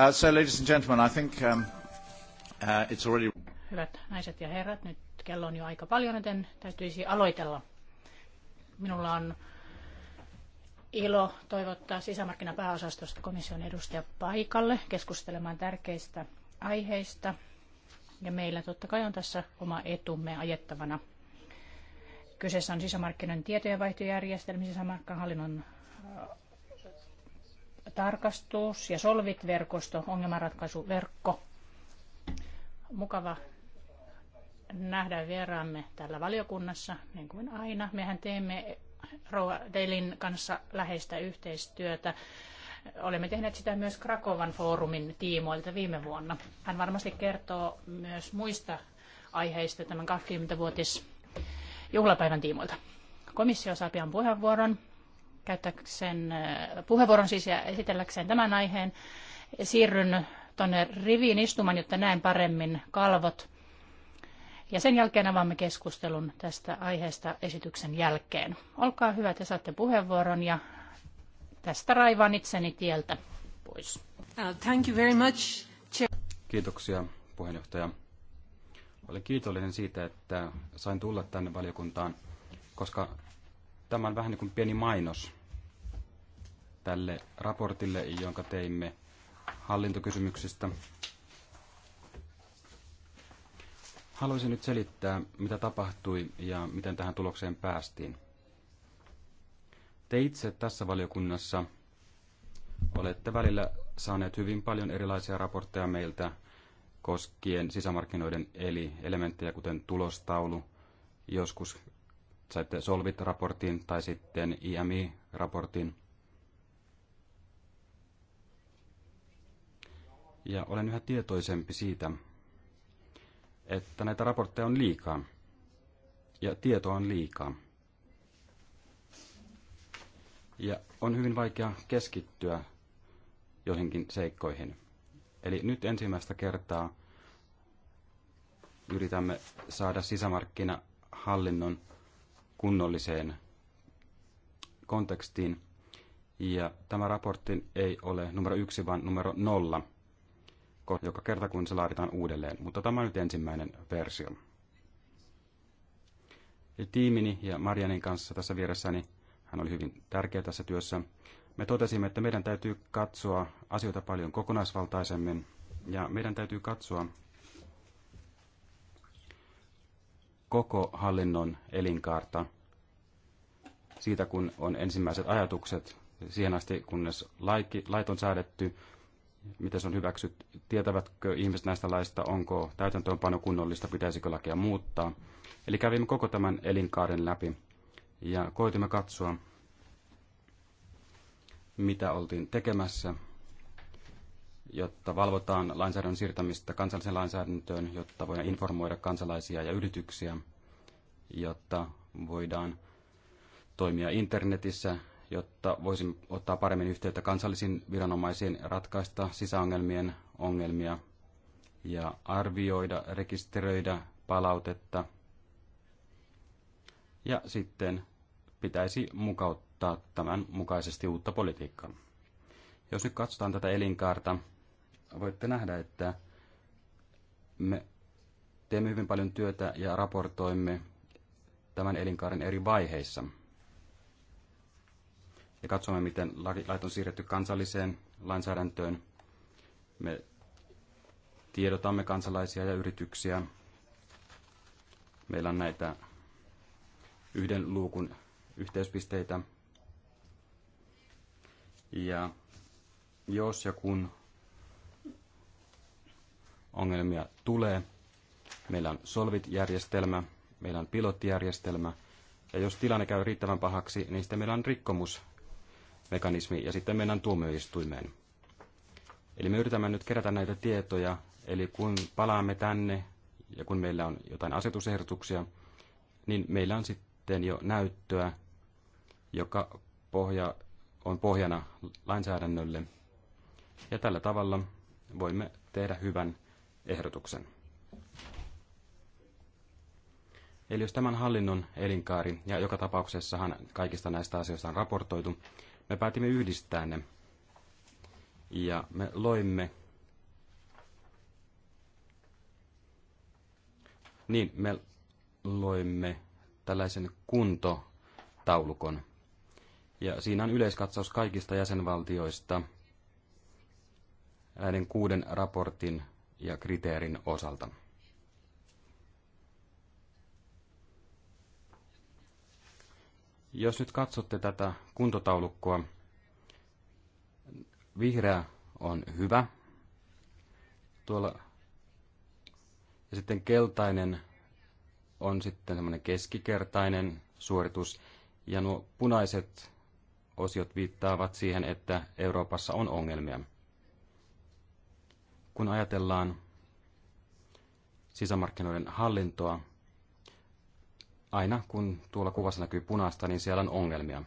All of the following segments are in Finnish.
Uh, ladies and gentlemen, I think um, uh, it's already... Hyvät naiset ja herrat, nyt kello on jo aika paljon, joten täytyisi aloitella. Minulla on ilo toivottaa sisämarkkinapääosastosta komission edustaja paikalle keskustelemaan tärkeistä aiheista. Ja meillä totta kai on tässä oma etumme ajettavana. Kyseessä on sisämarkkinoiden tietojenvaihtojärjestelmä, sisämarkkinahallinnon tarkastus ja Solvit-verkosto, ongelmanratkaisuverkko. Mukava nähdä vieraamme täällä valiokunnassa, niin kuin aina. Mehän teemme Roa Delin kanssa läheistä yhteistyötä. Olemme tehneet sitä myös Krakovan foorumin tiimoilta viime vuonna. Hän varmasti kertoo myös muista aiheista tämän 20 vuotisjuhlapäivän tiimoilta. Komissio saa pian puheenvuoron käyttääkseen äh, puheenvuoron siis ja esitelläkseen tämän aiheen. Siirryn tuonne riviin istumaan, jotta näen paremmin kalvot. Ja sen jälkeen avaamme keskustelun tästä aiheesta esityksen jälkeen. Olkaa hyvä, te saatte puheenvuoron ja tästä raivaan itseni tieltä pois. Uh, thank you very much. Kiitoksia puheenjohtaja. Olen kiitollinen siitä, että sain tulla tänne valiokuntaan, koska Tämä on vähän niin kuin pieni mainos tälle raportille, jonka teimme hallintokysymyksistä. Haluaisin nyt selittää, mitä tapahtui ja miten tähän tulokseen päästiin. Te itse tässä valiokunnassa olette välillä saaneet hyvin paljon erilaisia raportteja meiltä koskien sisämarkkinoiden eli elementtejä, kuten tulostaulu, joskus saitte Solvit-raportin tai sitten IMI-raportin. Ja olen yhä tietoisempi siitä, että näitä raportteja on liikaa. Ja tietoa on liikaa. Ja on hyvin vaikea keskittyä joihinkin seikkoihin. Eli nyt ensimmäistä kertaa yritämme saada sisämarkkinahallinnon kunnolliseen kontekstiin. Ja tämä raportti ei ole numero yksi, vaan numero nolla, joka kerta kun se laaditaan uudelleen. Mutta tämä on nyt ensimmäinen versio. Ja tiimini ja Marianin kanssa tässä vieressäni, hän oli hyvin tärkeä tässä työssä, me totesimme, että meidän täytyy katsoa asioita paljon kokonaisvaltaisemmin ja meidän täytyy katsoa, koko hallinnon elinkaarta siitä, kun on ensimmäiset ajatukset siihen asti, kunnes laiki, lait on säädetty, miten se on hyväksytty, tietävätkö ihmiset näistä laista, onko täytäntöönpano kunnollista, pitäisikö lakia muuttaa. Eli kävimme koko tämän elinkaaren läpi ja koitimme katsoa, mitä oltiin tekemässä jotta valvotaan lainsäädännön siirtämistä kansalliseen lainsäädäntöön, jotta voidaan informoida kansalaisia ja yrityksiä, jotta voidaan toimia internetissä, jotta voisin ottaa paremmin yhteyttä kansallisiin viranomaisiin, ratkaista sisäongelmien ongelmia ja arvioida, rekisteröidä palautetta. Ja sitten pitäisi mukauttaa tämän mukaisesti uutta politiikkaa. Jos nyt katsotaan tätä elinkaarta, voitte nähdä, että me teemme hyvin paljon työtä ja raportoimme tämän elinkaaren eri vaiheissa. Ja katsomme, miten lait on siirretty kansalliseen lainsäädäntöön. Me tiedotamme kansalaisia ja yrityksiä. Meillä on näitä yhden luukun yhteyspisteitä. Ja jos ja kun ongelmia tulee. Meillä on Solvit-järjestelmä, meillä on pilottijärjestelmä, ja jos tilanne käy riittävän pahaksi, niin sitten meillä on rikkomusmekanismi ja sitten mennään tuomioistuimeen. Eli me yritämme nyt kerätä näitä tietoja, eli kun palaamme tänne ja kun meillä on jotain asetusehdotuksia, niin meillä on sitten jo näyttöä, joka pohja, on pohjana lainsäädännölle. Ja tällä tavalla voimme tehdä hyvän ehdotuksen. Eli jos tämän hallinnon elinkaari, ja joka tapauksessahan kaikista näistä asioista on raportoitu, me päätimme yhdistää ne. Ja me loimme Niin, me loimme tällaisen kuntotaulukon. Ja siinä on yleiskatsaus kaikista jäsenvaltioista näiden kuuden raportin ja kriteerin osalta. Jos nyt katsotte tätä kuntotaulukkoa, vihreä on hyvä. Tuolla ja sitten keltainen on sitten semmoinen keskikertainen suoritus. Ja nuo punaiset osiot viittaavat siihen, että Euroopassa on ongelmia kun ajatellaan sisämarkkinoiden hallintoa, aina kun tuolla kuvassa näkyy punaista, niin siellä on ongelmia.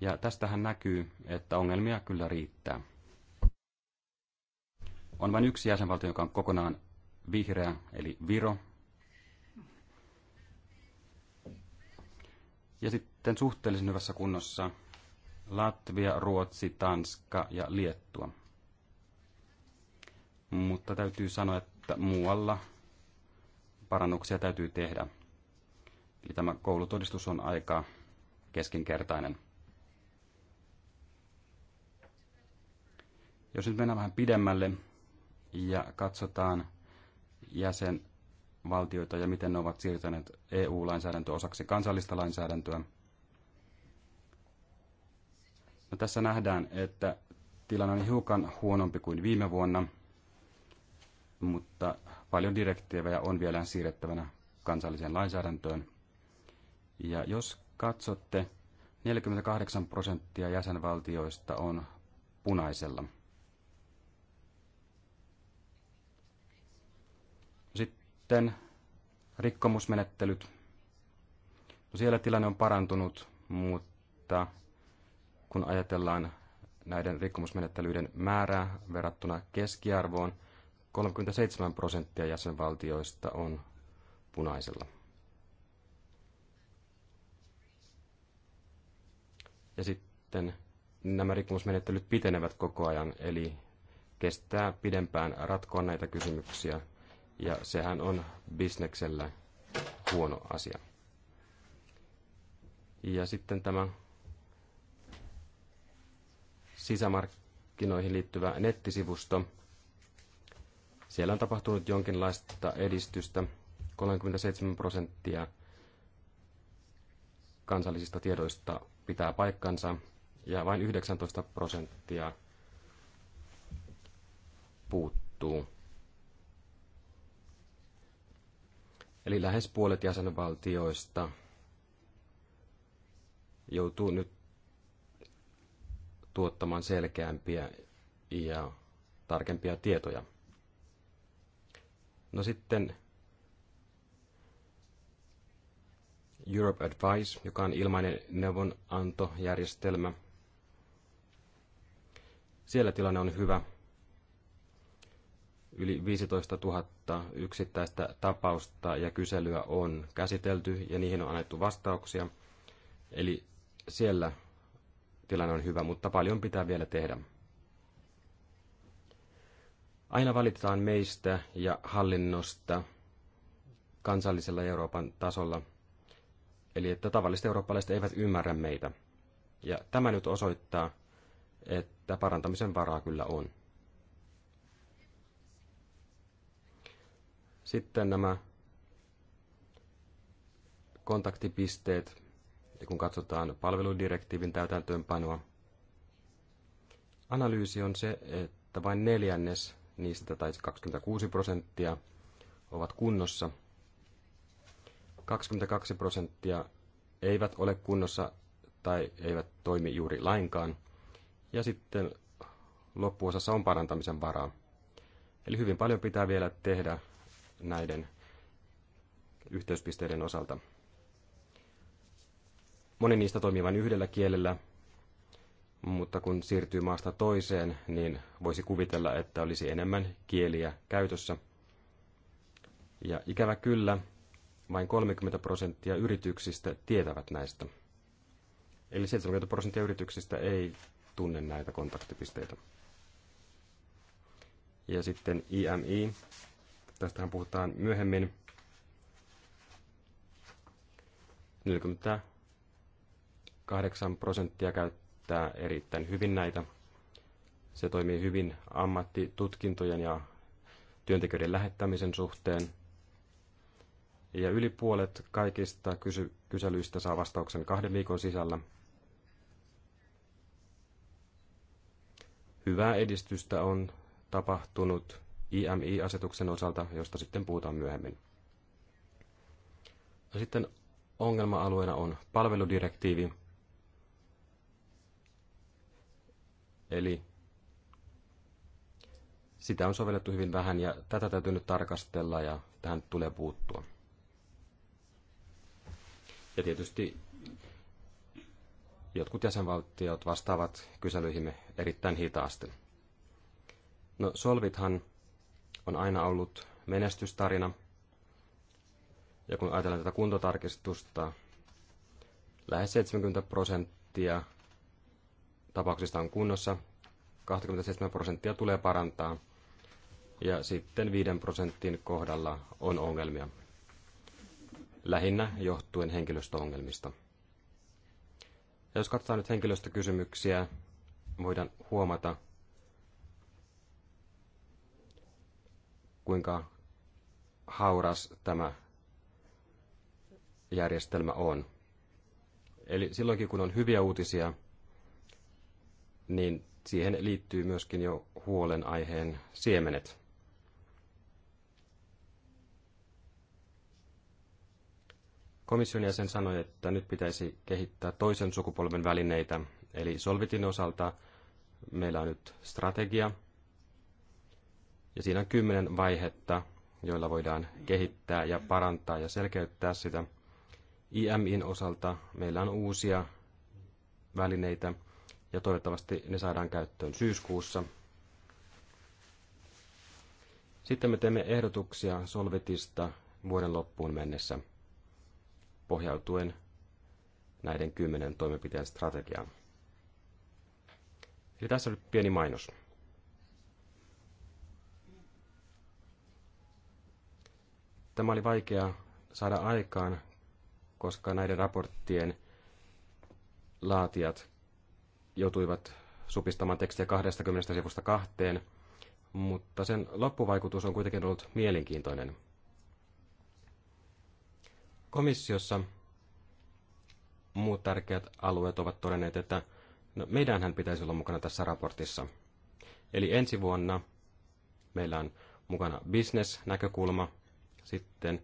Ja tästähän näkyy, että ongelmia kyllä riittää. On vain yksi jäsenvaltio, joka on kokonaan vihreä, eli Viro. Ja sitten suhteellisen hyvässä kunnossa Latvia, Ruotsi, Tanska ja Liettua mutta täytyy sanoa, että muualla parannuksia täytyy tehdä. Eli tämä koulutodistus on aika keskinkertainen. Jos nyt mennään vähän pidemmälle ja katsotaan jäsenvaltioita ja miten ne ovat siirtäneet EU-lainsäädäntöä osaksi kansallista lainsäädäntöä, no tässä nähdään, että tilanne on hiukan huonompi kuin viime vuonna – mutta paljon direktiivejä on vielä siirrettävänä kansalliseen lainsäädäntöön. Ja jos katsotte, 48 prosenttia jäsenvaltioista on punaisella. Sitten rikkomusmenettelyt. No siellä tilanne on parantunut, mutta kun ajatellaan näiden rikkomusmenettelyiden määrää verrattuna keskiarvoon – 37 prosenttia jäsenvaltioista on punaisella. Ja sitten nämä rikkomusmenettelyt pitenevät koko ajan, eli kestää pidempään ratkoa näitä kysymyksiä, ja sehän on bisneksellä huono asia. Ja sitten tämä sisämarkkinoihin liittyvä nettisivusto – siellä on tapahtunut jonkinlaista edistystä. 37 prosenttia kansallisista tiedoista pitää paikkansa ja vain 19 prosenttia puuttuu. Eli lähes puolet jäsenvaltioista joutuu nyt tuottamaan selkeämpiä ja tarkempia tietoja. No sitten Europe Advice, joka on ilmainen neuvonantojärjestelmä. Siellä tilanne on hyvä. Yli 15 000 yksittäistä tapausta ja kyselyä on käsitelty ja niihin on annettu vastauksia. Eli siellä tilanne on hyvä, mutta paljon pitää vielä tehdä. Aina valitetaan meistä ja hallinnosta kansallisella Euroopan tasolla, eli että tavalliset eurooppalaiset eivät ymmärrä meitä. Ja tämä nyt osoittaa, että parantamisen varaa kyllä on. Sitten nämä kontaktipisteet, kun katsotaan palveludirektiivin täytäntöönpanoa. Analyysi on se, että vain neljännes niistä tai 26 prosenttia ovat kunnossa. 22 prosenttia eivät ole kunnossa tai eivät toimi juuri lainkaan. Ja sitten loppuosassa on parantamisen varaa. Eli hyvin paljon pitää vielä tehdä näiden yhteyspisteiden osalta. Moni niistä toimii vain yhdellä kielellä, mutta kun siirtyy maasta toiseen, niin voisi kuvitella, että olisi enemmän kieliä käytössä. Ja ikävä kyllä, vain 30 prosenttia yrityksistä tietävät näistä. Eli 70 prosenttia yrityksistä ei tunne näitä kontaktipisteitä. Ja sitten IMI, tästähän puhutaan myöhemmin. 48 prosenttia käyttää käyttää erittäin hyvin näitä. Se toimii hyvin ammattitutkintojen ja työntekijöiden lähettämisen suhteen. Ja yli puolet kaikista kysy- kyselyistä saa vastauksen kahden viikon sisällä. Hyvää edistystä on tapahtunut IMI-asetuksen osalta, josta sitten puhutaan myöhemmin. No sitten ongelma-alueena on palveludirektiivi, Eli sitä on sovellettu hyvin vähän ja tätä täytyy nyt tarkastella ja tähän tulee puuttua. Ja tietysti jotkut jäsenvaltiot vastaavat kyselyihimme erittäin hitaasti. No Solvithan on aina ollut menestystarina. Ja kun ajatellaan tätä kuntotarkistusta, lähes 70 prosenttia tapauksista on kunnossa. 27 prosenttia tulee parantaa ja sitten 5 prosentin kohdalla on ongelmia. Lähinnä johtuen henkilöstöongelmista. Ja jos katsotaan nyt henkilöstökysymyksiä, voidaan huomata, kuinka hauras tämä järjestelmä on. Eli silloinkin kun on hyviä uutisia, niin siihen liittyy myöskin jo huolenaiheen siemenet. Komission jäsen sanoi, että nyt pitäisi kehittää toisen sukupolven välineitä, eli Solvitin osalta meillä on nyt strategia, ja siinä on kymmenen vaihetta, joilla voidaan kehittää ja parantaa ja selkeyttää sitä. IMIn osalta meillä on uusia välineitä, ja toivottavasti ne saadaan käyttöön syyskuussa. Sitten me teemme ehdotuksia Solvitista vuoden loppuun mennessä pohjautuen näiden kymmenen toimenpiteen strategiaan. Eli tässä oli pieni mainos. Tämä oli vaikea saada aikaan, koska näiden raporttien laatijat joutuivat supistamaan tekstiä 20 sivusta kahteen, mutta sen loppuvaikutus on kuitenkin ollut mielenkiintoinen. Komissiossa muut tärkeät alueet ovat todenneet, että no, meidänhän pitäisi olla mukana tässä raportissa. Eli ensi vuonna meillä on mukana bisnesnäkökulma, sitten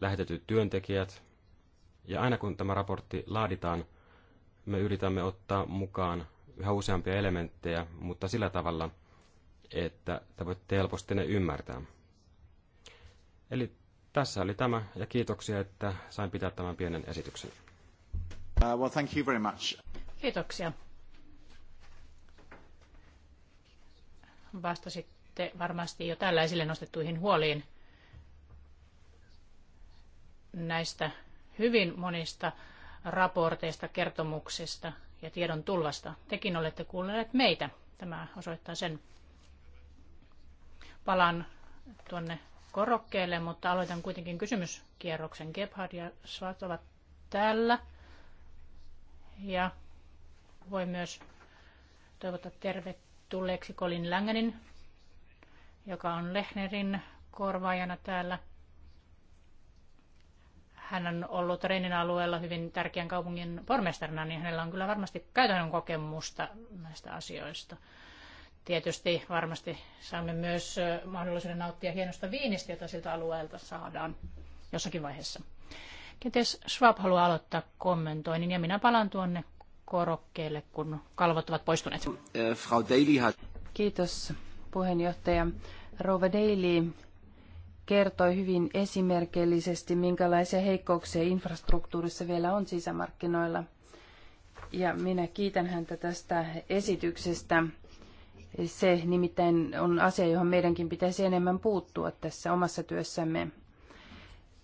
lähetetyt työntekijät, ja aina kun tämä raportti laaditaan, me yritämme ottaa mukaan yhä useampia elementtejä, mutta sillä tavalla, että te voitte helposti ne ymmärtää. Eli tässä oli tämä, ja kiitoksia, että sain pitää tämän pienen esityksen. Uh, well, thank you very much. Kiitoksia. Vastasitte varmasti jo tällä esille nostettuihin huoliin näistä hyvin monista raporteista, kertomuksista ja tiedon tulvasta. Tekin olette kuulleet meitä. Tämä osoittaa sen. Palaan tuonne korokkeelle, mutta aloitan kuitenkin kysymyskierroksen. Gebhard ja Svart ovat täällä. Ja voi myös toivottaa tervetulleeksi Colin Langenin, joka on Lehnerin korvaajana täällä – hän on ollut Reinin alueella hyvin tärkeän kaupungin pormestarina, niin hänellä on kyllä varmasti käytännön kokemusta näistä asioista. Tietysti varmasti saamme myös mahdollisuuden nauttia hienosta viinistä, jota siltä alueelta saadaan jossakin vaiheessa. Kenties Schwab haluaa aloittaa kommentoinnin ja minä palaan tuonne korokkeelle, kun kalvot ovat poistuneet. Äh, Kiitos puheenjohtaja. Rova Daily kertoi hyvin esimerkillisesti, minkälaisia heikkouksia infrastruktuurissa vielä on sisämarkkinoilla. Ja minä kiitän häntä tästä esityksestä. Se nimittäin on asia, johon meidänkin pitäisi enemmän puuttua tässä omassa työssämme.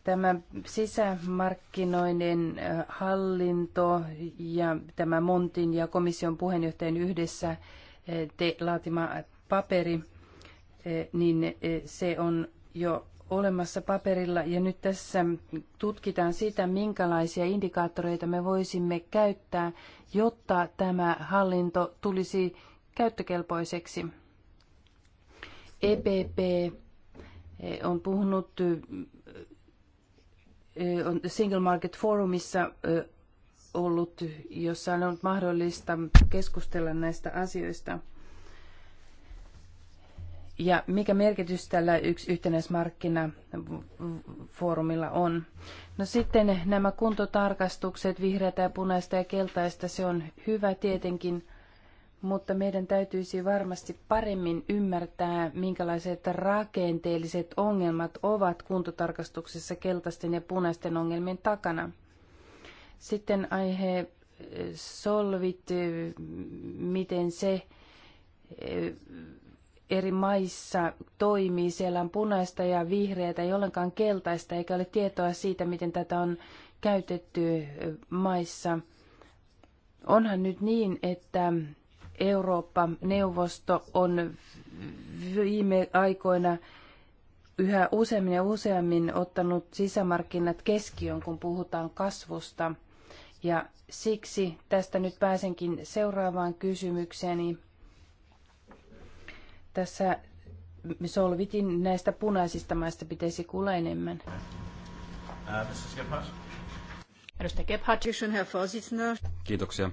Tämä sisämarkkinoinen hallinto ja tämä Montin ja komission puheenjohtajan yhdessä te laatima paperi, niin se on jo olemassa paperilla ja nyt tässä tutkitaan sitä, minkälaisia indikaattoreita me voisimme käyttää, jotta tämä hallinto tulisi käyttökelpoiseksi. EPP eh, on puhunut eh, on Single Market Forumissa eh, ollut, jossa on ollut mahdollista keskustella näistä asioista ja mikä merkitys tällä yksi yhtenäismarkkinafoorumilla on. No sitten nämä kuntotarkastukset, vihreätä ja punaista ja keltaista, se on hyvä tietenkin, mutta meidän täytyisi varmasti paremmin ymmärtää, minkälaiset rakenteelliset ongelmat ovat kuntotarkastuksessa keltaisten ja punaisten ongelmien takana. Sitten aihe eh, solvit, eh, miten se eh, eri maissa toimii. Siellä on punaista ja vihreätä, ei ollenkaan keltaista, eikä ole tietoa siitä, miten tätä on käytetty maissa. Onhan nyt niin, että Eurooppa-neuvosto on viime aikoina yhä useammin ja useammin ottanut sisämarkkinat keskiön, kun puhutaan kasvusta. Ja siksi tästä nyt pääsenkin seuraavaan kysymykseeni. Tässä solvitin näistä punaisista maista pitäisi kuulla enemmän. Edustaja Gebhardt. Kiitoksia.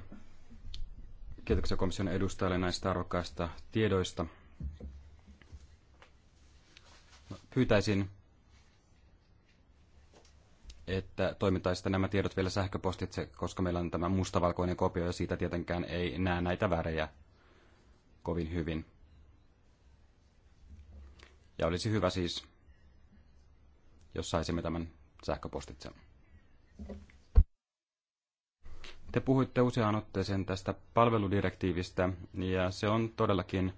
Kiitoksia komission edustajalle näistä arvokkaista tiedoista. No, pyytäisin, että toimittaisitte nämä tiedot vielä sähköpostitse, koska meillä on tämä mustavalkoinen kopio ja siitä tietenkään ei näe näitä värejä kovin hyvin. Ja olisi hyvä siis, jos saisimme tämän sähköpostitse. Te puhuitte useaan otteeseen tästä palveludirektiivistä, ja se on todellakin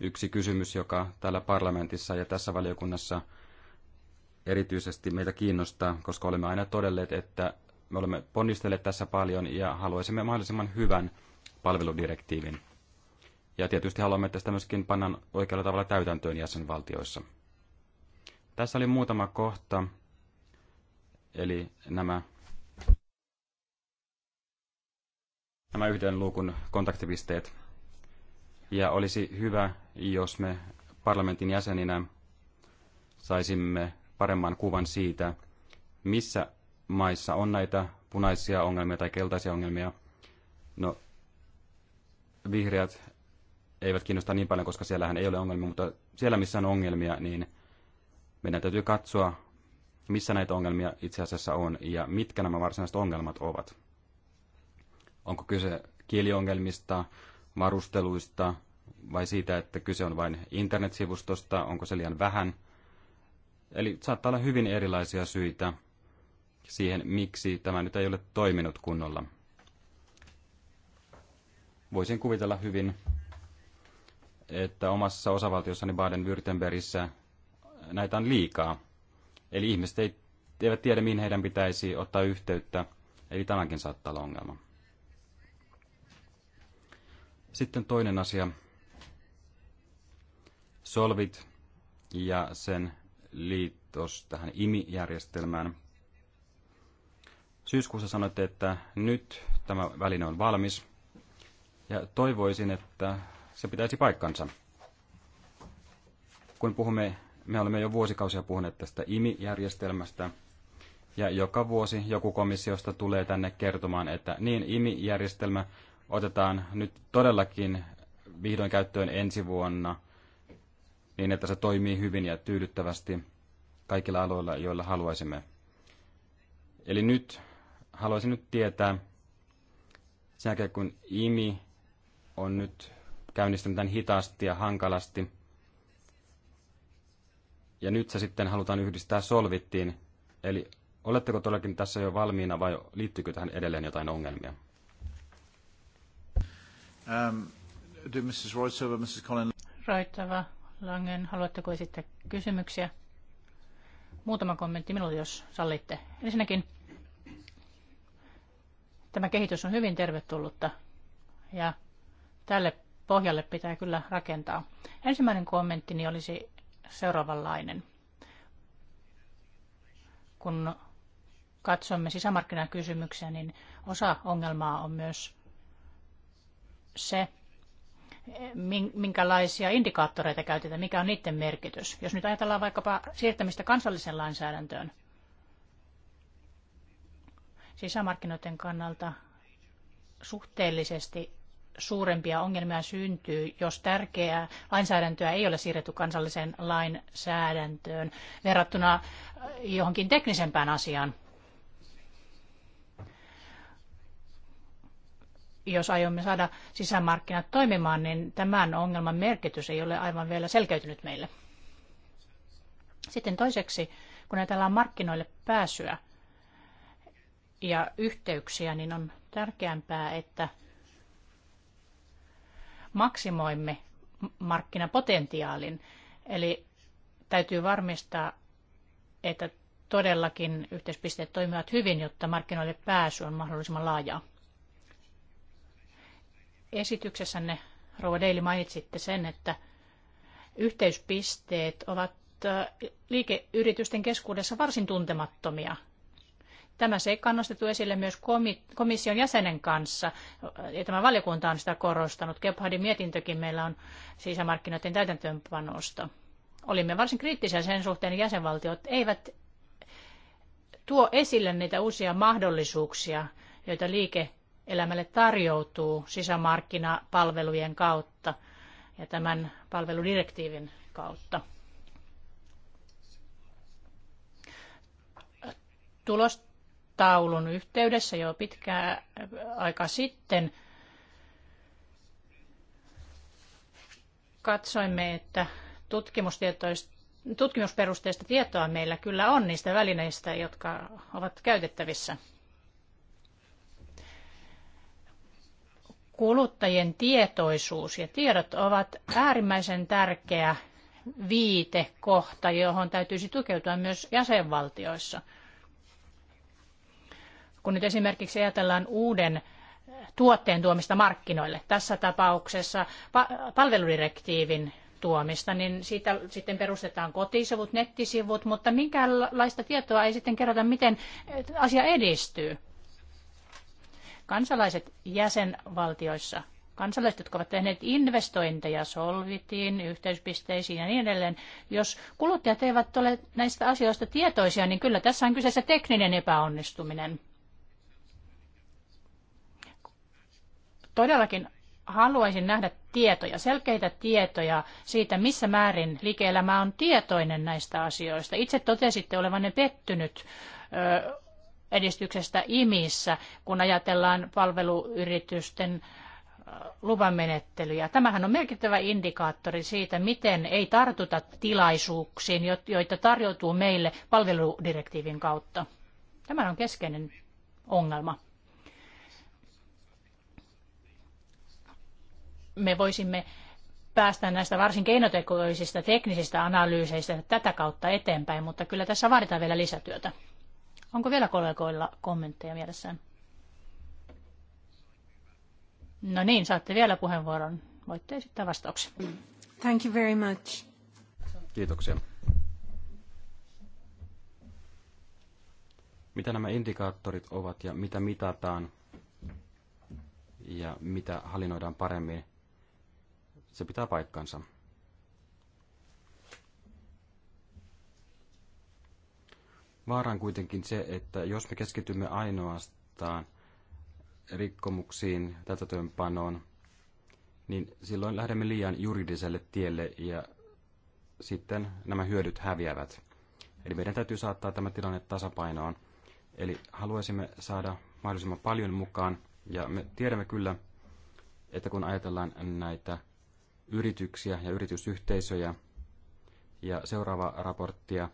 yksi kysymys, joka täällä parlamentissa ja tässä valiokunnassa erityisesti meitä kiinnostaa, koska olemme aina todelleet, että me olemme ponnistelleet tässä paljon ja haluaisimme mahdollisimman hyvän palveludirektiivin. Ja tietysti haluamme, että sitä myöskin pannaan oikealla tavalla täytäntöön jäsenvaltioissa. Tässä oli muutama kohta, eli nämä, nämä yhden luukun kontaktipisteet. Ja olisi hyvä, jos me parlamentin jäseninä saisimme paremman kuvan siitä, missä maissa on näitä punaisia ongelmia tai keltaisia ongelmia. No, vihreät eivät kiinnosta niin paljon, koska siellähän ei ole ongelmia, mutta siellä missä on ongelmia, niin meidän täytyy katsoa, missä näitä ongelmia itse asiassa on ja mitkä nämä varsinaiset ongelmat ovat. Onko kyse kieliongelmista, varusteluista vai siitä, että kyse on vain internetsivustosta, onko se liian vähän. Eli saattaa olla hyvin erilaisia syitä siihen, miksi tämä nyt ei ole toiminut kunnolla. Voisin kuvitella hyvin, että omassa osavaltiossani Baden-Württembergissä näitä on liikaa. Eli ihmiset ei, eivät tiedä, mihin heidän pitäisi ottaa yhteyttä. Eli tämäkin saattaa olla ongelma. Sitten toinen asia. Solvit ja sen liitos tähän IMI-järjestelmään. Syyskuussa sanoitte, että nyt tämä väline on valmis. Ja toivoisin, että se pitäisi paikkansa. Kun puhumme, me olemme jo vuosikausia puhuneet tästä IMI-järjestelmästä, ja joka vuosi joku komissiosta tulee tänne kertomaan, että niin IMI-järjestelmä otetaan nyt todellakin vihdoin käyttöön ensi vuonna, niin että se toimii hyvin ja tyydyttävästi kaikilla aloilla, joilla haluaisimme. Eli nyt haluaisin nyt tietää, sen jälkeen kun IMI on nyt käynnistynyt hitaasti ja hankalasti. Ja nyt se sitten halutaan yhdistää solvittiin. Eli oletteko todellakin tässä jo valmiina vai liittyykö tähän edelleen jotain ongelmia? Um, do Mrs. Roitova, Mrs. Colin... Roitova, Langen, haluatteko esittää kysymyksiä? Muutama kommentti minulle, jos sallitte. Ensinnäkin tämä kehitys on hyvin tervetullutta ja tälle pohjalle pitää kyllä rakentaa. Ensimmäinen kommenttini olisi seuraavanlainen. Kun katsomme sisämarkkinakysymyksiä, niin osa ongelmaa on myös se, minkälaisia indikaattoreita käytetään, mikä on niiden merkitys. Jos nyt ajatellaan vaikkapa siirtämistä kansalliseen lainsäädäntöön, sisämarkkinoiden kannalta suhteellisesti suurempia ongelmia syntyy, jos tärkeää lainsäädäntöä ei ole siirretty kansalliseen lainsäädäntöön verrattuna johonkin teknisempään asiaan. Jos aiomme saada sisämarkkinat toimimaan, niin tämän ongelman merkitys ei ole aivan vielä selkeytynyt meille. Sitten toiseksi, kun ajatellaan markkinoille pääsyä ja yhteyksiä, niin on tärkeämpää, että – maksimoimme markkinapotentiaalin. Eli täytyy varmistaa, että todellakin yhteispisteet toimivat hyvin, jotta markkinoille pääsy on mahdollisimman laajaa. Esityksessänne, Rouva Deili, mainitsitte sen, että yhteispisteet ovat äh, liikeyritysten keskuudessa varsin tuntemattomia. Tämä seikka on nostettu esille myös komission jäsenen kanssa, ja tämä valiokunta on sitä korostanut. Gebhardin mietintökin meillä on sisämarkkinoiden täytäntöönpanosta. Olimme varsin kriittisiä sen suhteen, että jäsenvaltiot eivät tuo esille niitä uusia mahdollisuuksia, joita liike-elämälle tarjoutuu sisämarkkinapalvelujen kautta ja tämän palveludirektiivin kautta. Tulos taulun yhteydessä jo pitkää aika sitten katsoimme, että tutkimusperusteista tietoa meillä kyllä on niistä välineistä, jotka ovat käytettävissä. Kuluttajien tietoisuus ja tiedot ovat äärimmäisen tärkeä viitekohta, johon täytyisi tukeutua myös jäsenvaltioissa – kun nyt esimerkiksi ajatellaan uuden tuotteen tuomista markkinoille, tässä tapauksessa palveludirektiivin tuomista, niin siitä sitten perustetaan kotisivut, nettisivut, mutta minkäänlaista tietoa ei sitten kerrota, miten asia edistyy. Kansalaiset jäsenvaltioissa, kansalaiset, jotka ovat tehneet investointeja solvitiin, yhteyspisteisiin ja niin edelleen, jos kuluttajat eivät ole näistä asioista tietoisia, niin kyllä tässä on kyseessä tekninen epäonnistuminen. Todellakin haluaisin nähdä tietoja, selkeitä tietoja siitä, missä määrin liike-elämä on tietoinen näistä asioista. Itse totesitte olevanne pettynyt edistyksestä IMIissä, kun ajatellaan palveluyritysten luvamenettelyjä. Tämähän on merkittävä indikaattori siitä, miten ei tartuta tilaisuuksiin, joita tarjoutuu meille palveludirektiivin kautta. Tämä on keskeinen ongelma. me voisimme päästä näistä varsin keinotekoisista teknisistä analyyseistä tätä kautta eteenpäin, mutta kyllä tässä vaaditaan vielä lisätyötä. Onko vielä kollegoilla kommentteja mielessään? No niin, saatte vielä puheenvuoron. Voitte esittää vastauksen. Thank you very much. Kiitoksia. Mitä nämä indikaattorit ovat ja mitä mitataan ja mitä hallinnoidaan paremmin, se pitää paikkansa. Vaaran kuitenkin se, että jos me keskitymme ainoastaan rikkomuksiin, täytäntöönpanoon, niin silloin lähdemme liian juridiselle tielle ja sitten nämä hyödyt häviävät. Eli meidän täytyy saattaa tämä tilanne tasapainoon. Eli haluaisimme saada mahdollisimman paljon mukaan, ja me tiedämme kyllä, että kun ajatellaan näitä yrityksiä ja yritysyhteisöjä, ja seuraava raporttia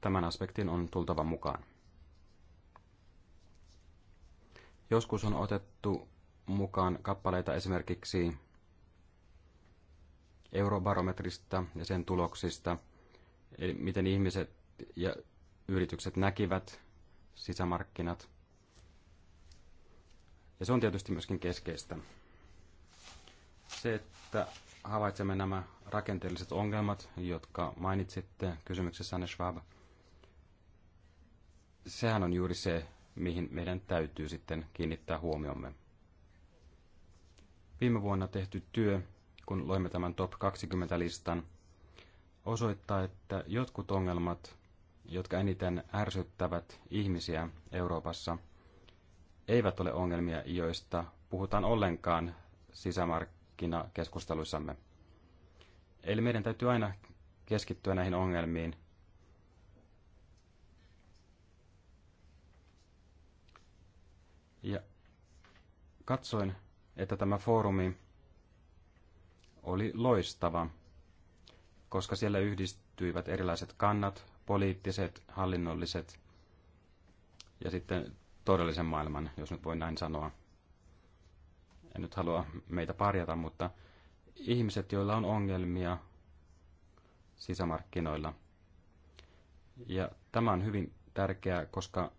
tämän aspektin on tultava mukaan. Joskus on otettu mukaan kappaleita esimerkiksi eurobarometrista ja sen tuloksista, eli miten ihmiset ja yritykset näkivät sisämarkkinat. Ja se on tietysti myöskin keskeistä. Se, että havaitsemme nämä rakenteelliset ongelmat, jotka mainitsitte Anne Schwab, sehän on juuri se, mihin meidän täytyy sitten kiinnittää huomiomme. Viime vuonna tehty työ, kun loimme tämän Top 20-listan, osoittaa, että jotkut ongelmat, jotka eniten ärsyttävät ihmisiä Euroopassa, eivät ole ongelmia, joista puhutaan ollenkaan sisämarkkinoilla markkinakeskusteluissamme. Eli meidän täytyy aina keskittyä näihin ongelmiin. Ja katsoin, että tämä foorumi oli loistava, koska siellä yhdistyivät erilaiset kannat, poliittiset, hallinnolliset ja sitten todellisen maailman, jos nyt voi näin sanoa en nyt halua meitä parjata, mutta ihmiset, joilla on ongelmia sisämarkkinoilla. Ja tämä on hyvin tärkeää, koska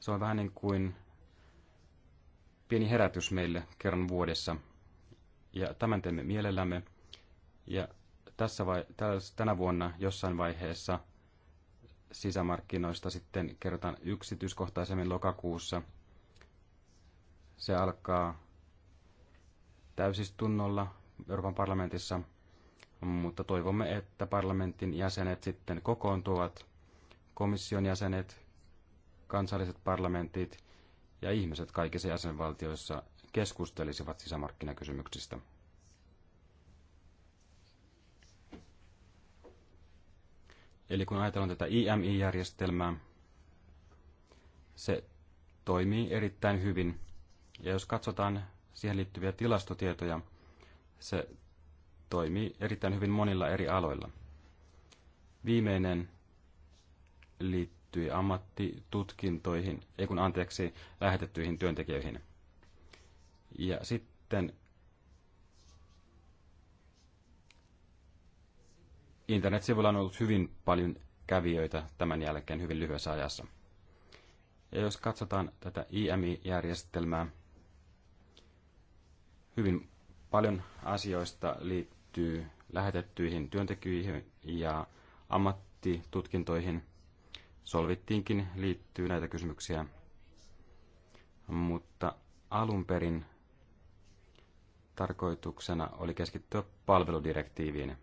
se on vähän niin kuin pieni herätys meille kerran vuodessa. Ja tämän teemme mielellämme. Ja tässä vai, tässä, tänä vuonna jossain vaiheessa sisämarkkinoista sitten kerrotaan yksityiskohtaisemmin lokakuussa – se alkaa täysistunnolla Euroopan parlamentissa, mutta toivomme, että parlamentin jäsenet sitten kokoontuvat, komission jäsenet, kansalliset parlamentit ja ihmiset kaikissa jäsenvaltioissa keskustelisivat sisämarkkinakysymyksistä. Eli kun ajatellaan tätä IMI-järjestelmää, se toimii erittäin hyvin ja jos katsotaan siihen liittyviä tilastotietoja, se toimii erittäin hyvin monilla eri aloilla. Viimeinen liittyi ammattitutkintoihin, ei kun anteeksi, lähetettyihin työntekijöihin. Ja sitten internetsivuilla on ollut hyvin paljon kävijöitä tämän jälkeen hyvin lyhyessä ajassa. Ja jos katsotaan tätä IMI-järjestelmää, Hyvin paljon asioista liittyy lähetettyihin työntekijöihin ja ammattitutkintoihin. Solvittiinkin liittyy näitä kysymyksiä, mutta alun perin tarkoituksena oli keskittyä palveludirektiiviin.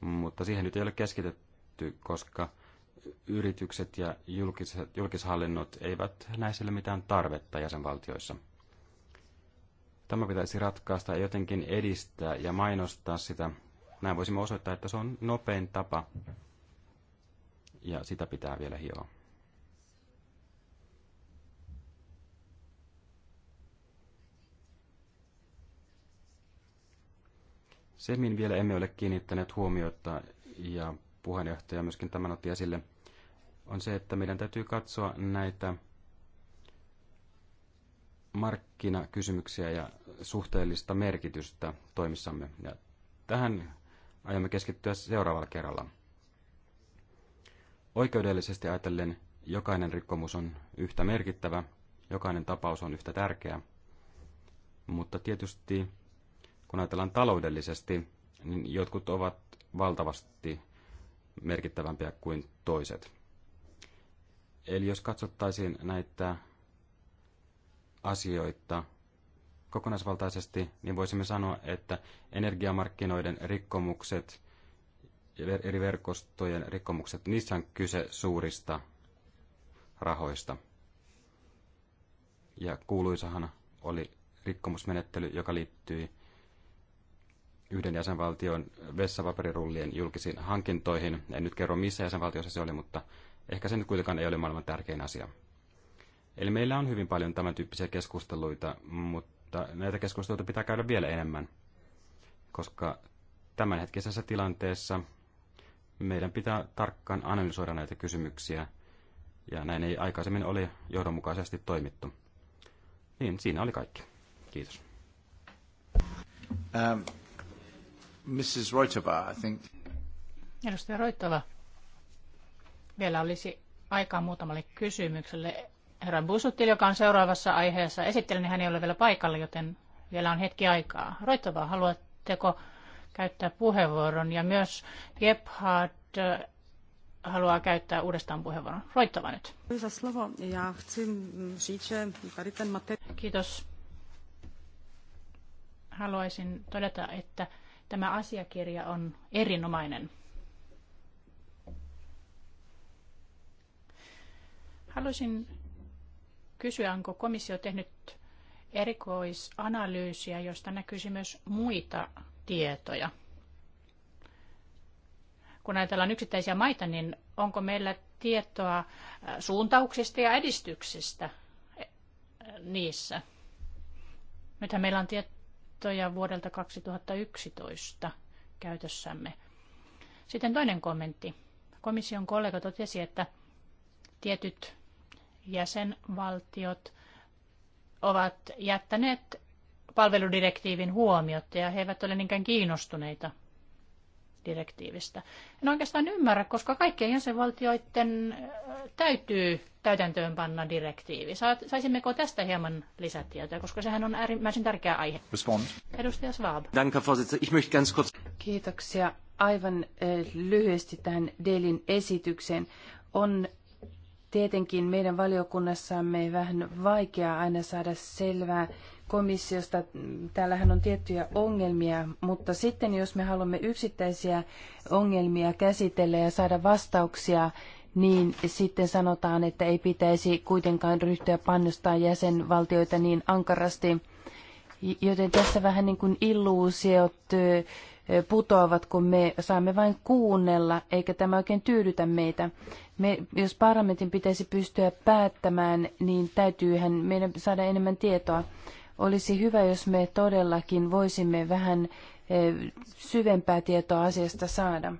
Mutta siihen nyt ei ole keskitetty, koska yritykset ja julkishallinnot eivät näe sille mitään tarvetta jäsenvaltioissa. Tämä pitäisi ratkaista ja jotenkin edistää ja mainostaa sitä. Näin voisimme osoittaa, että se on nopein tapa ja sitä pitää vielä hioa. Se, mihin vielä emme ole kiinnittäneet huomiota, ja puheenjohtaja myöskin tämän otti esille, on se, että meidän täytyy katsoa näitä markkinakysymyksiä ja suhteellista merkitystä toimissamme. Ja tähän aiomme keskittyä seuraavalla kerralla. Oikeudellisesti ajatellen jokainen rikkomus on yhtä merkittävä, jokainen tapaus on yhtä tärkeä, mutta tietysti kun ajatellaan taloudellisesti, niin jotkut ovat valtavasti merkittävämpiä kuin toiset. Eli jos katsottaisiin näitä asioita kokonaisvaltaisesti, niin voisimme sanoa, että energiamarkkinoiden rikkomukset, eri verkostojen rikkomukset, niissä on kyse suurista rahoista. Ja kuuluisahan oli rikkomusmenettely, joka liittyi yhden jäsenvaltion vessapaperirullien julkisiin hankintoihin. En nyt kerro missä jäsenvaltiossa se oli, mutta ehkä se nyt kuitenkaan ei ole maailman tärkein asia. Eli meillä on hyvin paljon tämän tyyppisiä keskusteluita, mutta näitä keskusteluita pitää käydä vielä enemmän, koska tämänhetkisessä tilanteessa meidän pitää tarkkaan analysoida näitä kysymyksiä, ja näin ei aikaisemmin ole johdonmukaisesti toimittu. Niin, siinä oli kaikki. Kiitos. Um, Mrs. Roitava, I think. Edustaja roittava. vielä olisi aikaa muutamalle kysymykselle herra Busuttil, joka on seuraavassa aiheessa esittelen, niin hän ei ole vielä paikalla, joten vielä on hetki aikaa. Roittavaa, haluatteko käyttää puheenvuoron? Ja myös Gebhard äh, haluaa käyttää uudestaan puheenvuoron. Roittava nyt. Mm, Kiitos. Haluaisin todeta, että tämä asiakirja on erinomainen. Haluaisin kysyä, onko komissio tehnyt erikoisanalyysiä, josta näkyisi myös muita tietoja. Kun ajatellaan yksittäisiä maita, niin onko meillä tietoa äh, suuntauksista ja edistyksistä äh, niissä? Nythän meillä on tietoja vuodelta 2011 käytössämme. Sitten toinen kommentti. Komission kollega totesi, että tietyt jäsenvaltiot ovat jättäneet palveludirektiivin huomiota ja he eivät ole niinkään kiinnostuneita direktiivistä. En oikeastaan ymmärrä, koska kaikkien jäsenvaltioiden täytyy täytäntöönpanna direktiivi. Saisimmeko tästä hieman lisätietoa, koska sehän on äärimmäisen tärkeä aihe. Respond. Edustaja Schwab. Danke, Ich möchte ganz kurz... Kiitoksia. Aivan lyhyesti tähän Delin esitykseen. On Tietenkin meidän valiokunnassamme vähän vaikea aina saada selvää komissiosta. Täällähän on tiettyjä ongelmia, mutta sitten jos me haluamme yksittäisiä ongelmia käsitellä ja saada vastauksia, niin sitten sanotaan, että ei pitäisi kuitenkaan ryhtyä painostaa jäsenvaltioita niin ankarasti. Joten tässä vähän niin kuin illuusiot putoavat, kun me saamme vain kuunnella, eikä tämä oikein tyydytä meitä. Me, jos parlamentin pitäisi pystyä päättämään, niin täytyyhän meidän saada enemmän tietoa. Olisi hyvä, jos me todellakin voisimme vähän eh, syvempää tietoa asiasta saada.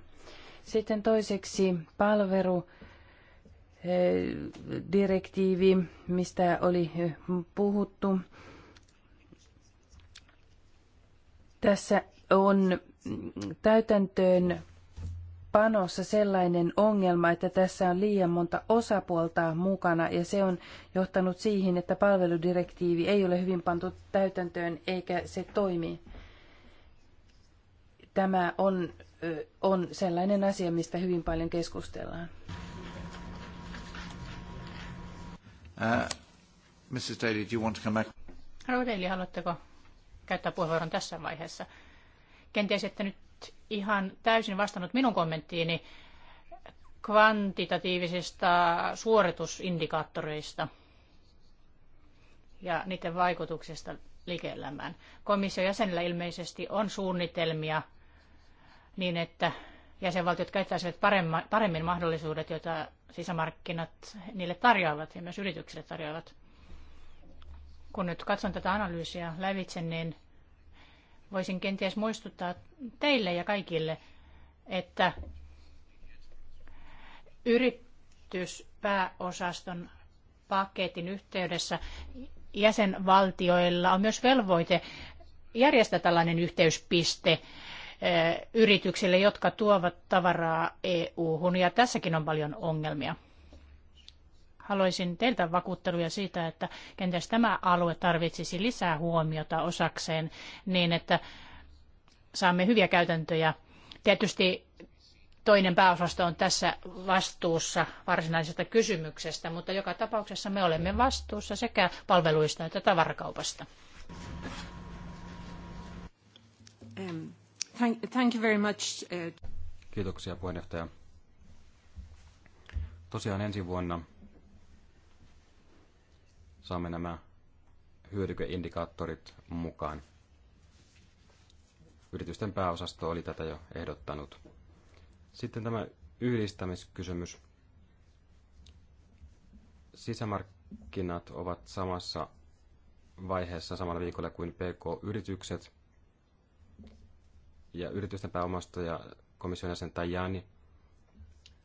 Sitten toiseksi palvelu eh, direktiivi, mistä oli eh, puhuttu. Tässä on täytäntöön panossa sellainen ongelma, että tässä on liian monta osapuolta mukana ja se on johtanut siihen, että palveludirektiivi ei ole hyvin pantu täytäntöön eikä se toimi. Tämä on, on sellainen asia, mistä hyvin paljon keskustellaan. Uh, Mrs. Daly, do you want to come back? haluatteko käyttää puheenvuoron tässä vaiheessa? Kenties ette nyt ihan täysin vastannut minun kommenttiini kvantitatiivisista suoritusindikaattoreista ja niiden vaikutuksesta liike-elämään. Komission jäsenillä ilmeisesti on suunnitelmia niin, että jäsenvaltiot käyttäisivät paremmin mahdollisuudet, joita sisämarkkinat niille tarjoavat ja myös yrityksille tarjoavat. Kun nyt katson tätä analyysiä lävitse, niin Voisin kenties muistuttaa teille ja kaikille, että yrityspääosaston paketin yhteydessä jäsenvaltioilla on myös velvoite järjestää tällainen yhteyspiste eh, yrityksille, jotka tuovat tavaraa EU-hun, ja tässäkin on paljon ongelmia haluaisin teiltä vakuutteluja siitä, että kenties tämä alue tarvitsisi lisää huomiota osakseen niin, että saamme hyviä käytäntöjä. Tietysti toinen pääosasto on tässä vastuussa varsinaisesta kysymyksestä, mutta joka tapauksessa me olemme vastuussa sekä palveluista että tavarakaupasta. Um, thank, you very much. Uh, Kiitoksia puheenjohtaja. Tosiaan ensi vuonna saamme nämä hyödykeindikaattorit mukaan. Yritysten pääosasto oli tätä jo ehdottanut. Sitten tämä yhdistämiskysymys. Sisämarkkinat ovat samassa vaiheessa samalla viikolla kuin PK-yritykset. Ja yritysten pääomasto ja komission jäsen Tajani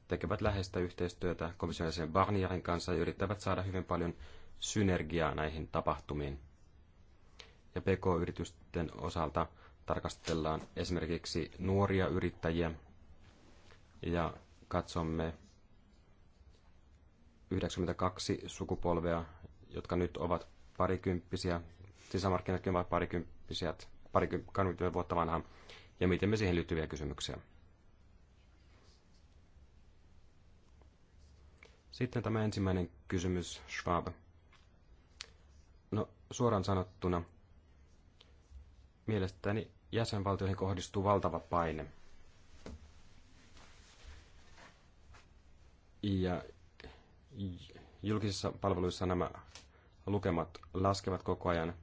tekevät läheistä yhteistyötä komission jäsen Barnierin kanssa ja yrittävät saada hyvin paljon synergiaa näihin tapahtumiin. Ja PK-yritysten osalta tarkastellaan esimerkiksi nuoria yrittäjiä ja katsomme 92 sukupolvea, jotka nyt ovat parikymppisiä, sisämarkkinatkin ovat parikymppisiä, parikymppisiä vuotta vanha, ja miten me siihen liittyviä kysymyksiä. Sitten tämä ensimmäinen kysymys, Schwab. Suoraan sanottuna, mielestäni jäsenvaltioihin kohdistuu valtava paine. Ja julkisissa palveluissa nämä lukemat laskevat koko ajan.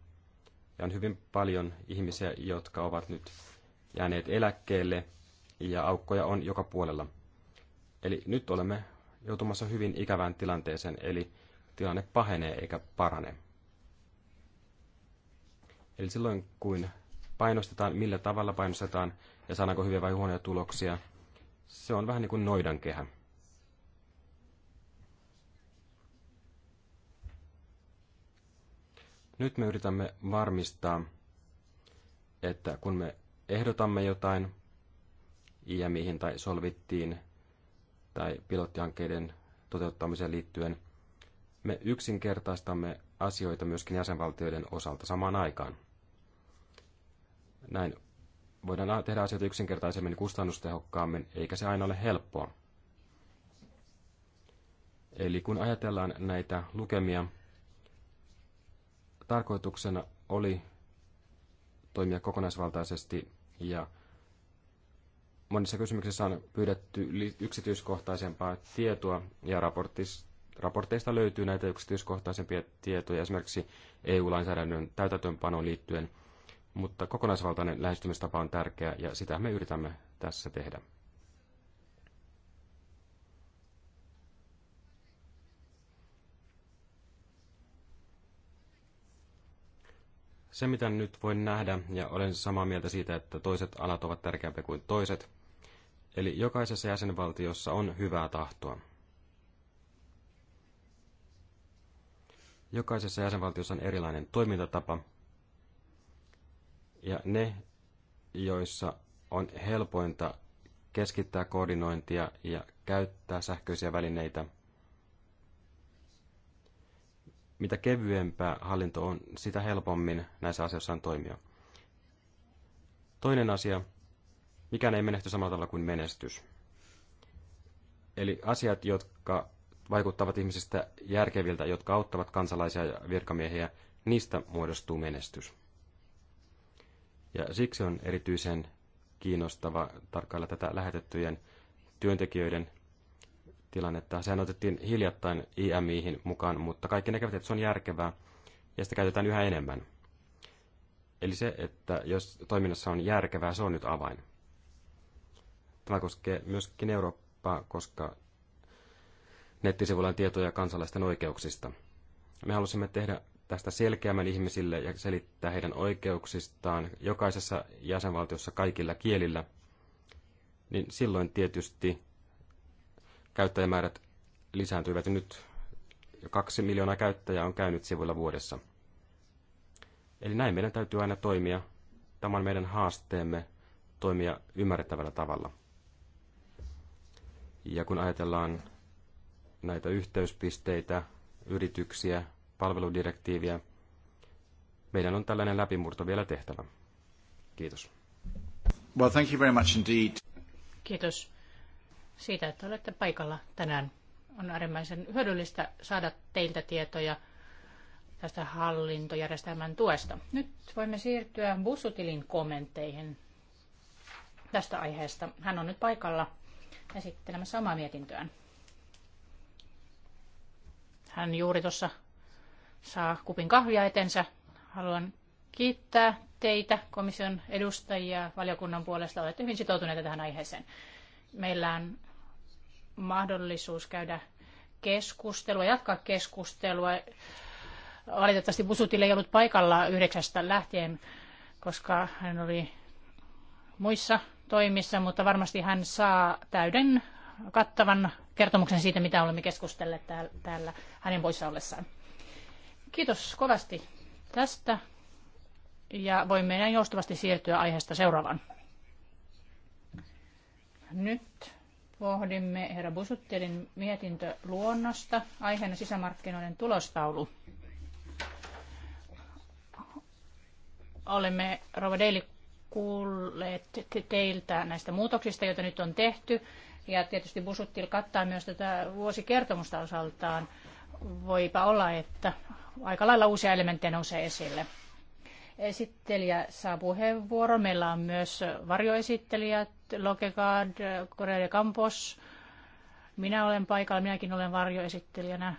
Ja on hyvin paljon ihmisiä, jotka ovat nyt jääneet eläkkeelle ja aukkoja on joka puolella. Eli nyt olemme joutumassa hyvin ikävään tilanteeseen, eli tilanne pahenee eikä parane. Eli silloin kun painostetaan, millä tavalla painostetaan ja saadaanko hyviä vai huonoja tuloksia, se on vähän niin kuin noidankehä. Nyt me yritämme varmistaa, että kun me ehdotamme jotain IMIhin tai solvittiin tai pilottihankkeiden toteuttamiseen liittyen, me yksinkertaistamme asioita myöskin jäsenvaltioiden osalta samaan aikaan. Näin voidaan tehdä asioita yksinkertaisemmin kustannustehokkaammin, eikä se aina ole helppoa. Eli kun ajatellaan näitä lukemia, tarkoituksena oli toimia kokonaisvaltaisesti ja monissa kysymyksissä on pyydetty yksityiskohtaisempaa tietoa ja raporteista löytyy näitä yksityiskohtaisempia tietoja esimerkiksi EU-lainsäädännön täytäntöönpanoon liittyen mutta kokonaisvaltainen lähestymistapa on tärkeä ja sitä me yritämme tässä tehdä. Se, mitä nyt voin nähdä, ja olen samaa mieltä siitä, että toiset alat ovat tärkeämpiä kuin toiset, eli jokaisessa jäsenvaltiossa on hyvää tahtoa. Jokaisessa jäsenvaltiossa on erilainen toimintatapa, ja ne, joissa on helpointa keskittää koordinointia ja käyttää sähköisiä välineitä, mitä kevyempää hallinto on, sitä helpommin näissä asioissa on toimia. Toinen asia, mikään ei menesty samalla tavalla kuin menestys. Eli asiat, jotka vaikuttavat ihmisistä järkeviltä, jotka auttavat kansalaisia ja virkamiehiä, niistä muodostuu menestys. Ja siksi on erityisen kiinnostava tarkkailla tätä lähetettyjen työntekijöiden tilannetta. Sehän otettiin hiljattain IMIihin mukaan, mutta kaikki näkevät, että se on järkevää ja sitä käytetään yhä enemmän. Eli se, että jos toiminnassa on järkevää, se on nyt avain. Tämä koskee myöskin Eurooppaa, koska nettisivuilla on tietoja kansalaisten oikeuksista. Me halusimme tehdä tästä selkeämmän ihmisille ja selittää heidän oikeuksistaan jokaisessa jäsenvaltiossa kaikilla kielillä, niin silloin tietysti käyttäjämäärät lisääntyivät nyt kaksi miljoonaa käyttäjää on käynyt sivuilla vuodessa. Eli näin meidän täytyy aina toimia. Tämä on meidän haasteemme toimia ymmärrettävällä tavalla. Ja kun ajatellaan näitä yhteyspisteitä, yrityksiä, palveludirektiiviä. Meidän on tällainen läpimurto vielä tehtävä. Kiitos. Well, thank you very much indeed. Kiitos siitä, että olette paikalla tänään. On äärimmäisen hyödyllistä saada teiltä tietoja tästä hallintojärjestelmän tuesta. Nyt voimme siirtyä Bussutilin kommentteihin tästä aiheesta. Hän on nyt paikalla esittelemässä omaa mietintöään. Hän juuri tuossa saa kupin kahvia etensä. Haluan kiittää teitä, komission edustajia, valiokunnan puolesta. Olette hyvin sitoutuneita tähän aiheeseen. Meillä on mahdollisuus käydä keskustelua, jatkaa keskustelua. Valitettavasti Busutille ei ollut paikalla yhdeksästä lähtien, koska hän oli muissa toimissa, mutta varmasti hän saa täyden kattavan kertomuksen siitä, mitä olemme keskustelleet täällä hänen poissa ollessaan. Kiitos kovasti tästä ja voimme näin joustavasti siirtyä aiheesta seuraavaan. Nyt pohdimme herra Busuttelin luonnosta aiheena sisämarkkinoiden tulostaulu. Olemme Rova Daily kuulleet teiltä näistä muutoksista, joita nyt on tehty. Ja tietysti Busuttil kattaa myös tätä vuosikertomusta osaltaan. Voipa olla, että aika lailla uusia elementtejä nousee esille. Esittelijä saa puheenvuoron. Meillä on myös varjoesittelijät, Lokegaard, Korea Campos. Minä olen paikalla, minäkin olen varjoesittelijänä.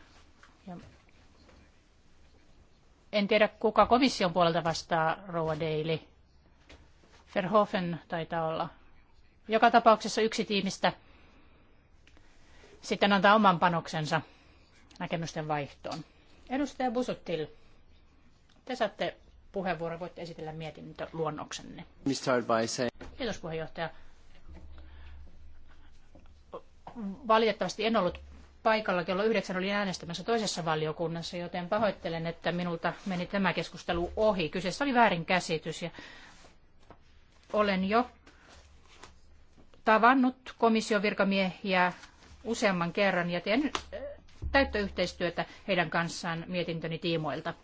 Ja en tiedä, kuka komission puolelta vastaa Rouva Daily. Verhoeven taitaa olla. Joka tapauksessa yksi tiimistä sitten antaa oman panoksensa näkemysten vaihtoon. Edustaja Busuttil, te saatte puheenvuoron, voitte esitellä mietintöluonnoksenne. Kiitos puheenjohtaja. Valitettavasti en ollut paikalla, kello yhdeksän oli äänestämässä toisessa valiokunnassa, joten pahoittelen, että minulta meni tämä keskustelu ohi. Kyseessä oli väärinkäsitys ja olen jo tavannut komission virkamiehiä useamman kerran ja teen täyttä yhteistyötä heidän kanssaan mietintöni tiimoilta.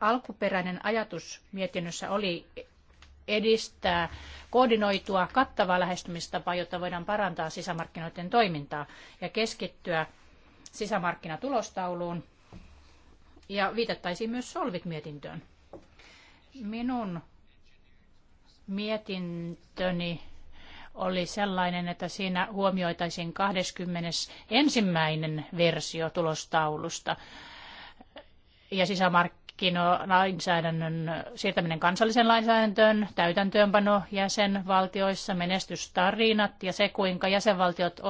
Alkuperäinen ajatus mietinnössä oli edistää koordinoitua kattavaa lähestymistapaa, jotta voidaan parantaa sisämarkkinoiden toimintaa ja keskittyä sisämarkkinatulostauluun ja viitattaisiin myös Solvit-mietintöön. Minun mietintöni oli sellainen, että siinä huomioitaisiin 21. versio tulostaulusta ja sisämarkkinalainsäädännön siirtäminen kansallisen lainsäädäntöön, täytäntöönpano jäsenvaltioissa, menestystarinat ja se, kuinka jäsenvaltiot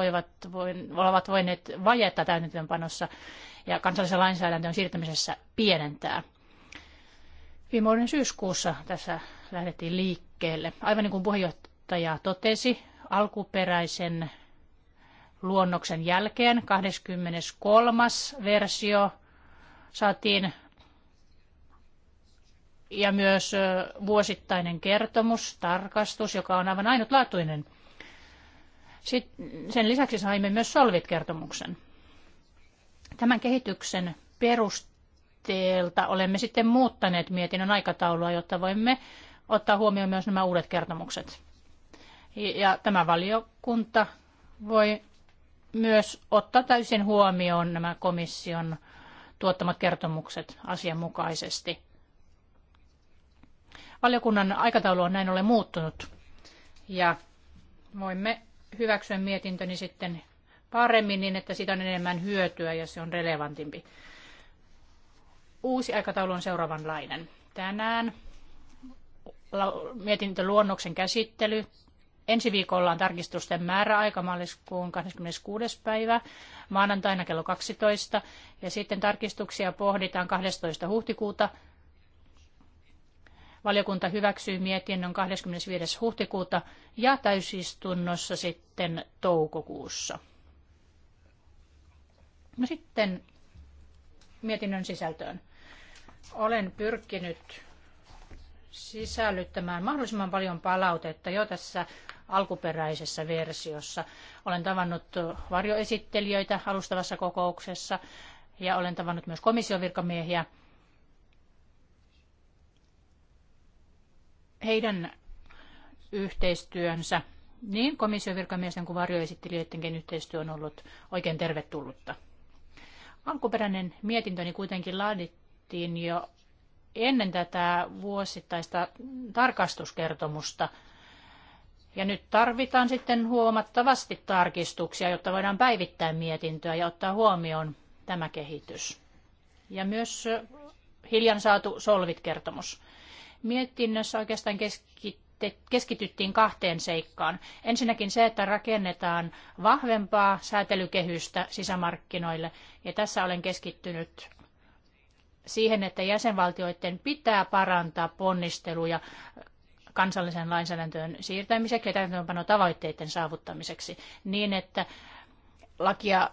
ovat voineet vajetta täytäntöönpanossa ja kansallisen lainsäädäntöön siirtämisessä pienentää. Viime vuoden syyskuussa tässä lähdettiin liikkeelle. Aivan niin kuin puheenjohtaja kirjoittaja totesi alkuperäisen luonnoksen jälkeen. 23. versio saatiin ja myös vuosittainen kertomus, tarkastus, joka on aivan ainutlaatuinen. Sitten sen lisäksi saimme myös Solvit-kertomuksen. Tämän kehityksen perusteelta olemme sitten muuttaneet mietinnön aikataulua, jotta voimme ottaa huomioon myös nämä uudet kertomukset. Ja tämä valiokunta voi myös ottaa täysin huomioon nämä komission tuottamat kertomukset asianmukaisesti. Valiokunnan aikataulu on näin ollen muuttunut ja voimme hyväksyä mietintöni sitten paremmin niin, että siitä on enemmän hyötyä ja se on relevantimpi. Uusi aikataulu on seuraavanlainen. Tänään mietintöluonnoksen käsittely Ensi viikolla on tarkistusten määräaika maaliskuun 26. päivä, maanantaina kello 12, ja sitten tarkistuksia pohditaan 12. huhtikuuta. Valiokunta hyväksyy mietinnön 25. huhtikuuta ja täysistunnossa sitten toukokuussa. No sitten mietinnön sisältöön. Olen pyrkinyt sisällyttämään mahdollisimman paljon palautetta jo tässä alkuperäisessä versiossa. Olen tavannut varjoesittelijöitä alustavassa kokouksessa ja olen tavannut myös komission virkamiehiä. Heidän yhteistyönsä niin komission virkamiesten kuin varjoesittelijöidenkin yhteistyö on ollut oikein tervetullutta. Alkuperäinen mietintöni kuitenkin laadittiin jo ennen tätä vuosittaista tarkastuskertomusta – ja nyt tarvitaan sitten huomattavasti tarkistuksia, jotta voidaan päivittää mietintöä ja ottaa huomioon tämä kehitys. Ja myös hiljan saatu Solvit-kertomus. Mietinnössä oikeastaan keskityttiin kahteen seikkaan. Ensinnäkin se, että rakennetaan vahvempaa säätelykehystä sisämarkkinoille. Ja tässä olen keskittynyt siihen, että jäsenvaltioiden pitää parantaa ponnisteluja kansalliseen lainsäädäntöön siirtämiseksi ja täytäntöönpano tavoitteiden saavuttamiseksi niin, että lakia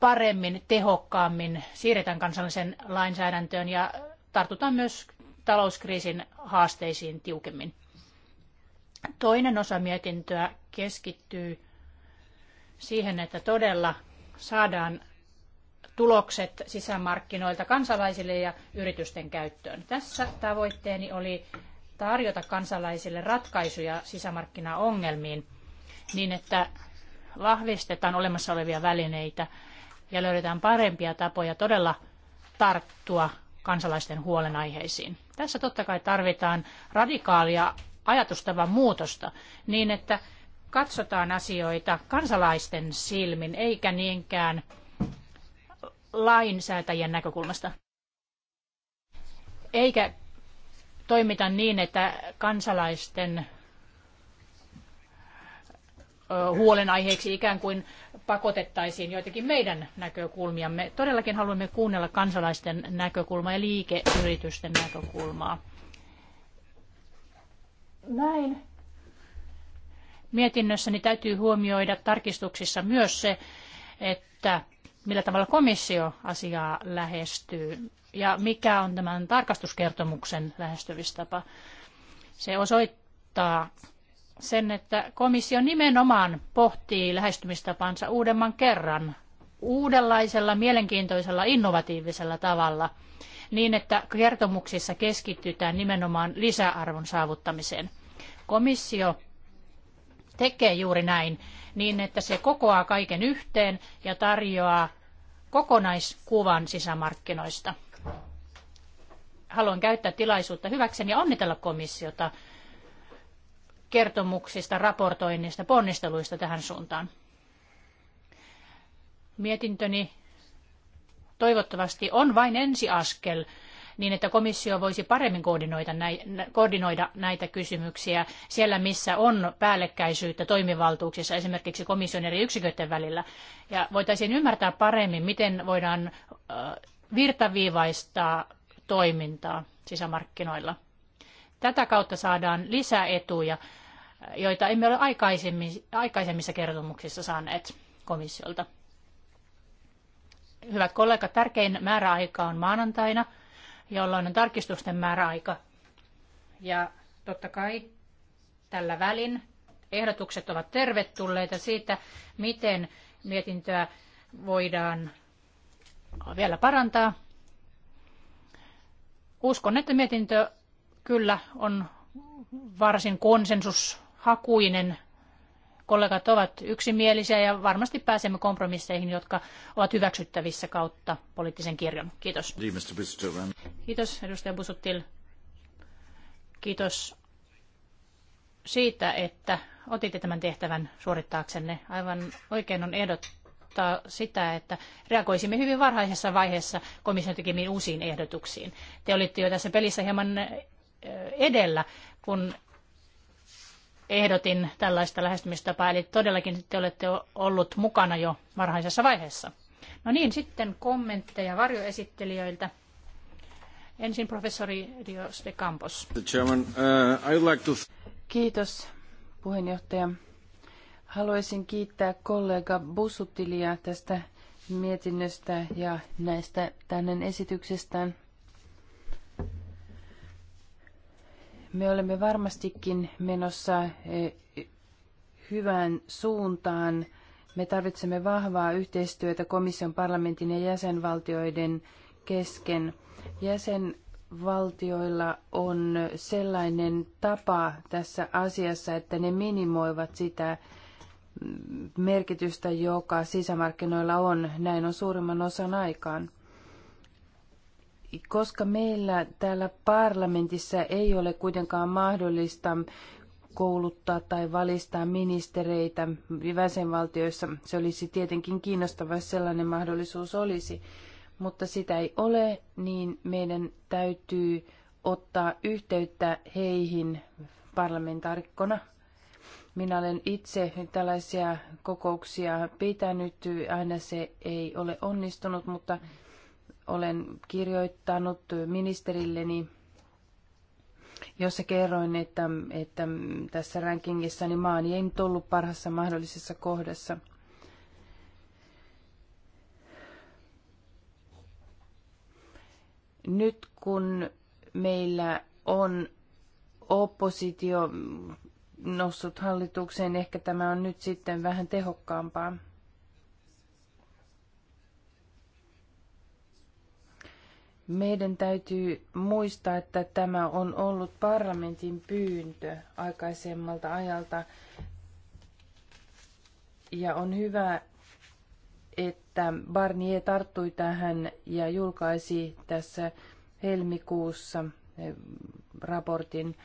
paremmin, tehokkaammin siirretään kansalliseen lainsäädäntöön ja tartutaan myös talouskriisin haasteisiin tiukemmin. Toinen osa mietintöä keskittyy siihen, että todella saadaan tulokset sisämarkkinoilta kansalaisille ja yritysten käyttöön. Tässä tavoitteeni oli tarjota kansalaisille ratkaisuja sisämarkkinaongelmiin niin, että vahvistetaan olemassa olevia välineitä ja löydetään parempia tapoja todella tarttua kansalaisten huolenaiheisiin. Tässä totta kai tarvitaan radikaalia ajatustavan muutosta niin, että katsotaan asioita kansalaisten silmin eikä niinkään lainsäätäjien näkökulmasta. Eikä toimita niin, että kansalaisten huolenaiheeksi ikään kuin pakotettaisiin joitakin meidän näkökulmiamme. Todellakin haluamme kuunnella kansalaisten näkökulmaa ja liikeyritysten näkökulmaa. Näin. Mietinnössäni täytyy huomioida tarkistuksissa myös se, että millä tavalla komissio asiaa lähestyy ja mikä on tämän tarkastuskertomuksen lähestymistapa. Se osoittaa sen, että komissio nimenomaan pohtii lähestymistapansa uudemman kerran uudenlaisella, mielenkiintoisella, innovatiivisella tavalla niin, että kertomuksissa keskitytään nimenomaan lisäarvon saavuttamiseen. Komissio tekee juuri näin niin, että se kokoaa kaiken yhteen ja tarjoaa kokonaiskuvan sisämarkkinoista haluan käyttää tilaisuutta hyväkseni ja onnitella komissiota kertomuksista, raportoinnista, ponnisteluista tähän suuntaan. Mietintöni toivottavasti on vain ensiaskel niin, että komissio voisi paremmin koordinoida näitä kysymyksiä siellä, missä on päällekkäisyyttä toimivaltuuksissa esimerkiksi komission eri yksiköiden välillä. Ja voitaisiin ymmärtää paremmin, miten voidaan virtaviivaistaa toimintaa sisämarkkinoilla. Tätä kautta saadaan lisäetuja, joita emme ole aikaisemmissa kertomuksissa saaneet komissiolta. Hyvät kollegat, tärkein määräaika on maanantaina, jolloin on tarkistusten määräaika. Ja totta kai tällä välin ehdotukset ovat tervetulleita siitä, miten mietintöä voidaan vielä parantaa. Uskon, että mietintö kyllä on varsin konsensushakuinen. Kollegat ovat yksimielisiä ja varmasti pääsemme kompromisseihin, jotka ovat hyväksyttävissä kautta poliittisen kirjon. Kiitos. Niin, Kiitos edustaja Busuttil. Kiitos siitä, että otitte tämän tehtävän suorittaaksenne. Aivan oikein on ehdottaa tarkoittaa sitä, että reagoisimme hyvin varhaisessa vaiheessa komission tekemiin uusiin ehdotuksiin. Te olitte jo tässä pelissä hieman edellä, kun ehdotin tällaista lähestymistapaa, eli todellakin te olette ollut mukana jo varhaisessa vaiheessa. No niin, sitten kommentteja varjoesittelijöiltä. Ensin professori Dios de Campos. Uh, Kiitos puheenjohtaja. Haluaisin kiittää kollega Busuttilia tästä mietinnöstä ja näistä tänne esityksestään. Me olemme varmastikin menossa e, hyvään suuntaan. Me tarvitsemme vahvaa yhteistyötä komission, parlamentin ja jäsenvaltioiden kesken. Jäsenvaltioilla on sellainen tapa tässä asiassa, että ne minimoivat sitä merkitystä, joka sisämarkkinoilla on. Näin on suurimman osan aikaan. Koska meillä täällä parlamentissa ei ole kuitenkaan mahdollista kouluttaa tai valistaa ministereitä jäsenvaltioissa, se olisi tietenkin kiinnostava, jos sellainen mahdollisuus olisi. Mutta sitä ei ole, niin meidän täytyy ottaa yhteyttä heihin parlamentaarikkona minä olen itse tällaisia kokouksia pitänyt, aina se ei ole onnistunut, mutta olen kirjoittanut ministerilleni, jossa kerroin, että, että tässä rankingissa niin maani ei nyt ollut parhassa mahdollisessa kohdassa. Nyt kun meillä on oppositio noussut hallitukseen. Ehkä tämä on nyt sitten vähän tehokkaampaa. Meidän täytyy muistaa, että tämä on ollut parlamentin pyyntö aikaisemmalta ajalta. Ja on hyvä, että Barnier tarttui tähän ja julkaisi tässä helmikuussa eh, raportin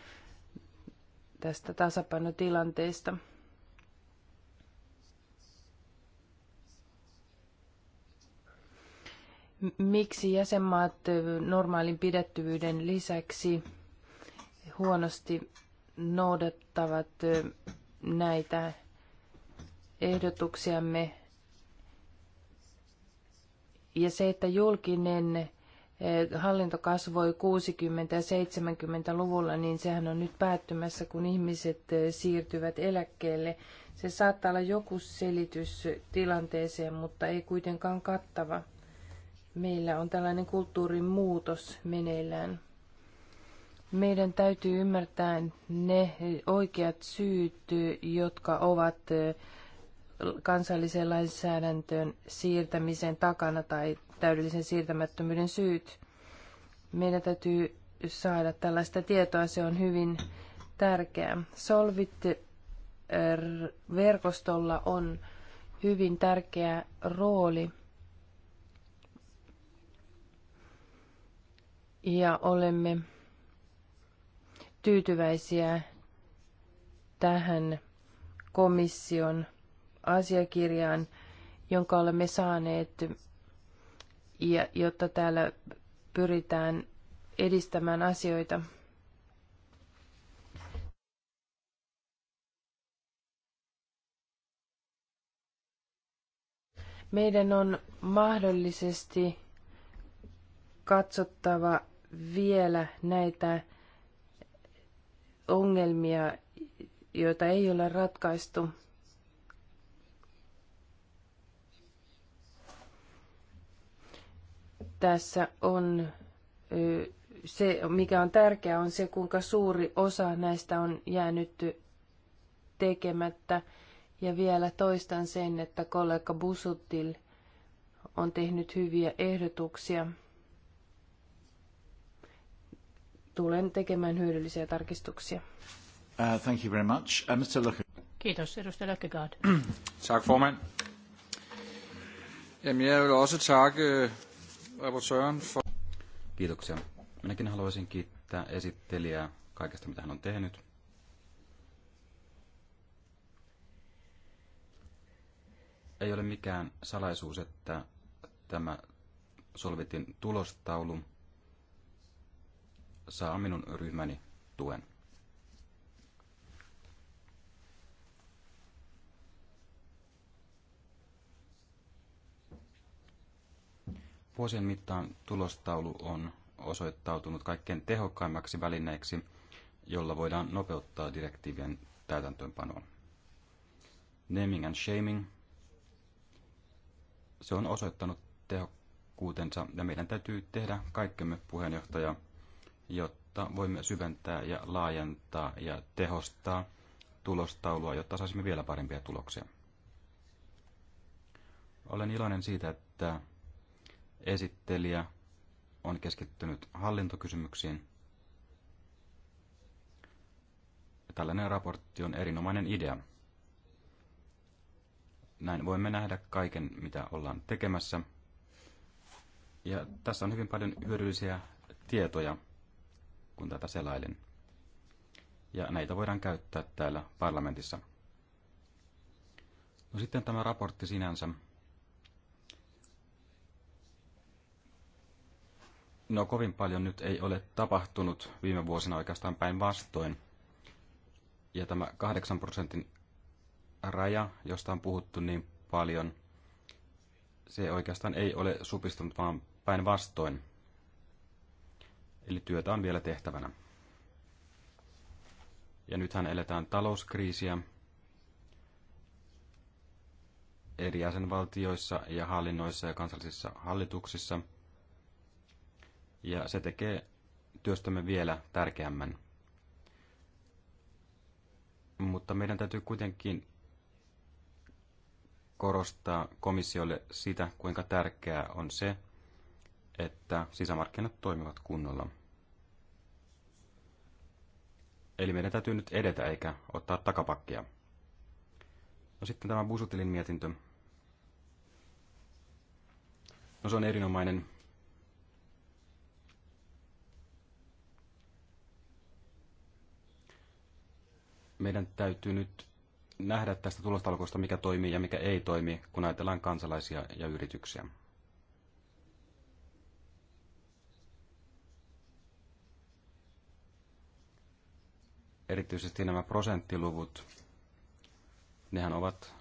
tästä tasapainotilanteesta. Miksi jäsenmaat normaalin pidettyvyyden lisäksi huonosti noudattavat näitä ehdotuksiamme ja se, että julkinen Eh, hallinto kasvoi 60- ja 70-luvulla, niin sehän on nyt päättymässä, kun ihmiset eh, siirtyvät eläkkeelle. Se saattaa olla joku selitys tilanteeseen, mutta ei kuitenkaan kattava. Meillä on tällainen kulttuurin muutos meneillään. Meidän täytyy ymmärtää ne oikeat syyt, jotka ovat eh, kansalliseen lainsäädäntöön siirtämisen takana tai täydellisen siirtämättömyyden syyt. Meidän täytyy saada tällaista tietoa, se on hyvin tärkeää. Solvit-verkostolla äh, on hyvin tärkeä rooli. Ja olemme tyytyväisiä tähän komission asiakirjaan, jonka olemme saaneet ja jotta täällä pyritään edistämään asioita. Meidän on mahdollisesti katsottava vielä näitä ongelmia, joita ei ole ratkaistu. tässä on se, mikä on tärkeää, on se, kuinka suuri osa näistä on jäänyt tekemättä. Ja vielä toistan sen, että kollega Busuttil on tehnyt hyviä ehdotuksia. Tulen tekemään hyödyllisiä tarkistuksia. Uh, thank you very much. Uh, Mr. Lukke. Kiitos, edustaja Lökkegaard. tak, formand. Jamen, jeg vil også takke Kiitoksia. Minäkin haluaisin kiittää esittelijää kaikesta, mitä hän on tehnyt. Ei ole mikään salaisuus, että tämä Solvitin tulostaulu saa minun ryhmäni tuen. Vuosien mittaan tulostaulu on osoittautunut kaikkein tehokkaimmaksi välineeksi, jolla voidaan nopeuttaa direktiivien täytäntöönpanoa. Naming and shaming. Se on osoittanut tehokkuutensa ja meidän täytyy tehdä kaikkemme puheenjohtaja, jotta voimme syventää ja laajentaa ja tehostaa tulostaulua, jotta saisimme vielä parempia tuloksia. Olen iloinen siitä, että esittelijä on keskittynyt hallintokysymyksiin. Tällainen raportti on erinomainen idea. Näin voimme nähdä kaiken, mitä ollaan tekemässä. Ja tässä on hyvin paljon hyödyllisiä tietoja, kun tätä selailin. Ja näitä voidaan käyttää täällä parlamentissa. No sitten tämä raportti sinänsä. No kovin paljon nyt ei ole tapahtunut viime vuosina oikeastaan päinvastoin. Ja tämä 8 prosentin raja, josta on puhuttu niin paljon, se oikeastaan ei ole supistunut, vaan päinvastoin. Eli työtä on vielä tehtävänä. Ja nythän eletään talouskriisiä eri jäsenvaltioissa ja hallinnoissa ja kansallisissa hallituksissa – ja se tekee työstämme vielä tärkeämmän. Mutta meidän täytyy kuitenkin korostaa komissiolle sitä, kuinka tärkeää on se, että sisämarkkinat toimivat kunnolla. Eli meidän täytyy nyt edetä eikä ottaa takapakkia. No sitten tämä Busutilin mietintö. No se on erinomainen meidän täytyy nyt nähdä tästä tulostalkoista, mikä toimii ja mikä ei toimi, kun ajatellaan kansalaisia ja yrityksiä. Erityisesti nämä prosenttiluvut, nehän ovat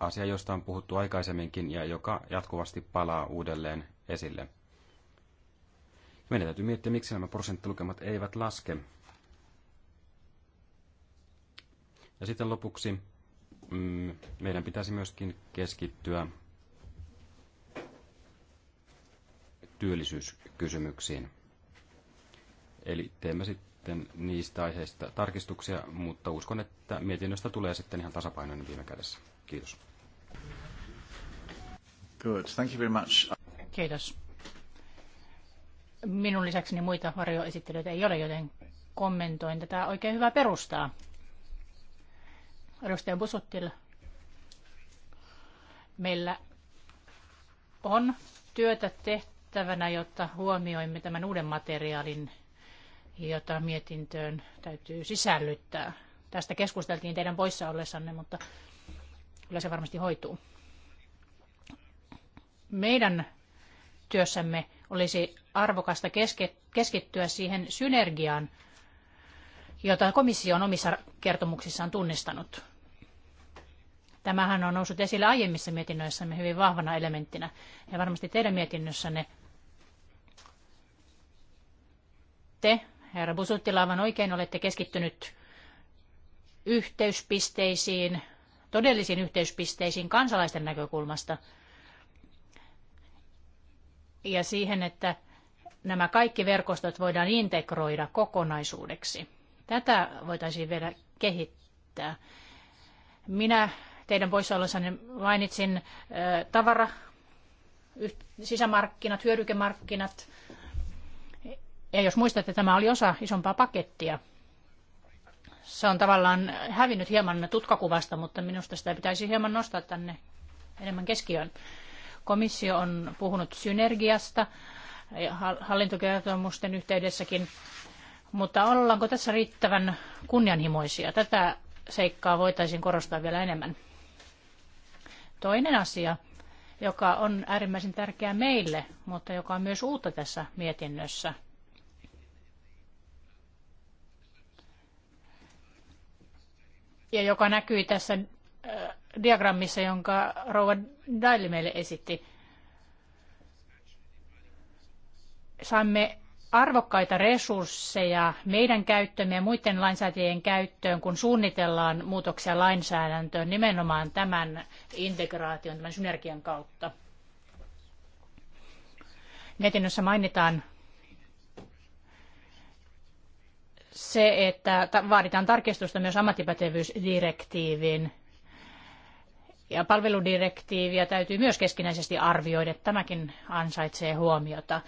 asia, josta on puhuttu aikaisemminkin ja joka jatkuvasti palaa uudelleen esille. Meidän täytyy miettiä, miksi nämä prosenttilukemat eivät laske, Ja sitten lopuksi mm, meidän pitäisi myöskin keskittyä työllisyyskysymyksiin. Eli teemme sitten niistä aiheista tarkistuksia, mutta uskon, että mietinnöstä tulee sitten ihan tasapainoinen viime kädessä. Kiitos. Good. Thank you very much. Kiitos. Minun lisäkseni muita varjoesittelyitä ei ole, joten kommentoin tätä oikein hyvää perustaa edustaja Busuttil. Meillä on työtä tehtävänä, jotta huomioimme tämän uuden materiaalin, jota mietintöön täytyy sisällyttää. Tästä keskusteltiin teidän poissa ollessanne, mutta kyllä se varmasti hoituu. Meidän työssämme olisi arvokasta keskittyä siihen synergiaan, jota komissio on omissa kertomuksissaan tunnistanut. Tämähän on noussut esille aiemmissa mietinnöissämme hyvin vahvana elementtinä ja varmasti teidän mietinnössänne te, herra Busuttila, aivan oikein olette keskittynyt yhteyspisteisiin, todellisiin yhteyspisteisiin kansalaisten näkökulmasta ja siihen, että nämä kaikki verkostot voidaan integroida kokonaisuudeksi. Tätä voitaisiin vielä kehittää. Minä teidän poissaolossanne mainitsin tavara, sisämarkkinat, hyödykemarkkinat. Ja jos muistatte, tämä oli osa isompaa pakettia. Se on tavallaan hävinnyt hieman tutkakuvasta, mutta minusta sitä pitäisi hieman nostaa tänne enemmän keskiöön. Komissio on puhunut synergiasta hallintokertomusten yhteydessäkin, mutta ollaanko tässä riittävän kunnianhimoisia? Tätä seikkaa voitaisiin korostaa vielä enemmän. Toinen asia, joka on äärimmäisen tärkeä meille, mutta joka on myös uutta tässä mietinnössä, ja joka näkyi tässä äh, diagrammissa, jonka rouva Daili meille esitti. Saimme arvokkaita resursseja meidän käyttöömme ja muiden lainsäätäjien käyttöön, kun suunnitellaan muutoksia lainsäädäntöön nimenomaan tämän integraation, tämän synergian kautta. Mietinnössä mainitaan se, että vaaditaan tarkistusta myös ammattipätevyysdirektiiviin. Ja palveludirektiiviä täytyy myös keskinäisesti arvioida. Tämäkin ansaitsee huomiota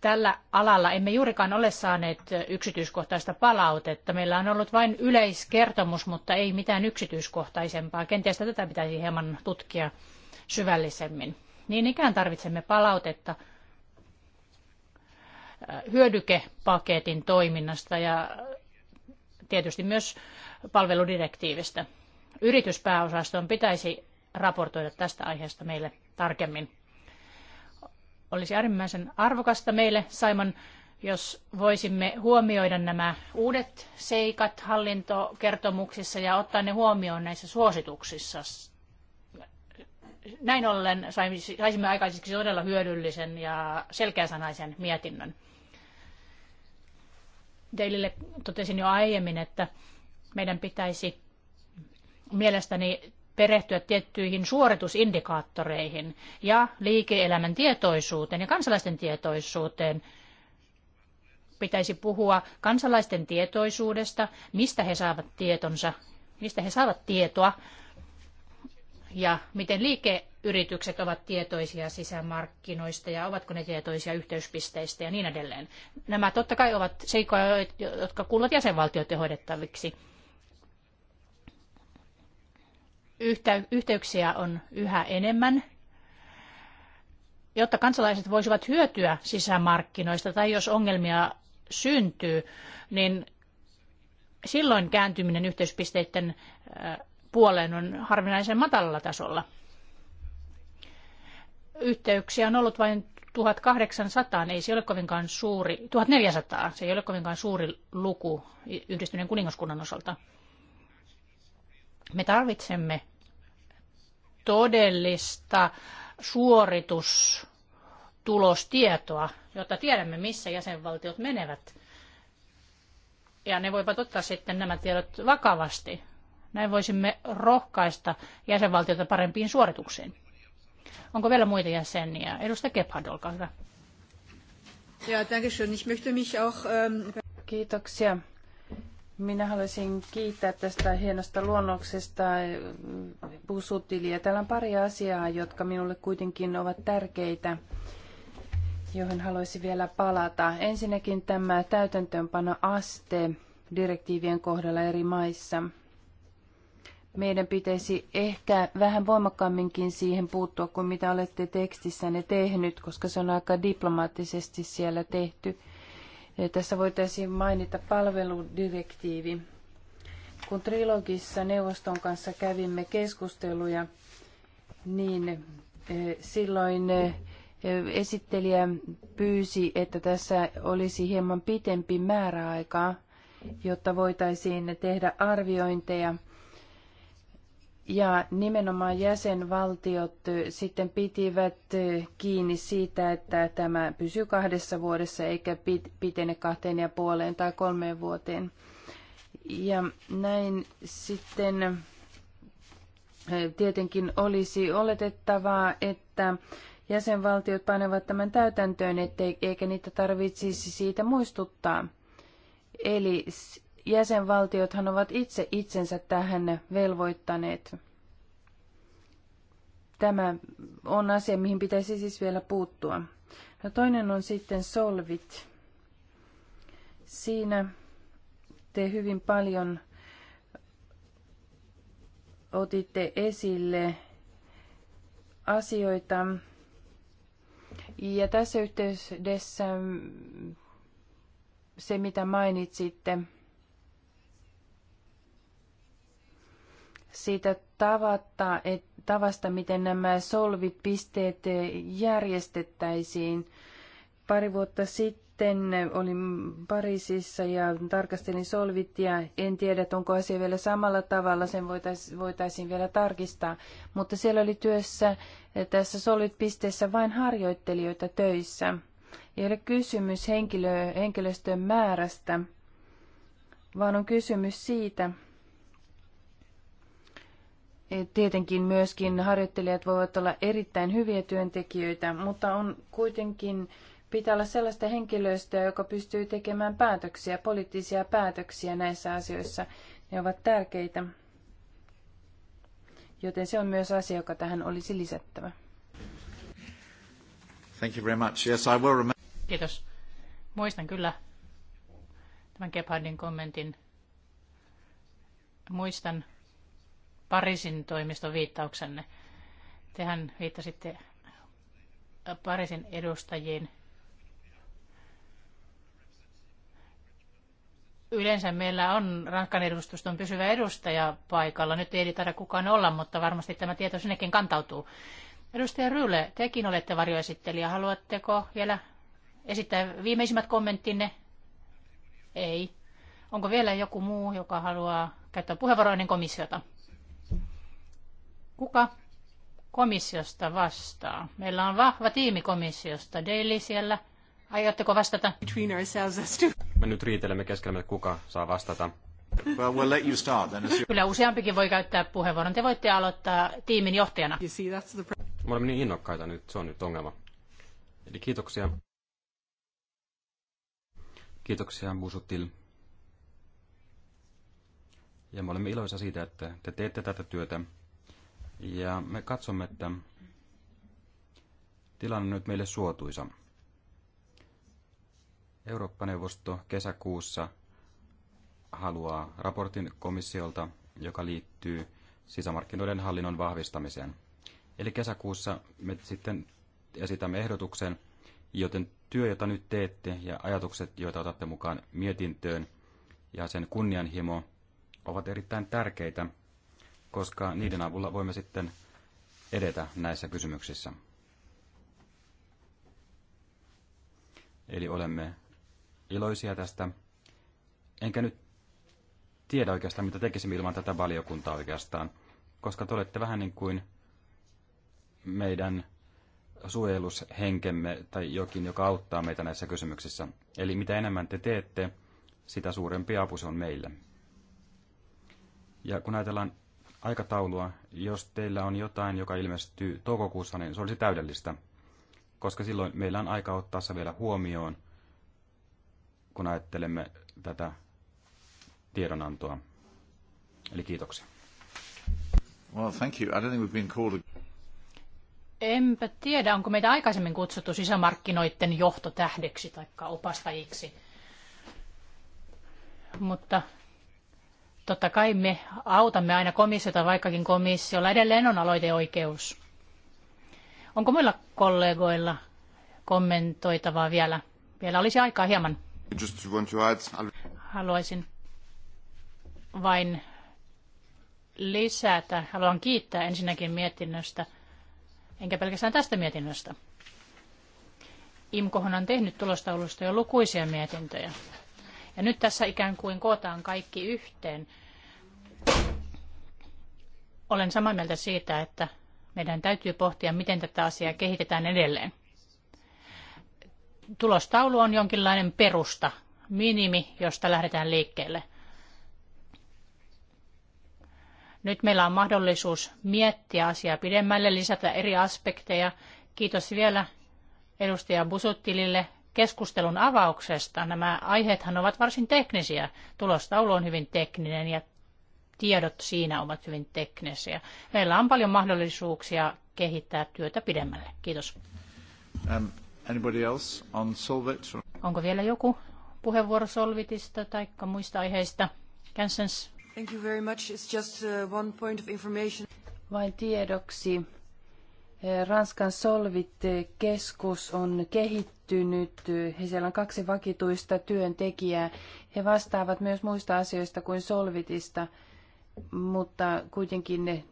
tällä alalla emme juurikaan ole saaneet yksityiskohtaista palautetta. Meillä on ollut vain yleiskertomus, mutta ei mitään yksityiskohtaisempaa. Kenties tätä pitäisi hieman tutkia syvällisemmin. Niin ikään tarvitsemme palautetta äh, hyödykepaketin toiminnasta ja tietysti myös palveludirektiivistä. Yrityspääosaston pitäisi raportoida tästä aiheesta meille tarkemmin. Olisi äärimmäisen arvokasta meille, Simon, jos voisimme huomioida nämä uudet seikat hallintokertomuksissa ja ottaa ne huomioon näissä suosituksissa. Näin ollen saisimme aikaiseksi todella hyödyllisen ja selkeäsanaisen mietinnön. Teille totesin jo aiemmin, että meidän pitäisi mielestäni perehtyä tiettyihin suoritusindikaattoreihin ja liike-elämän tietoisuuteen ja kansalaisten tietoisuuteen. Pitäisi puhua kansalaisten tietoisuudesta, mistä he saavat tietonsa, mistä he saavat tietoa ja miten liikeyritykset ovat tietoisia sisämarkkinoista ja ovatko ne tietoisia yhteyspisteistä ja niin edelleen. Nämä totta kai ovat seikkoja, jotka kuuluvat jäsenvaltioiden hoidettaviksi. yhtä, yhteyksiä on yhä enemmän, jotta kansalaiset voisivat hyötyä sisämarkkinoista tai jos ongelmia syntyy, niin silloin kääntyminen yhteyspisteiden puoleen on harvinaisen matalalla tasolla. Yhteyksiä on ollut vain 1800, niin ei se ole kovinkaan suuri, 1400, se ei ole kovinkaan suuri luku yhdistyneen kuningaskunnan osalta. Me tarvitsemme todellista suoritustulostietoa, jotta tiedämme, missä jäsenvaltiot menevät. Ja ne voivat ottaa sitten nämä tiedot vakavasti. Näin voisimme rohkaista jäsenvaltioita parempiin suorituksiin. Onko vielä muita jäseniä? Edustaja Gebhard, olkaa hyvä. Ja, Ich möchte mich auch, ähm, Kiitoksia. Minä haluaisin kiittää tästä hienosta luonnoksesta puusutiliä. Täällä on pari asiaa, jotka minulle kuitenkin ovat tärkeitä, johon haluaisin vielä palata. Ensinnäkin tämä täytäntöönpanoaste direktiivien kohdalla eri maissa. Meidän pitäisi ehkä vähän voimakkaamminkin siihen puuttua kuin mitä olette tekstissänne tehnyt, koska se on aika diplomaattisesti siellä tehty. Tässä voitaisiin mainita palveludirektiivi. Kun trilogissa neuvoston kanssa kävimme keskusteluja, niin eh, silloin eh, esittelijä pyysi, että tässä olisi hieman pitempi määräaika, jotta voitaisiin tehdä arviointeja ja nimenomaan jäsenvaltiot sitten pitivät kiinni siitä, että tämä pysyy kahdessa vuodessa eikä pitene kahteen ja puoleen tai kolmeen vuoteen. Ja näin sitten tietenkin olisi oletettavaa, että jäsenvaltiot panevat tämän täytäntöön, ettei, eikä niitä tarvitsisi siitä muistuttaa. Eli jäsenvaltiothan ovat itse itsensä tähän velvoittaneet. Tämä on asia, mihin pitäisi siis vielä puuttua. No toinen on sitten solvit. Siinä te hyvin paljon otitte esille asioita. Ja tässä yhteydessä se, mitä mainitsitte, siitä tavatta, et, tavasta, miten nämä solvipisteet järjestettäisiin. Pari vuotta sitten olin Pariisissa ja tarkastelin ja En tiedä, onko asia vielä samalla tavalla, sen voitaisiin vielä tarkistaa. Mutta siellä oli työssä eh, tässä solvipisteessä vain harjoittelijoita töissä. Ei ole kysymys henkilö, henkilöstön määrästä, vaan on kysymys siitä, Tietenkin myöskin harjoittelijat voivat olla erittäin hyviä työntekijöitä, mutta on kuitenkin pitää olla sellaista henkilöstöä, joka pystyy tekemään päätöksiä, poliittisia päätöksiä näissä asioissa. Ne ovat tärkeitä. Joten se on myös asia, joka tähän olisi lisättävä. Thank you very much. Yes, I will remember. Kiitos. Muistan kyllä tämän Gebhardin kommentin. Muistan Pariisin toimiston viittauksenne. Tehän viittasitte Pariisin edustajiin. Yleensä meillä on Ranskan edustuston pysyvä edustaja paikalla. Nyt ei taida kukaan olla, mutta varmasti tämä tieto sinnekin kantautuu. Edustaja Ryle, tekin olette varjoesittelijä. Haluatteko vielä esittää viimeisimmät kommenttinne? Ei. Onko vielä joku muu, joka haluaa käyttää puheenvuoroa ennen komissiota? Kuka komissiosta vastaa? Meillä on vahva tiimi komissiosta. Daily siellä. Aiotteko vastata? Me nyt riitelemme että kuka saa vastata. Well, we'll let you start, then Kyllä useampikin voi käyttää puheenvuoron. Te voitte aloittaa tiimin johtajana. You see, that's the... Me olemme niin innokkaita nyt, se on nyt ongelma. Eli kiitoksia. Kiitoksia Busutil. Ja me olemme iloisia siitä, että te teette tätä työtä ja me katsomme, että tilanne on nyt meille suotuisa. Eurooppa-neuvosto kesäkuussa haluaa raportin komissiolta, joka liittyy sisämarkkinoiden hallinnon vahvistamiseen. Eli kesäkuussa me sitten esitämme ehdotuksen, joten työ, jota nyt teette ja ajatukset, joita otatte mukaan mietintöön ja sen kunnianhimo ovat erittäin tärkeitä – koska niiden avulla voimme sitten edetä näissä kysymyksissä. Eli olemme iloisia tästä. Enkä nyt tiedä oikeastaan, mitä tekisimme ilman tätä valiokuntaa oikeastaan, koska te olette vähän niin kuin meidän suojelushenkemme tai jokin, joka auttaa meitä näissä kysymyksissä. Eli mitä enemmän te teette, sitä suurempi apu se on meille. Ja kun ajatellaan aikataulua. Jos teillä on jotain, joka ilmestyy toukokuussa, niin se olisi täydellistä, koska silloin meillä on aika ottaa se vielä huomioon, kun ajattelemme tätä tiedonantoa. Eli kiitoksia. Well, thank you. I don't think we've been called... Enpä tiedä, onko meitä aikaisemmin kutsuttu sisämarkkinoiden johtotähdeksi tai opastajiksi. Mutta Totta kai me autamme aina komissiota, vaikkakin komissiolla edelleen on aloiteoikeus. Onko muilla kollegoilla kommentoitavaa vielä? Vielä olisi aikaa hieman. Haluaisin vain lisätä. Haluan kiittää ensinnäkin mietinnöstä, enkä pelkästään tästä mietinnöstä. IMKOhan on tehnyt tulostaulusta jo lukuisia mietintöjä. Ja nyt tässä ikään kuin kootaan kaikki yhteen. Olen samaa mieltä siitä, että meidän täytyy pohtia, miten tätä asiaa kehitetään edelleen. Tulostaulu on jonkinlainen perusta, minimi, josta lähdetään liikkeelle. Nyt meillä on mahdollisuus miettiä asiaa pidemmälle, lisätä eri aspekteja. Kiitos vielä edustaja Busuttilille keskustelun avauksesta. Nämä aiheethan ovat varsin teknisiä. Tulostaulu on hyvin tekninen ja tiedot siinä ovat hyvin teknisiä. Meillä on paljon mahdollisuuksia kehittää työtä pidemmälle. Kiitos. Um, anybody else on Solvit? Onko vielä joku puheenvuoro Solvitista tai muista aiheista? Kansans? Thank you very much. It's just uh, one point of information. Vain tiedoksi. Ranskan Solvit-keskus on kehittynyt kehittynyt. He siellä on kaksi vakituista työntekijää. He vastaavat myös muista asioista kuin solvitista, mutta kuitenkin ne,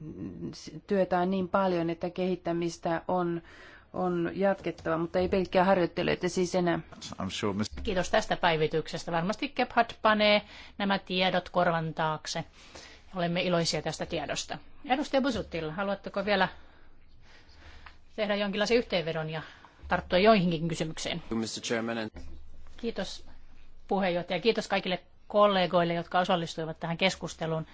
työtä on niin paljon, että kehittämistä on, on jatkettava, mutta ei pelkkää harjoitteluita siis enää. Kiitos tästä päivityksestä. Varmasti Gebhard panee nämä tiedot korvan taakse. Olemme iloisia tästä tiedosta. Edustaja Busuttil, haluatteko vielä tehdä jonkinlaisen yhteenvedon ja tarttua joihinkin kysymyksiin. Kiitos puheenjohtaja. Kiitos kaikille kollegoille, jotka osallistuivat tähän keskusteluun.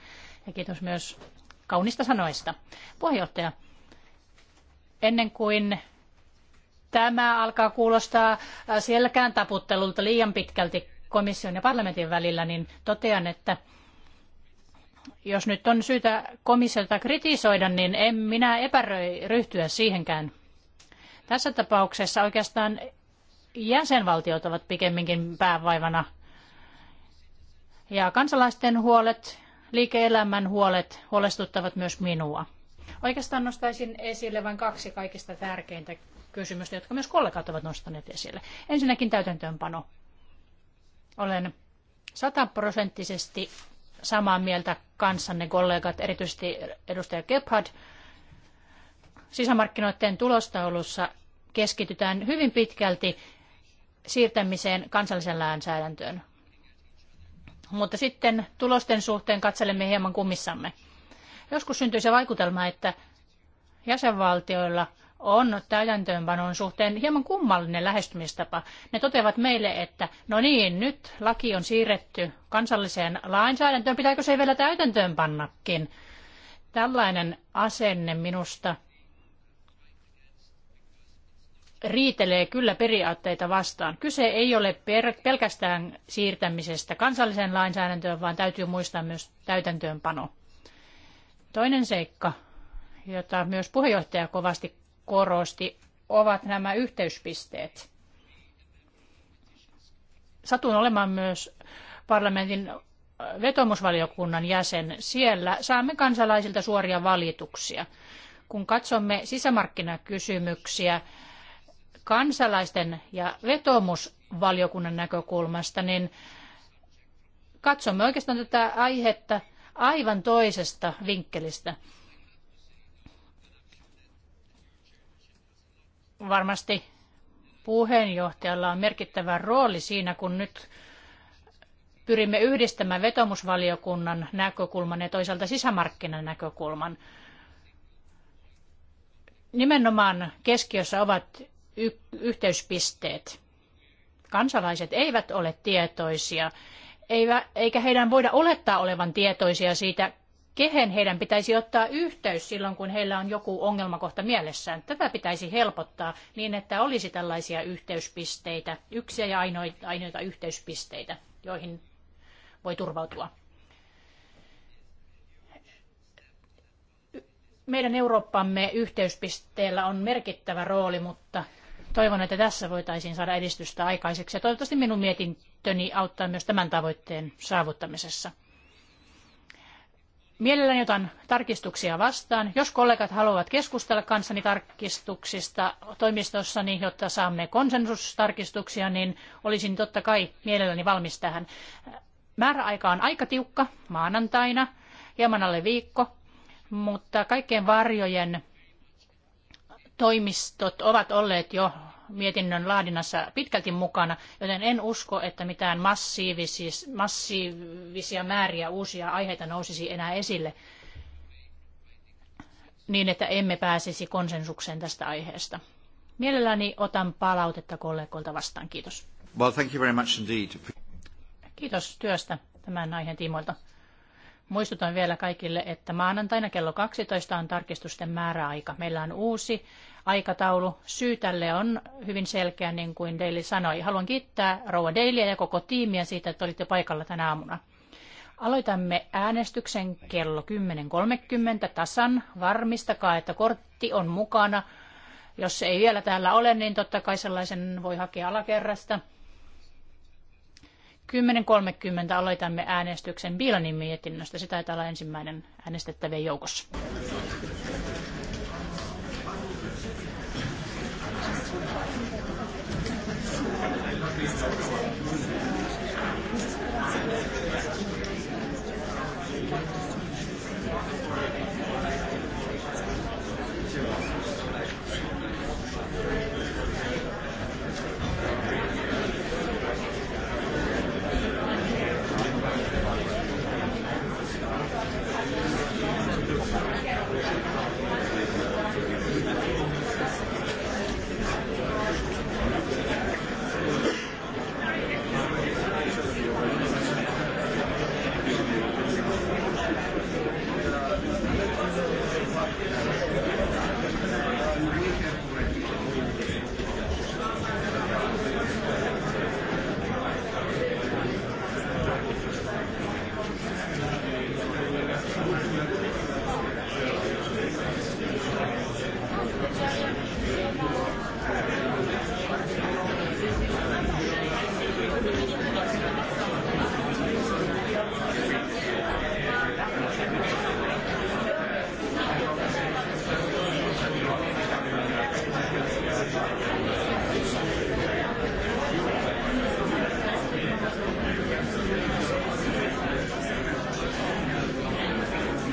Ja kiitos myös kaunista sanoista. Puheenjohtaja, ennen kuin tämä alkaa kuulostaa selkään taputtelulta liian pitkälti komission ja parlamentin välillä, niin totean, että jos nyt on syytä komissiota kritisoida, niin en minä epäröi ryhtyä siihenkään. Tässä tapauksessa oikeastaan jäsenvaltiot ovat pikemminkin päävaivana. Ja kansalaisten huolet, liike-elämän huolet huolestuttavat myös minua. Oikeastaan nostaisin esille vain kaksi kaikista tärkeintä kysymystä, jotka myös kollegat ovat nostaneet esille. Ensinnäkin täytäntöönpano. Olen sataprosenttisesti samaa mieltä kanssanne kollegat, erityisesti edustaja Gebhard, sisämarkkinoiden tulostaulussa keskitytään hyvin pitkälti siirtämiseen kansalliseen lainsäädäntöön. Mutta sitten tulosten suhteen katselemme hieman kummissamme. Joskus syntyy se vaikutelma, että jäsenvaltioilla on täytäntöönpanon suhteen hieman kummallinen lähestymistapa. Ne toteavat meille, että no niin, nyt laki on siirretty kansalliseen lainsäädäntöön, pitääkö se vielä täytäntöönpannakin? Tällainen asenne minusta – riitelee kyllä periaatteita vastaan. Kyse ei ole pelkästään siirtämisestä kansalliseen lainsäädäntöön, vaan täytyy muistaa myös täytäntöönpano. Toinen seikka, jota myös puheenjohtaja kovasti korosti, ovat nämä yhteyspisteet. Satun olemaan myös parlamentin vetomusvaliokunnan jäsen. Siellä saamme kansalaisilta suoria valituksia. Kun katsomme sisämarkkinakysymyksiä, kansalaisten ja vetomusvaliokunnan näkökulmasta, niin katsomme oikeastaan tätä aihetta aivan toisesta vinkkelistä. Varmasti puheenjohtajalla on merkittävä rooli siinä, kun nyt pyrimme yhdistämään vetomusvaliokunnan näkökulman ja toisaalta sisämarkkinan näkökulman. Nimenomaan keskiössä ovat y- yhteyspisteet. Kansalaiset eivät ole tietoisia, eikä heidän voida olettaa olevan tietoisia siitä, kehen heidän pitäisi ottaa yhteys silloin, kun heillä on joku ongelmakohta mielessään. Tätä pitäisi helpottaa niin, että olisi tällaisia yhteyspisteitä, yksiä ja ainoita, ainoita yhteyspisteitä, joihin voi turvautua. Meidän Eurooppamme yhteyspisteellä on merkittävä rooli, mutta Toivon, että tässä voitaisiin saada edistystä aikaiseksi ja toivottavasti minun mietintöni auttaa myös tämän tavoitteen saavuttamisessa. Mielelläni otan tarkistuksia vastaan. Jos kollegat haluavat keskustella kanssani tarkistuksista toimistossani, jotta saamme konsensustarkistuksia, niin olisin totta kai mielelläni valmis tähän. Määräaika on aika tiukka maanantaina, hieman alle viikko, mutta kaikkien varjojen toimistot ovat olleet jo mietinnön laadinnassa pitkälti mukana, joten en usko, että mitään massiivisia, massiivisia määriä uusia aiheita nousisi enää esille niin, että emme pääsisi konsensukseen tästä aiheesta. Mielelläni otan palautetta kollegoilta vastaan. Kiitos. Well, thank you very much indeed. Kiitos työstä tämän aiheen tiimoilta. Muistutan vielä kaikille, että maanantaina kello 12 on tarkistusten määräaika. Meillä on uusi aikataulu. Syy tälle on hyvin selkeä, niin kuin Daily sanoi. Haluan kiittää Rouva Dailyä ja koko tiimiä siitä, että olitte paikalla tänä aamuna. Aloitamme äänestyksen kello 10.30 tasan. Varmistakaa, että kortti on mukana. Jos ei vielä täällä ole, niin totta kai sellaisen voi hakea alakerrasta. 10.30 aloitamme äänestyksen Biilanin mietinnöstä. Se taitaa olla ensimmäinen äänestettävien joukossa.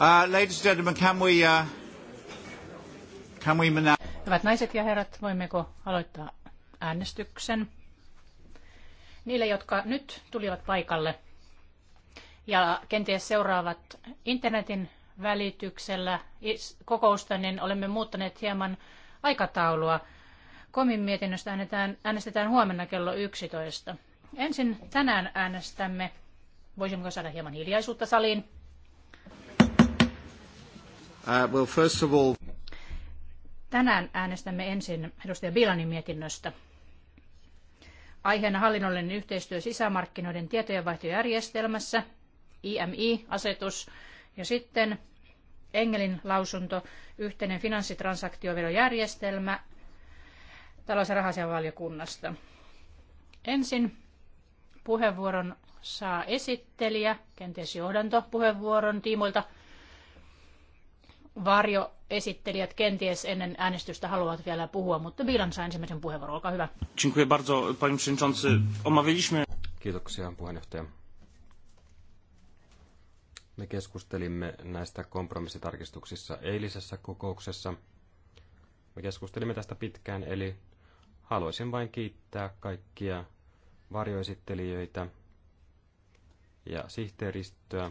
Uh, ladies and gentlemen, can we, uh, can we now... Hyvät naiset ja herrat, voimmeko aloittaa äänestyksen? Niille, jotka nyt tulivat paikalle ja kenties seuraavat internetin välityksellä kokousta, niin olemme muuttaneet hieman aikataulua. Komin mietinnöstä äänestetään, äänestetään huomenna kello 11. Ensin tänään äänestämme, voisimmeko saada hieman hiljaisuutta saliin, Uh, well, first of all... Tänään äänestämme ensin edustaja Bilanin mietinnöstä. Aiheena hallinnollinen yhteistyö sisämarkkinoiden tietojenvaihtojärjestelmässä, IMI-asetus, ja sitten Engelin lausunto, yhteinen finanssitransaktioverojärjestelmä talous- ja rahasianvaliokunnasta. Ensin puheenvuoron saa esittelijä, kenties johdantopuheenvuoron tiimoilta – varjoesittelijät kenties ennen äänestystä haluavat vielä puhua, mutta Biilan saa ensimmäisen puheenvuoron. Olkaa hyvä. Kiitoksia, puheenjohtaja. Me keskustelimme näistä kompromissitarkistuksissa eilisessä kokouksessa. Me keskustelimme tästä pitkään, eli haluaisin vain kiittää kaikkia varjoesittelijöitä ja sihteeristöä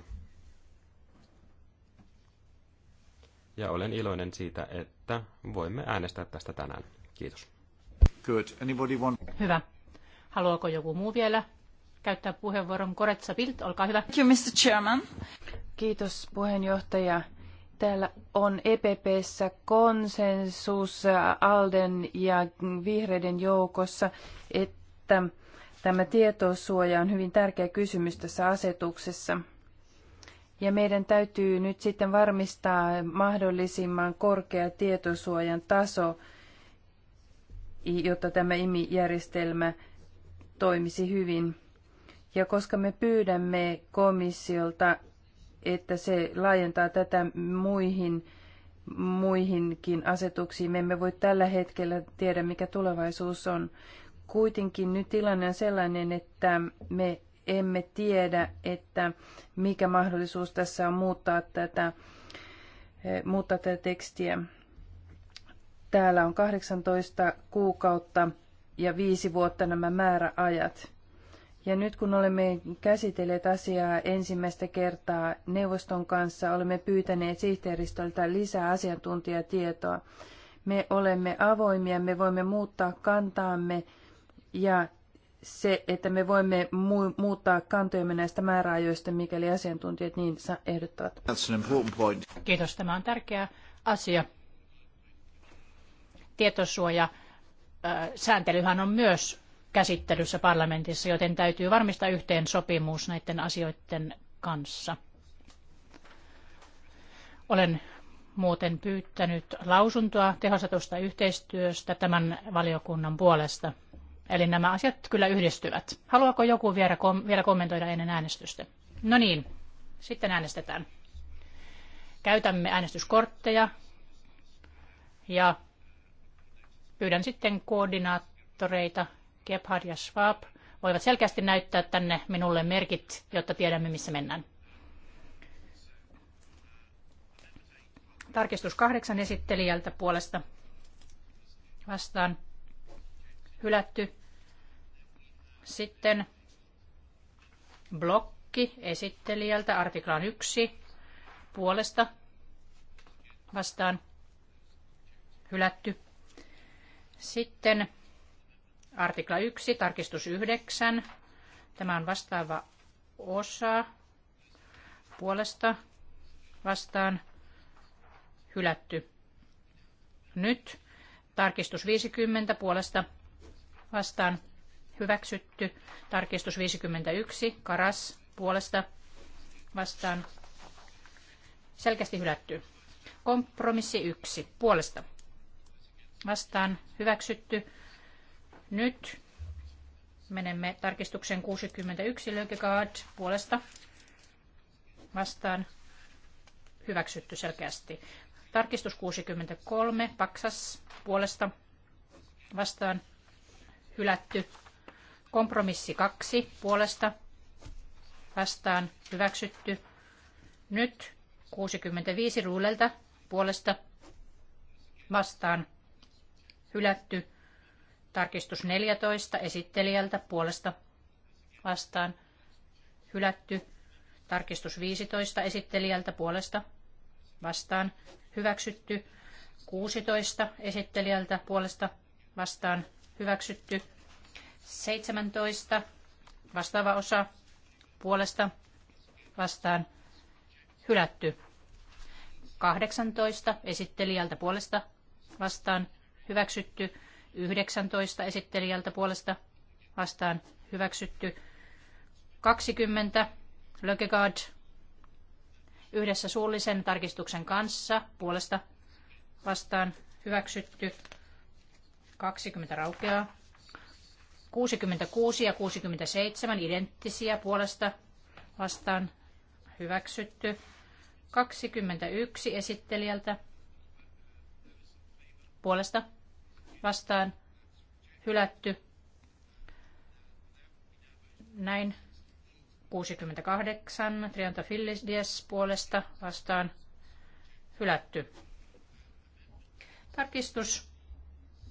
ja olen iloinen siitä, että voimme äänestää tästä tänään. Kiitos. Good. Anybody want... Hyvä. Haluaako joku muu vielä käyttää puheenvuoron? Koretsa Bild, olkaa hyvä. Thank you, Mr. Chairman. Kiitos puheenjohtaja. Täällä on EPPssä konsensus Alden ja vihreiden joukossa, että tämä tietosuoja on hyvin tärkeä kysymys tässä asetuksessa. Ja meidän täytyy nyt sitten varmistaa mahdollisimman korkea tietosuojan taso, jotta tämä IMI-järjestelmä toimisi hyvin. Ja koska me pyydämme komissiolta, että se laajentaa tätä muihin, muihinkin asetuksiin, me emme voi tällä hetkellä tiedä, mikä tulevaisuus on. Kuitenkin nyt tilanne on sellainen, että me emme tiedä, että mikä mahdollisuus tässä on muuttaa tätä, eh, muuttaa tätä tekstiä. Täällä on 18 kuukautta ja viisi vuotta nämä määräajat. Ja nyt kun olemme käsitelleet asiaa ensimmäistä kertaa neuvoston kanssa, olemme pyytäneet sihteeristöltä lisää asiantuntijatietoa. Me olemme avoimia, me voimme muuttaa kantaamme ja se, että me voimme muuttaa kantojemme näistä määräajoista, mikäli asiantuntijat niin ehdottavat. Kiitos, tämä on tärkeä asia. Tietosuoja sääntelyhän on myös käsittelyssä parlamentissa, joten täytyy varmistaa yhteen sopimus näiden asioiden kanssa. Olen muuten pyytänyt lausuntoa tehostetusta yhteistyöstä tämän valiokunnan puolesta. Eli nämä asiat kyllä yhdistyvät. Haluaako joku vielä, kom- vielä kommentoida ennen äänestystä? No niin, sitten äänestetään. Käytämme äänestyskortteja ja pyydän sitten koordinaattoreita Gebhard ja Schwab voivat selkeästi näyttää tänne minulle merkit, jotta tiedämme missä mennään. Tarkistus kahdeksan esittelijältä puolesta vastaan. Hylätty. Sitten blokki esittelijältä artiklaan 1 puolesta vastaan hylätty. Sitten artikla 1, tarkistus 9. Tämä on vastaava osa puolesta vastaan hylätty. Nyt tarkistus 50 puolesta vastaan hyväksytty. Tarkistus 51, Karas puolesta vastaan selkeästi hylätty. Kompromissi 1 puolesta vastaan hyväksytty. Nyt menemme tarkistukseen 61 Lökegaard puolesta vastaan hyväksytty selkeästi. Tarkistus 63 Paksas puolesta vastaan hylätty. Kompromissi kaksi puolesta vastaan hyväksytty. Nyt 65 ruulelta puolesta vastaan hylätty. Tarkistus 14 esittelijältä puolesta vastaan hylätty. Tarkistus 15 esittelijältä puolesta vastaan hyväksytty. 16 esittelijältä puolesta vastaan hyväksytty. 17. Vastaava osa puolesta vastaan hylätty. 18. Esittelijältä puolesta vastaan hyväksytty. 19. Esittelijältä puolesta vastaan hyväksytty. 20. Lökegaard yhdessä suullisen tarkistuksen kanssa puolesta vastaan hyväksytty. 20 raukeaa. 66 ja 67 identtisiä puolesta vastaan hyväksytty. 21 esittelijältä puolesta vastaan hylätty. Näin 68 Trianta Fillisdies puolesta vastaan hylätty. Tarkistus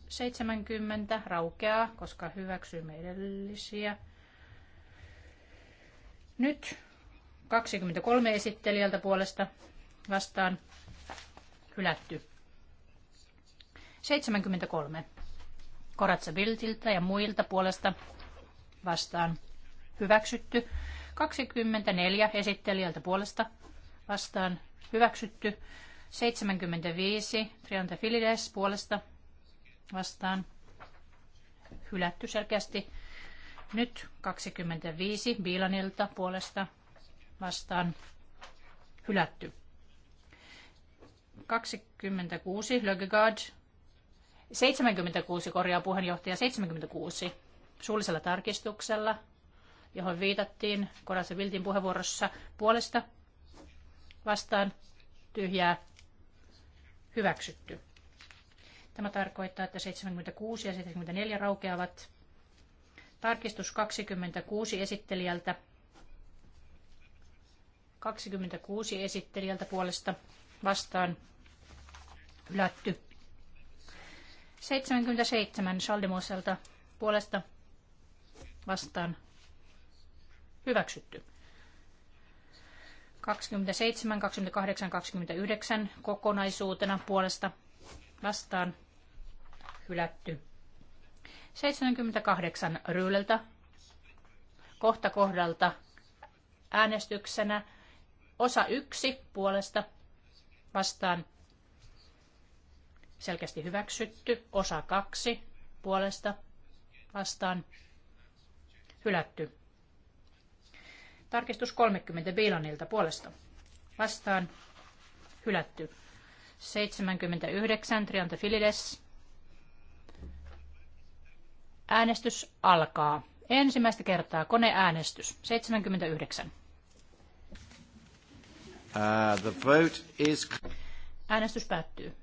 70 raukeaa, koska hyväksymme edellisiä. Nyt 23 esittelijältä puolesta vastaan hylätty. 73. Koratsa Viltiltä ja muilta puolesta vastaan hyväksytty. 24 esittelijältä puolesta vastaan hyväksytty. 75 Trianta Filides puolesta vastaan hylätty selkeästi. Nyt 25 Biilanilta puolesta vastaan hylätty. 26 Lögegaard. 76 korjaa puheenjohtaja 76 suullisella tarkistuksella, johon viitattiin Korassa Viltin puheenvuorossa puolesta vastaan tyhjää hyväksytty. Tämä tarkoittaa, että 76 ja 74 raukeavat. Tarkistus 26 esittelijältä. 26 esittelijältä puolesta vastaan hylätty. 77 Saldemoselta puolesta vastaan hyväksytty. 27, 28, 29 kokonaisuutena puolesta vastaan hylätty. 78 ryyleltä kohta kohdalta äänestyksenä osa yksi puolesta vastaan selkeästi hyväksytty, osa kaksi puolesta vastaan hylätty. Tarkistus 30 Biilanilta puolesta vastaan hylätty. 79 Trianta Filides Äänestys alkaa. Ensimmäistä kertaa koneäänestys. 79. Uh, the vote is... Äänestys päättyy.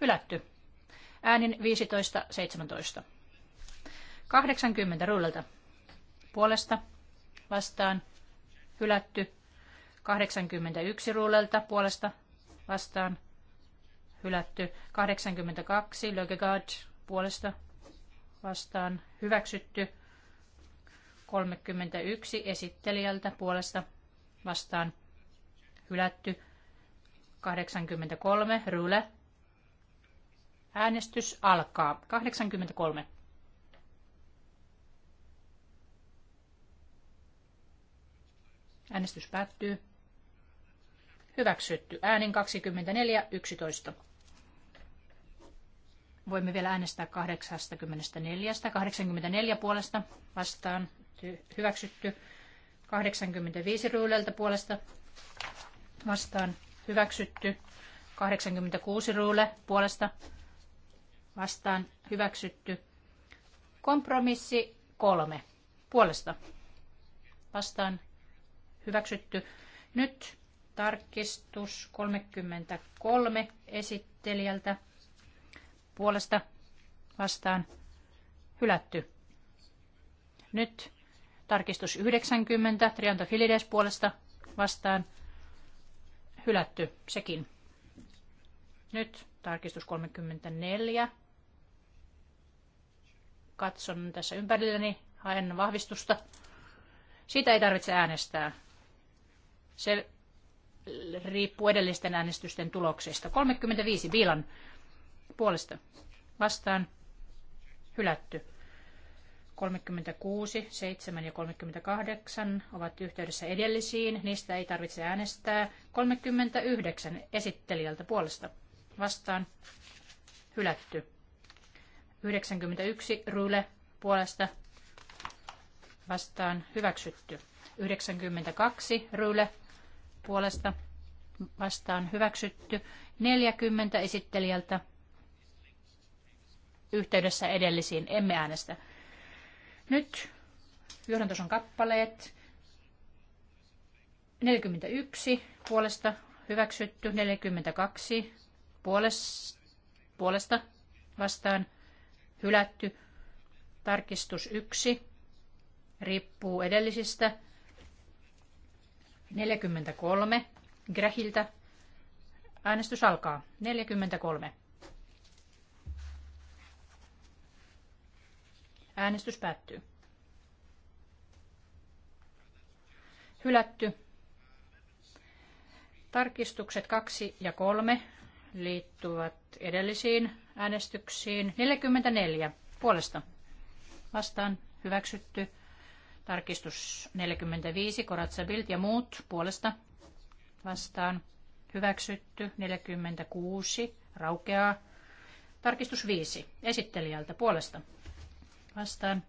Hylätty. Äänin 15-17. 80 rullelta. Puolesta. Vastaan. Hylätty. 81 rullelta. Puolesta. Vastaan hylätty. 82 Lögegaard puolesta vastaan hyväksytty. 31 esittelijältä puolesta vastaan hylätty. 83 Rule. Äänestys alkaa. 83. Äänestys päättyy. Hyväksytty. Äänin 24.11. Voimme vielä äänestää 84, 84 puolesta vastaan hyväksytty, 85 ruuleilta puolesta vastaan hyväksytty, 86 ruule puolesta vastaan hyväksytty, kompromissi kolme puolesta vastaan hyväksytty. Nyt tarkistus 33 esittelijältä puolesta vastaan hylätty. Nyt tarkistus 90 trianta Filides puolesta vastaan hylätty sekin. Nyt tarkistus 34. Katson tässä ympärilleni, haen vahvistusta. Siitä ei tarvitse äänestää. Se riippuu edellisten äänestysten tuloksista. 35 bilan puolesta vastaan hylätty. 36, 7 ja 38 ovat yhteydessä edellisiin. Niistä ei tarvitse äänestää. 39 esittelijältä puolesta vastaan hylätty. 91 rule puolesta vastaan hyväksytty. 92 rule puolesta vastaan hyväksytty. 40 esittelijältä yhteydessä edellisiin emme äänestä. Nyt johdantason kappaleet. 41 puolesta hyväksytty, 42 puolesta vastaan hylätty, tarkistus 1 riippuu edellisistä, 43 Grähiltä äänestys alkaa, 43. Äänestys päättyy. Hylätty. Tarkistukset 2 ja 3 liittyvät edellisiin äänestyksiin. 44 puolesta vastaan hyväksytty. Tarkistus 45, Koratsa Bild ja muut puolesta vastaan hyväksytty. 46, raukeaa. Tarkistus 5, esittelijältä puolesta vastaan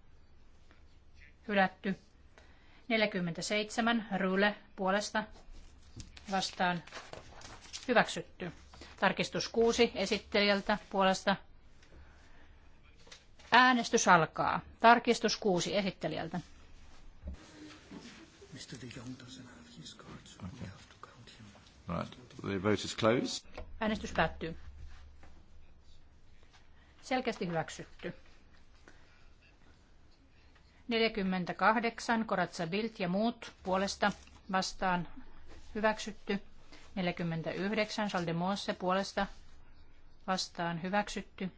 hylätty. 47 Ryle puolesta vastaan hyväksytty. Tarkistus 6 esittelijältä puolesta. Äänestys alkaa. Tarkistus 6 esittelijältä. Mr. De Jong Right. Äänestys päättyy. Selkeästi hyväksytty. 48, Koratsa Bilt ja muut puolesta vastaan hyväksytty. 49, Saldemosse puolesta vastaan hyväksytty.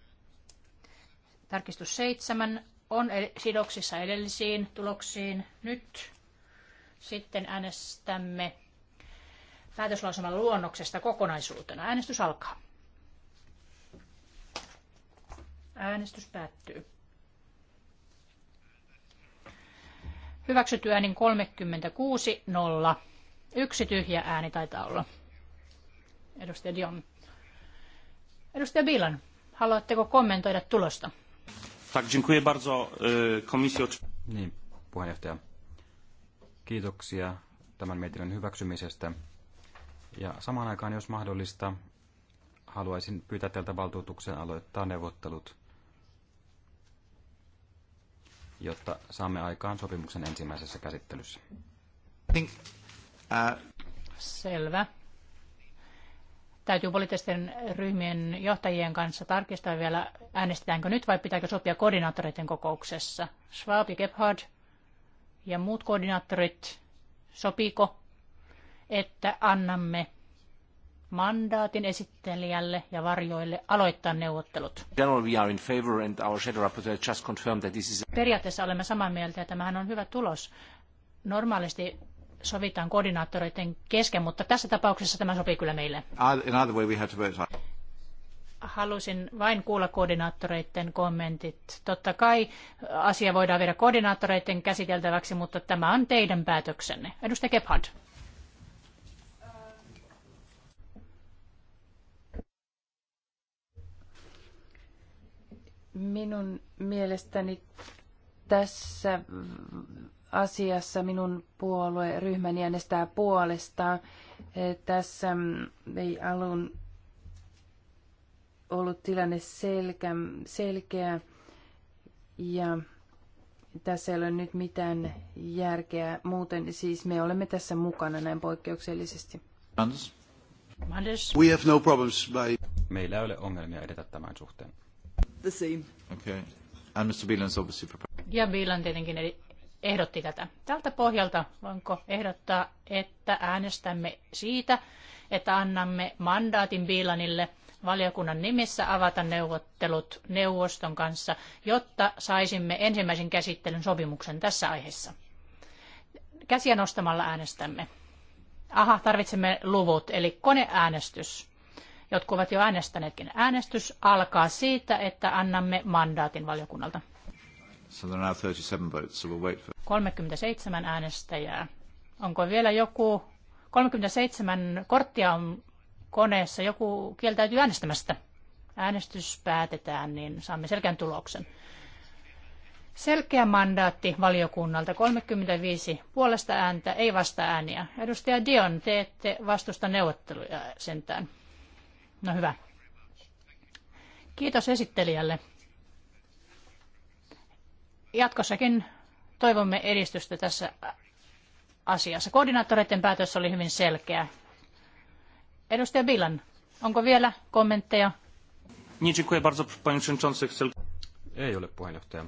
Tarkistus 7 on sidoksissa edellisiin tuloksiin. Nyt sitten äänestämme päätöslausuman luonnoksesta kokonaisuutena. Äänestys alkaa. Äänestys päättyy. Hyväksytty äänin 36, 0. Yksi tyhjä ääni taitaa olla. Edustaja Dion. Edustaja Bilan, haluatteko kommentoida tulosta? Tak, dziękuję bardzo komisio. Niin, puheenjohtaja. Kiitoksia tämän mietinnön hyväksymisestä. Ja samaan aikaan, jos mahdollista, haluaisin pyytää teiltä valtuutuksen aloittaa neuvottelut jotta saamme aikaan sopimuksen ensimmäisessä käsittelyssä. Uh, Selvä. Täytyy poliittisten ryhmien johtajien kanssa tarkistaa vielä, äänestetäänkö nyt vai pitääkö sopia koordinaattoreiden kokouksessa. Schwab ja Gebhard ja muut koordinaattorit, sopiiko, että annamme mandaatin esittelijälle ja varjoille aloittaa neuvottelut. Periaatteessa olemme samaa mieltä ja tämähän on hyvä tulos. Normaalisti sovitaan koordinaattoreiden kesken, mutta tässä tapauksessa tämä sopii kyllä meille. Halusin vain kuulla koordinaattoreiden kommentit. Totta kai asia voidaan viedä koordinaattoreiden käsiteltäväksi, mutta tämä on teidän päätöksenne. Edustaja Gebhardt. Minun mielestäni tässä asiassa minun puolueryhmäni äänestää puolesta. Eh, tässä mm, ei alun ollut tilanne selkä, selkeä ja tässä ei ole nyt mitään järkeä. Muuten siis me olemme tässä mukana näin poikkeuksellisesti. Anders. Anders. We have no problems by... Meillä ei ole ongelmia edetä tämän suhteen the same. Okay. And Mr. obviously prepared. Ja Beelan tietenkin ehdotti tätä. Tältä pohjalta voinko ehdottaa, että äänestämme siitä, että annamme mandaatin Bielanille valiokunnan nimissä avata neuvottelut neuvoston kanssa, jotta saisimme ensimmäisen käsittelyn sopimuksen tässä aiheessa. Käsiä nostamalla äänestämme. Aha, tarvitsemme luvut, eli koneäänestys jotka ovat jo äänestäneetkin. Äänestys alkaa siitä, että annamme mandaatin valiokunnalta. 37 37 äänestäjää. Onko vielä joku? 37 korttia on koneessa. Joku kieltäytyy äänestämästä. Äänestys päätetään, niin saamme selkeän tuloksen. Selkeä mandaatti valiokunnalta, 35 puolesta ääntä, ei vasta ääniä. Edustaja Dion, te ette vastusta neuvotteluja sentään. No hyvä. Kiitos esittelijälle. Jatkossakin toivomme edistystä tässä asiassa. Koordinaattoreiden päätös oli hyvin selkeä. Edustaja Bilan, onko vielä kommentteja? Ei ole puheenjohtaja.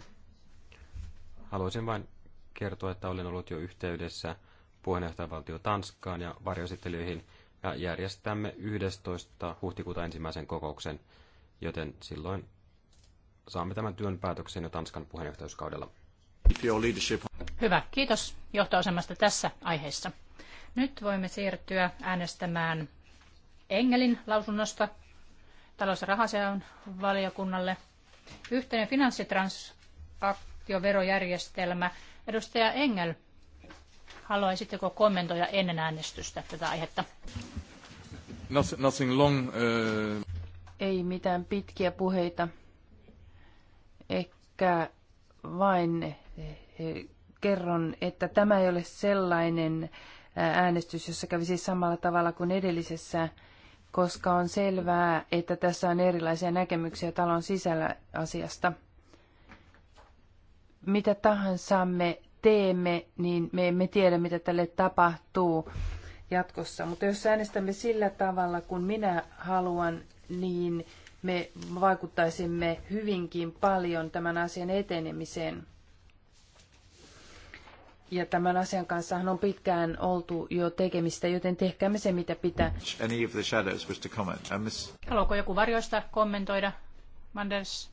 Haluaisin vain kertoa, että olen ollut jo yhteydessä puheenjohtajavaltio Tanskaan ja varjoesittelijöihin ja järjestämme 11. huhtikuuta ensimmäisen kokouksen, joten silloin saamme tämän työn päätöksen jo Tanskan puheenjohtajuuskaudella. Hyvä, kiitos johtoasemasta tässä aiheessa. Nyt voimme siirtyä äänestämään Engelin lausunnosta talous- ja rahaseon valiokunnalle. Yhteinen finanssitransaktioverojärjestelmä. Edustaja Engel, Haluaisitteko kommentoida ennen äänestystä tätä aihetta? Nothing long, uh... Ei mitään pitkiä puheita. Ehkä vain eh, eh, kerron, että tämä ei ole sellainen eh, äänestys, jossa kävisi samalla tavalla kuin edellisessä, koska on selvää, että tässä on erilaisia näkemyksiä talon sisällä asiasta. Mitä tahansa me teemme, niin me emme tiedä, mitä tälle tapahtuu jatkossa. Mutta jos äänestämme sillä tavalla, kun minä haluan, niin me vaikuttaisimme hyvinkin paljon tämän asian etenemiseen. Ja tämän asian kanssa on pitkään oltu jo tekemistä, joten tehkäämme se, mitä pitää. Any uh, Haluaako joku varjoista kommentoida? Manders,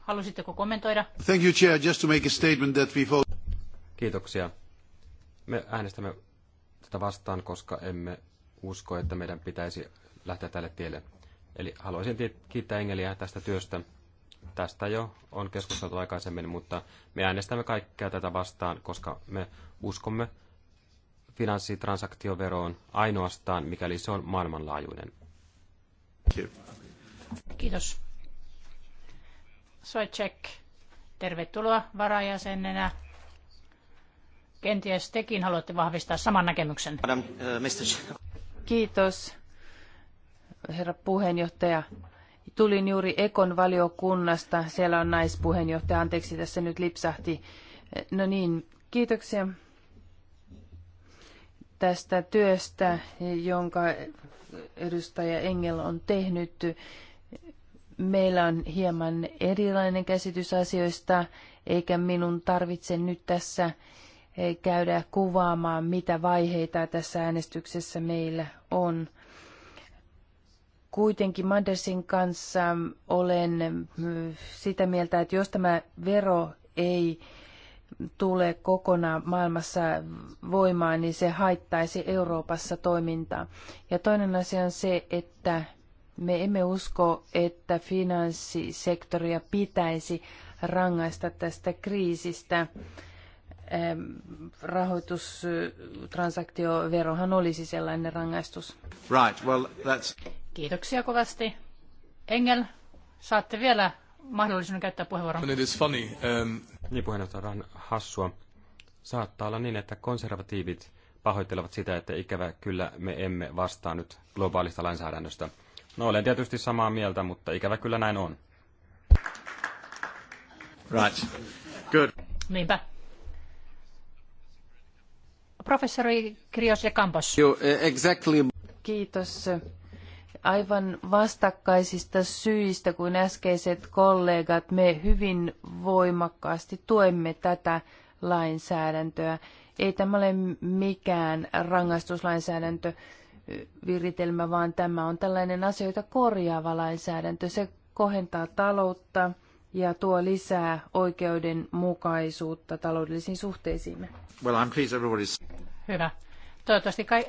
halusitteko kommentoida? Thank you, Chair. Just to make a statement that we've all... Kiitoksia. Me äänestämme tätä vastaan, koska emme usko, että meidän pitäisi lähteä tälle tielle. Eli haluaisin kiittää Engeliä tästä työstä. Tästä jo on keskusteltu aikaisemmin, mutta me äänestämme kaikkea tätä vastaan, koska me uskomme finanssitransaktioveroon ainoastaan, mikäli se on maailmanlaajuinen. Kiitos. check. tervetuloa varajäsenenä Kenties tekin haluatte vahvistaa saman näkemyksen. Uh, Kiitos, herra puheenjohtaja. Tulin juuri Ekon valiokunnasta. Siellä on naispuheenjohtaja. Anteeksi, tässä nyt lipsahti. No niin, kiitoksia tästä työstä, jonka edustaja Engel on tehnyt. Meillä on hieman erilainen käsitys asioista, eikä minun tarvitse nyt tässä käydä kuvaamaan, mitä vaiheita tässä äänestyksessä meillä on. Kuitenkin Mandersin kanssa olen mm, sitä mieltä, että jos tämä vero ei tule kokonaan maailmassa voimaan, niin se haittaisi Euroopassa toimintaa. Ja toinen asia on se, että me emme usko, että finanssisektoria pitäisi rangaista tästä kriisistä rahoitustransaktioverohan olisi sellainen rangaistus. Right, well, that's... Kiitoksia kovasti. Engel, saatte vielä mahdollisuuden käyttää puheenvuoron. it is funny. Um... Niin puheenjohtaja on hassua. Saattaa olla niin, että konservatiivit pahoittelevat sitä, että ikävä kyllä me emme vastaa nyt globaalista lainsäädännöstä. No olen tietysti samaa mieltä, mutta ikävä kyllä näin on. Right. Good. Niinpä. Professori Krios de uh, Exactly. Kiitos. Aivan vastakkaisista syistä kuin äskeiset kollegat, me hyvin voimakkaasti tuemme tätä lainsäädäntöä. Ei tämä ole mikään rangaistuslainsäädäntö viritelmä, vaan tämä on tällainen asioita korjaava lainsäädäntö. Se kohentaa taloutta ja tuo lisää oikeudenmukaisuutta taloudellisiin suhteisiimme. Well, I'm pleased everybody's... Hyvä. Toivottavasti kai,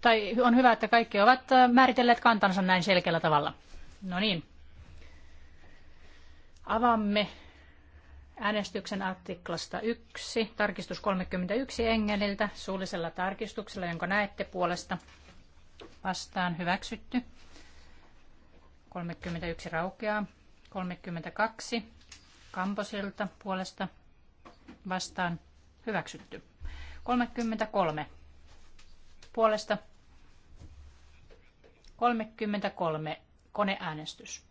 tai on hyvä, että kaikki ovat äh, määritelleet kantansa näin selkeällä tavalla. No niin. Avaamme äänestyksen artiklasta 1, tarkistus 31 Engeliltä, suullisella tarkistuksella, jonka näette puolesta vastaan hyväksytty. 31 raukeaa. 32 Kamposilta puolesta vastaan hyväksytty. 33 puolesta 33 koneäänestys.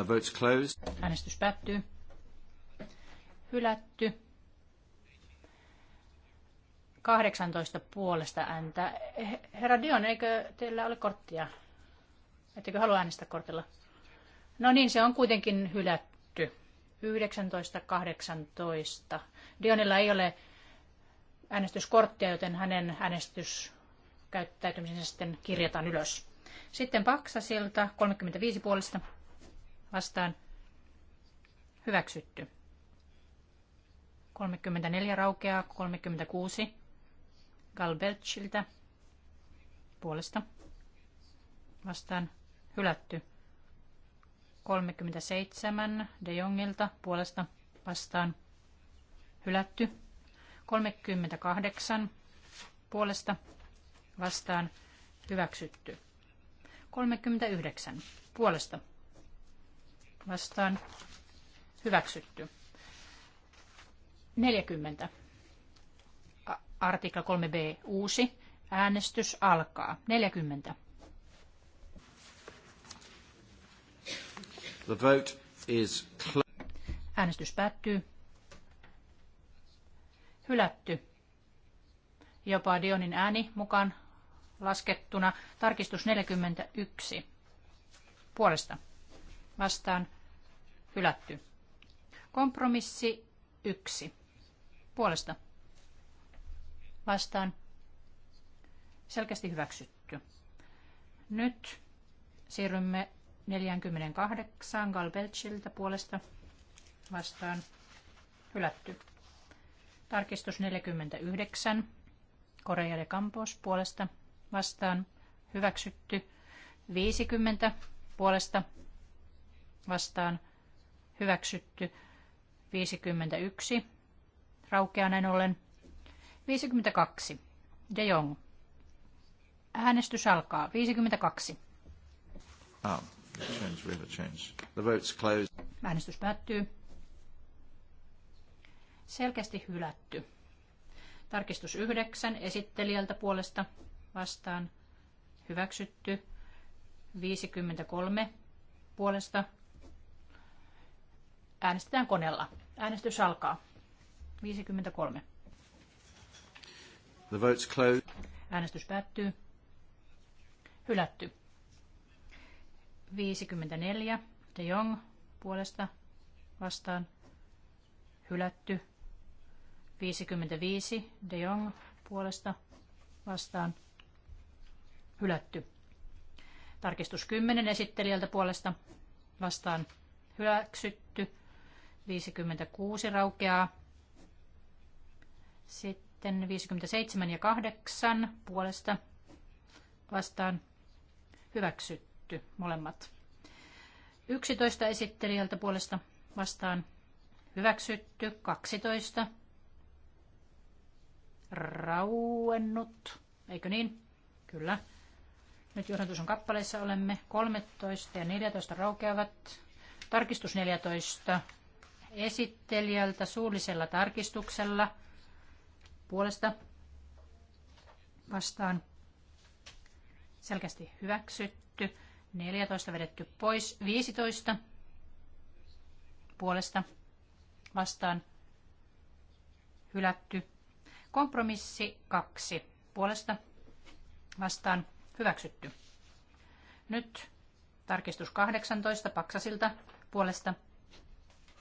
Uh, votes closed. Äänestys päättyy. Hylätty 18 puolesta ääntä. Herra Dion, eikö teillä ole korttia? Ettekö halua äänestää kortilla? No niin, se on kuitenkin hylätty. 19-18. Dionilla ei ole äänestyskorttia, joten hänen äänestyskäyttäytymisensä sitten kirjataan ylös. Sitten Paksasilta 35 puolesta vastaan hyväksytty. 34 raukeaa, 36 Galbertsiltä puolesta vastaan hylätty. 37 De Jongilta puolesta vastaan hylätty. 38 puolesta vastaan hyväksytty. 39 puolesta vastaan hyväksytty. 40 Artikla 3b uusi. Äänestys alkaa. 40. The vote is Äänestys päättyy. Hylätty. Jopa Dionin ääni mukaan laskettuna. Tarkistus 41. Puolesta. Vastaan. Hylätty. Kompromissi 1. Puolesta vastaan selkeästi hyväksytty. Nyt siirrymme 48 Galbelchiltä puolesta vastaan hylätty. Tarkistus 49 Korea de Campos puolesta vastaan hyväksytty. 50 puolesta vastaan hyväksytty. 51 raukeaa näin ollen 52. De Jong. Äänestys alkaa. 52. Oh, ah, change, we have change. The vote's closed. Äänestys päättyy. Selkeästi hylätty. Tarkistus 9 esittelijältä puolesta vastaan hyväksytty. 53 puolesta äänestetään koneella. Äänestys alkaa. 53. The vote's closed. Äänestys päättyy. Hylätty. 54. De Jong puolesta vastaan. Hylätty. 55. De Jong puolesta vastaan. Hylätty. Tarkistus 10 esittelijältä puolesta vastaan. Hyväksytty. 56 raukeaa. Sitten sitten 57 ja 8 puolesta vastaan hyväksytty molemmat. 11 esittelijältä puolesta vastaan hyväksytty, 12 rauennut, eikö niin? Kyllä. Nyt johdatus on kappaleissa olemme. 13 ja 14 raukeavat. Tarkistus 14 esittelijältä suullisella tarkistuksella puolesta vastaan selkeästi hyväksytty. 14 vedetty pois. 15 puolesta vastaan hylätty. Kompromissi 2 puolesta vastaan hyväksytty. Nyt tarkistus 18 Paksasilta puolesta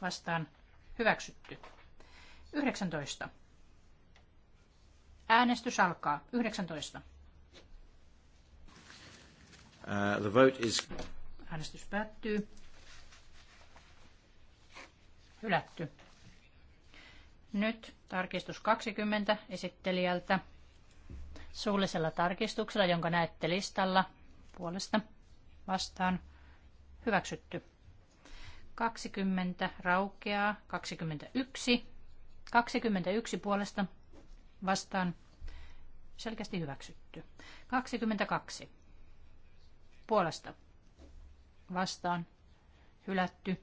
vastaan hyväksytty. 19 Äänestys alkaa. 19. Uh, the vote is... Äänestys päättyy. Hylätty. Nyt tarkistus 20 esittelijältä suullisella tarkistuksella, jonka näette listalla puolesta vastaan. Hyväksytty. 20 raukeaa, 21, 21 puolesta vastaan selkeästi hyväksytty. 22 puolesta vastaan hylätty.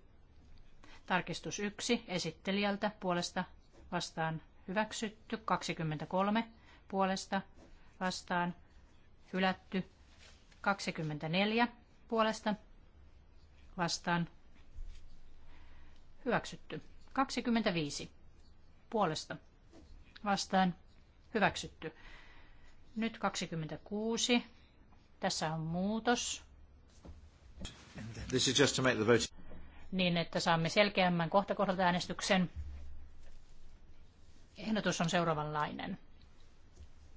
Tarkistus 1 esittelijältä puolesta vastaan hyväksytty. 23 puolesta vastaan hylätty. 24 puolesta vastaan hyväksytty. 25 puolesta vastaan Hyväksytty. Nyt 26. Tässä on muutos. This is just to make the vote. Niin, että saamme selkeämmän kohtakohdalta äänestyksen. Ehdotus on seuraavanlainen.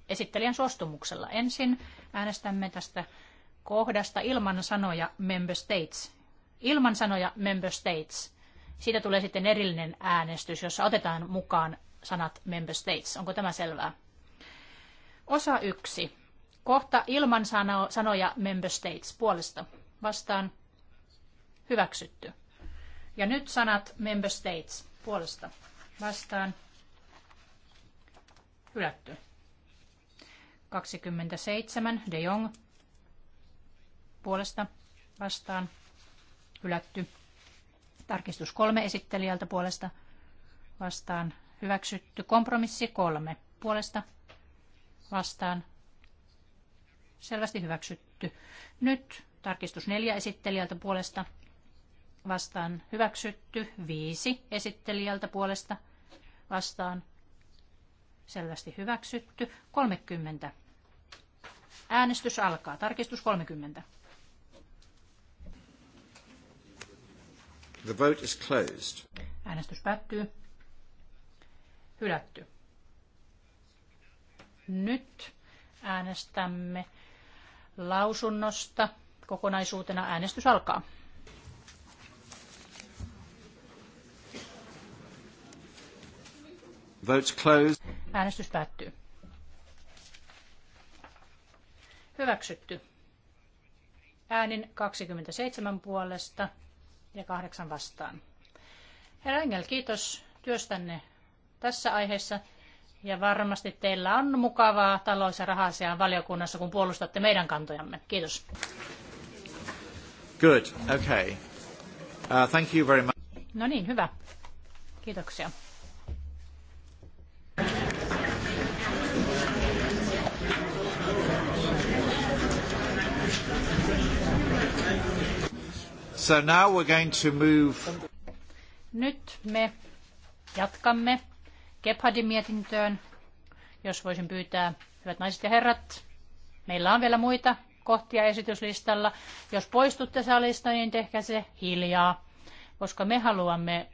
Esittelijän suostumuksella ensin äänestämme tästä kohdasta ilman sanoja Member States. Ilman sanoja Member States. Siitä tulee sitten erillinen äänestys, jossa otetaan mukaan sanat Member States. Onko tämä selvää? Osa yksi. Kohta ilman sano, sanoja member states puolesta. Vastaan hyväksytty. Ja nyt sanat member states puolesta. Vastaan hylätty. 27 de Jong puolesta vastaan hylätty. Tarkistus kolme esittelijältä puolesta vastaan hyväksytty. Kompromissi kolme puolesta vastaan selvästi hyväksytty. Nyt tarkistus neljä esittelijältä puolesta vastaan hyväksytty, viisi esittelijältä puolesta vastaan selvästi hyväksytty, 30. Äänestys alkaa, tarkistus 30. The vote is closed. Äänestys päättyy. Hylätty. Nyt äänestämme lausunnosta. Kokonaisuutena äänestys alkaa. Votes closed. Äänestys päättyy. Hyväksytty. Äänin 27 puolesta ja 8 vastaan. Herra Engel, kiitos työstänne tässä aiheessa. Ja varmasti teillä on mukavaa talous- ja rahasiaan valiokunnassa, kun puolustatte meidän kantojamme. Kiitos. Good, okay. Uh, thank you very much. No niin, hyvä. Kiitoksia. So now we're going to move... Nyt me jatkamme Gebhardin mietintöön, jos voisin pyytää, hyvät naiset ja herrat, meillä on vielä muita kohtia esityslistalla. Jos poistutte salista, niin tehkää se hiljaa, koska me haluamme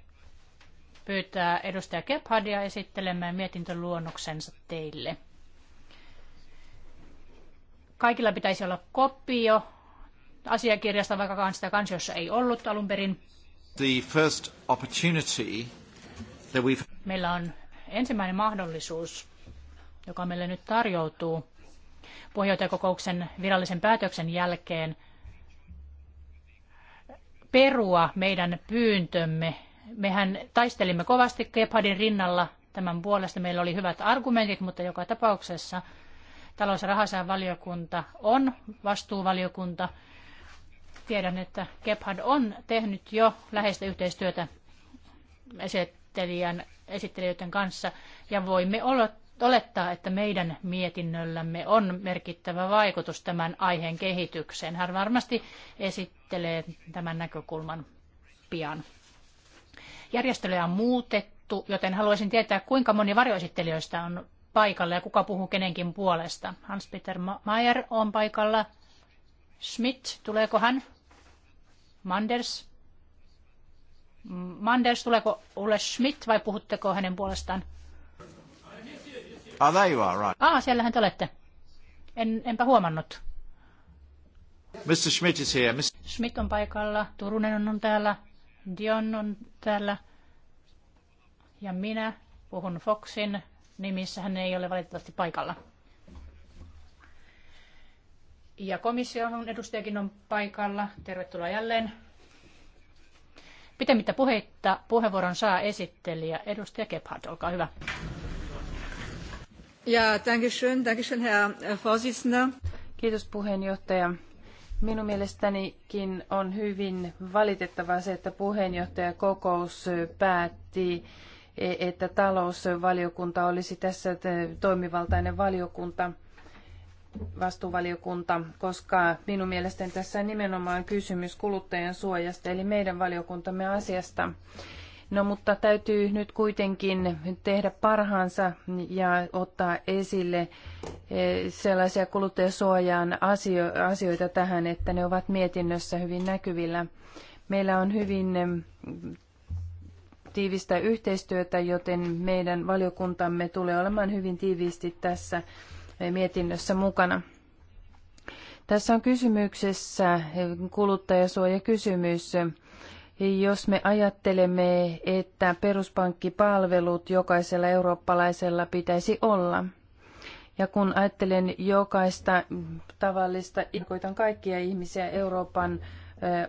pyytää edustaja Gebhardia esittelemään mietintöluonnoksensa teille. Kaikilla pitäisi olla kopio asiakirjasta, vaikka sitä kansiossa ei ollut alun perin. The first opportunity that we've... Meillä on ensimmäinen mahdollisuus, joka meille nyt tarjoutuu puheenjohtajakokouksen virallisen päätöksen jälkeen, perua meidän pyyntömme. Mehän taistelimme kovasti Kephadin rinnalla tämän puolesta. Meillä oli hyvät argumentit, mutta joka tapauksessa talous- ja valiokunta on vastuuvaliokunta. Tiedän, että Kephad on tehnyt jo läheistä yhteistyötä esittelijän, esittelijöiden kanssa ja voimme olettaa, että meidän mietinnöllämme on merkittävä vaikutus tämän aiheen kehitykseen. Hän varmasti esittelee tämän näkökulman pian. Järjestelyä on muutettu, joten haluaisin tietää, kuinka moni varjoesittelijöistä on paikalla ja kuka puhuu kenenkin puolesta. Hans-Peter Mayer on paikalla. Schmidt, tuleeko hän? Manders? Manders, tuleeko Ulle Schmidt vai puhutteko hänen puolestaan? Ah, there you are, right. Ah, siellähän te olette. En, enpä huomannut. Mr. Schmidt is here. Mr. Schmidt on paikalla, Turunen on täällä, Dion on täällä ja minä puhun Foxin nimissä. Hän ei ole valitettavasti paikalla. Ja komission edustajakin on paikalla. Tervetuloa jälleen. Pitemmittä puheitta puheenvuoron saa esittelijä edustaja Gebhardt, olkaa hyvä. Ja, dankeschön, dankeschön, Herr äh, Vorsitzender. Kiitos puheenjohtaja. Minun mielestänikin on hyvin valitettavaa se, että puheenjohtajakokous päätti, e, että talousvaliokunta olisi tässä toimivaltainen valiokunta – vastuuvaliokunta, koska minun mielestäni tässä on nimenomaan kysymys kuluttajan suojasta, eli meidän valiokuntamme asiasta. No mutta täytyy nyt kuitenkin tehdä parhaansa ja ottaa esille eh, sellaisia kuluttajasuojaan asioita tähän, että ne ovat mietinnössä hyvin näkyvillä. Meillä on hyvin eh, tiivistä yhteistyötä, joten meidän valiokuntamme tulee olemaan hyvin tiiviisti tässä mietinnössä mukana. Tässä on kysymyksessä kuluttajasuojakysymys. Jos me ajattelemme, että peruspankkipalvelut jokaisella eurooppalaisella pitäisi olla, ja kun ajattelen jokaista tavallista, ikoitan kaikkia ihmisiä Euroopan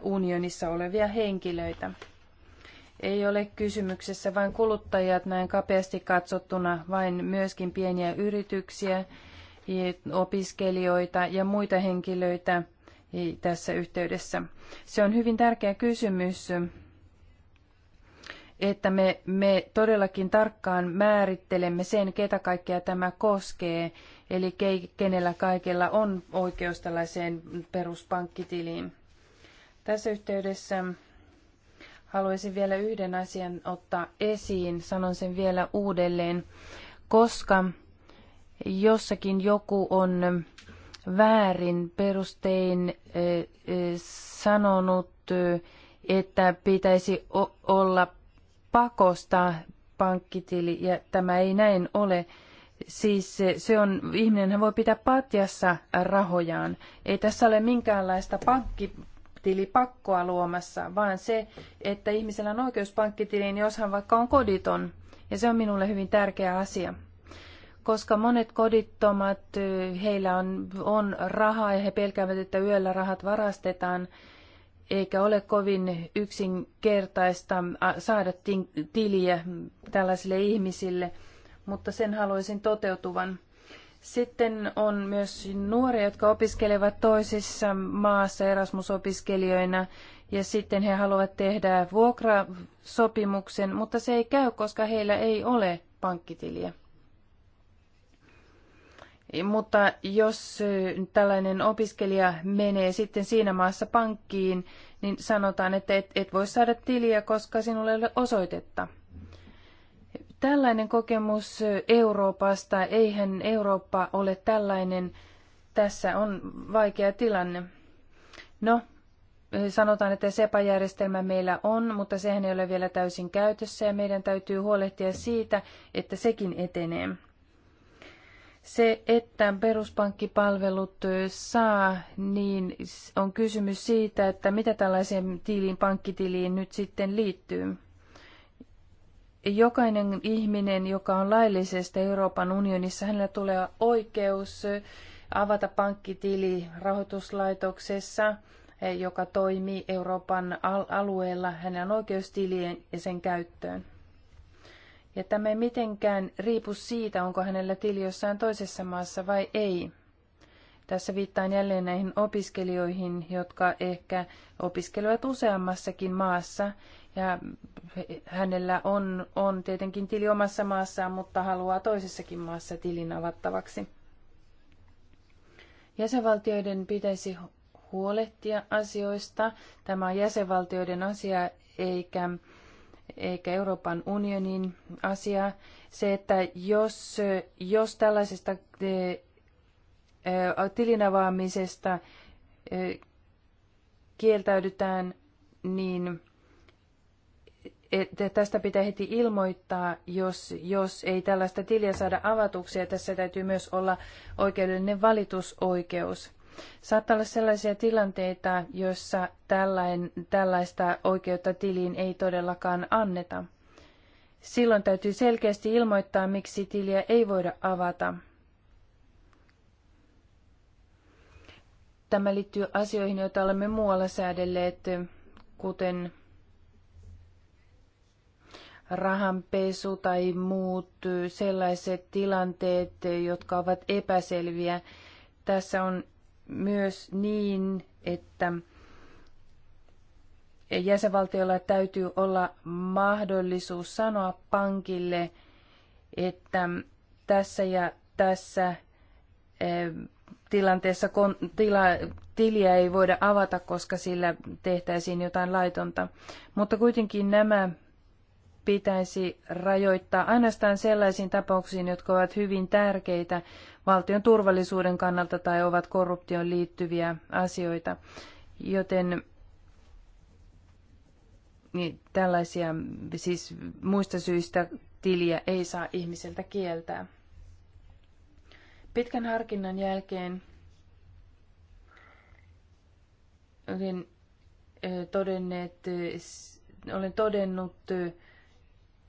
unionissa olevia henkilöitä. Ei ole kysymyksessä vain kuluttajat näin kapeasti katsottuna, vain myöskin pieniä yrityksiä, opiskelijoita ja muita henkilöitä tässä yhteydessä. Se on hyvin tärkeä kysymys, että me, me todellakin tarkkaan määrittelemme sen, ketä kaikkea tämä koskee, eli ke, kenellä kaikella on oikeus tällaiseen peruspankkitiliin. Tässä yhteydessä haluaisin vielä yhden asian ottaa esiin, sanon sen vielä uudelleen, koska jossakin joku on väärin perustein sanonut, että pitäisi olla pakosta pankkitili, ja tämä ei näin ole. Siis se on, ihminen voi pitää patjassa rahojaan. Ei tässä ole minkäänlaista pankkitilipakkoa luomassa, vaan se, että ihmisellä on oikeus pankkitiliin, jos hän vaikka on koditon. Ja se on minulle hyvin tärkeä asia koska monet kodittomat, heillä on, on rahaa ja he pelkäävät, että yöllä rahat varastetaan, eikä ole kovin yksinkertaista saada tiliä tällaisille ihmisille, mutta sen haluaisin toteutuvan. Sitten on myös nuoria, jotka opiskelevat toisissa maassa Erasmus-opiskelijoina ja sitten he haluavat tehdä vuokrasopimuksen, mutta se ei käy, koska heillä ei ole pankkitiliä. Mutta jos tällainen opiskelija menee sitten siinä maassa pankkiin, niin sanotaan, että et, et voi saada tiliä, koska sinulle ei ole osoitetta. Tällainen kokemus Euroopasta, eihän Eurooppa ole tällainen, tässä on vaikea tilanne. No, sanotaan, että SEPA-järjestelmä meillä on, mutta sehän ei ole vielä täysin käytössä ja meidän täytyy huolehtia siitä, että sekin etenee. Se, että peruspankkipalvelut saa, niin on kysymys siitä, että mitä tällaiseen tiiliin, pankkitiliin nyt sitten liittyy. Jokainen ihminen, joka on laillisesta Euroopan unionissa, hänellä tulee oikeus avata pankkitili rahoituslaitoksessa, e, joka toimii Euroopan alueella. Hänellä on oikeus tilien ja sen käyttöön. Ja tämä ei mitenkään riipu siitä, onko hänellä tili jossain toisessa maassa vai ei. Tässä viittaan jälleen näihin opiskelijoihin, jotka ehkä opiskelevat useammassakin maassa. Ja hänellä on, on tietenkin tili omassa maassaan, mutta haluaa toisessakin maassa tilin avattavaksi. Jäsenvaltioiden pitäisi huolehtia asioista. Tämä on jäsenvaltioiden asia eikä eikä Euroopan unionin asia. Se, että jos, jos tällaisesta eh, tilinavaamisesta eh, kieltäydytään, niin että tästä pitää heti ilmoittaa, jos, jos ei tällaista tiliä saada avatuksi. Ja tässä täytyy myös olla oikeudellinen valitusoikeus. Saattaa olla sellaisia tilanteita, joissa tällain, tällaista oikeutta tiliin ei todellakaan anneta. Silloin täytyy selkeästi ilmoittaa, miksi tiliä ei voida avata. Tämä liittyy asioihin, joita olemme muualla säädelleet, kuten rahanpesu tai muut sellaiset tilanteet, jotka ovat epäselviä. Tässä on myös niin, että jäsenvaltiolla täytyy olla mahdollisuus sanoa pankille, että tässä ja tässä eh, tilanteessa kon, tila, tiliä ei voida avata, koska sillä tehtäisiin jotain laitonta. Mutta kuitenkin nämä pitäisi rajoittaa ainoastaan sellaisiin tapauksiin, jotka ovat hyvin tärkeitä, valtion turvallisuuden kannalta tai ovat korruptioon liittyviä asioita. Joten niin tällaisia siis muista syistä tiliä ei saa ihmiseltä kieltää. Pitkän harkinnan jälkeen olen, todenneet, olen todennut,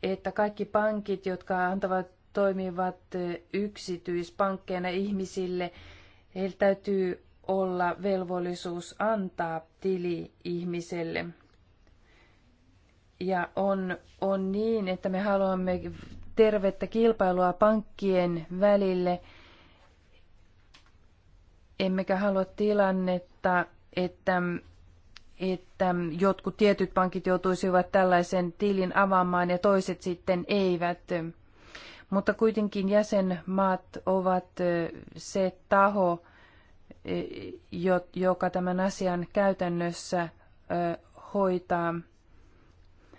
että kaikki pankit, jotka antavat toimivat eh, yksityispankkeina ihmisille, heillä täytyy olla velvollisuus antaa tili ihmiselle. Ja on, on niin, että me haluamme tervettä kilpailua pankkien välille, emmekä halua tilannetta, että, että jotkut tietyt pankit joutuisivat tällaisen tilin avaamaan ja toiset sitten eivät. Mutta kuitenkin jäsenmaat ovat se taho, joka tämän asian käytännössä hoitaa.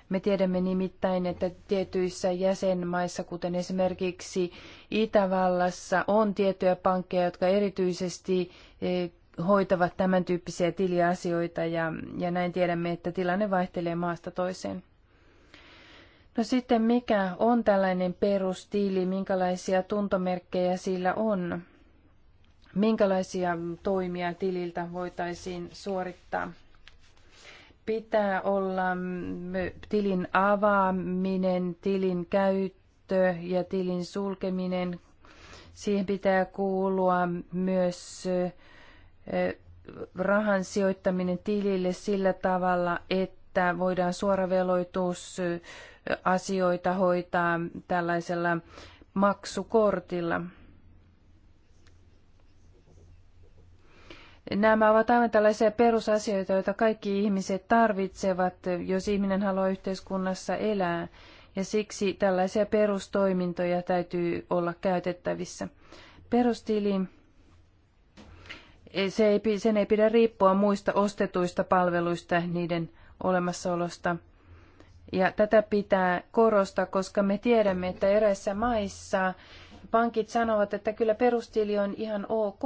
Me tiedämme nimittäin, että tietyissä jäsenmaissa, kuten esimerkiksi Itävallassa, on tiettyjä pankkeja, jotka erityisesti hoitavat tämän tyyppisiä tiliasioita ja, ja näin tiedämme, että tilanne vaihtelee maasta toiseen. No sitten mikä on tällainen perustiili, minkälaisia tuntomerkkejä sillä on? Minkälaisia toimia tililtä voitaisiin suorittaa? Pitää olla mm, tilin avaaminen, tilin käyttö ja tilin sulkeminen. Siihen pitää kuulua myös rahan sijoittaminen tilille sillä tavalla, että voidaan suoraveloitus veloitus asioita hoitaa tällaisella maksukortilla. Nämä ovat aivan tällaisia perusasioita, joita kaikki ihmiset tarvitsevat, jos ihminen haluaa yhteiskunnassa elää. Ja siksi tällaisia perustoimintoja täytyy olla käytettävissä. Perustili, se sen ei pidä riippua muista ostetuista palveluista, niiden olemassaolosta – ja tätä pitää korostaa, koska me tiedämme, että eräissä maissa pankit sanovat, että kyllä perustili on ihan ok,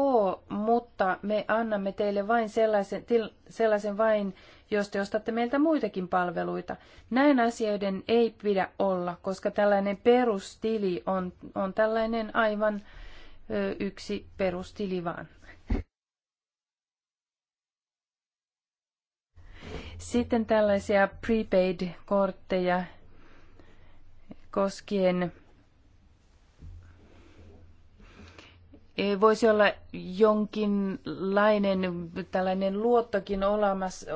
mutta me annamme teille vain sellaisen, til, sellaisen vain, jos te ostatte meiltä muitakin palveluita. Näin asioiden ei pidä olla, koska tällainen perustili on, on tällainen aivan ö, yksi perustili vaan. Sitten tällaisia prepaid-kortteja koskien e, voisi olla jonkinlainen tällainen luottokin olemassa,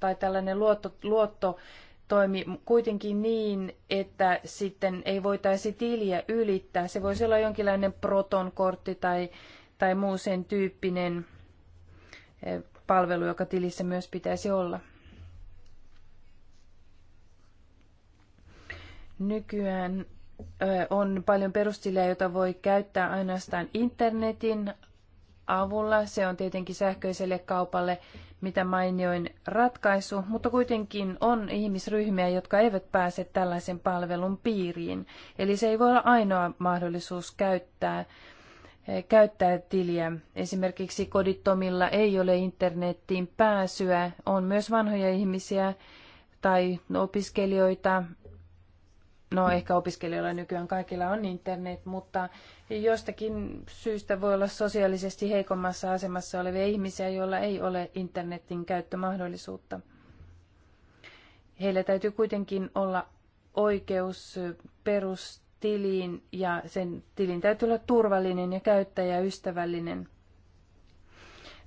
tai tällainen luotto, luotto toimi kuitenkin niin, että sitten ei voitaisi tiliä ylittää. Se voisi olla jonkinlainen protonkortti tai, tai muu sen tyyppinen e, palvelu, joka tilissä myös pitäisi olla. Nykyään on paljon perustilejä, joita voi käyttää ainoastaan internetin avulla. Se on tietenkin sähköiselle kaupalle, mitä mainioin, ratkaisu, mutta kuitenkin on ihmisryhmiä, jotka eivät pääse tällaisen palvelun piiriin. Eli se ei voi olla ainoa mahdollisuus käyttää, käyttää tiliä. Esimerkiksi kodittomilla ei ole internettiin pääsyä. On myös vanhoja ihmisiä tai opiskelijoita, No ehkä opiskelijoilla nykyään kaikilla on internet, mutta jostakin syystä voi olla sosiaalisesti heikommassa asemassa olevia ihmisiä, joilla ei ole internetin käyttömahdollisuutta. Heillä täytyy kuitenkin olla oikeus perustiliin ja sen tilin täytyy olla turvallinen ja käyttäjäystävällinen.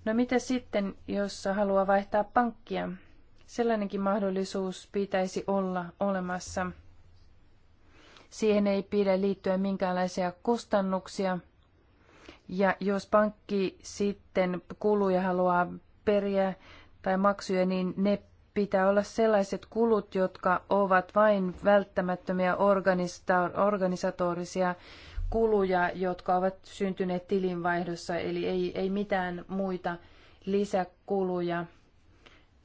No mitä sitten, jos haluaa vaihtaa pankkia? Sellainenkin mahdollisuus pitäisi olla olemassa – Siihen ei pidä liittyä minkäänlaisia kustannuksia. Ja jos pankki sitten kuluja haluaa periä tai maksuja, niin ne pitää olla sellaiset kulut, jotka ovat vain välttämättömiä organisatorisia kuluja, jotka ovat syntyneet tilinvaihdossa, eli ei, ei mitään muita lisäkuluja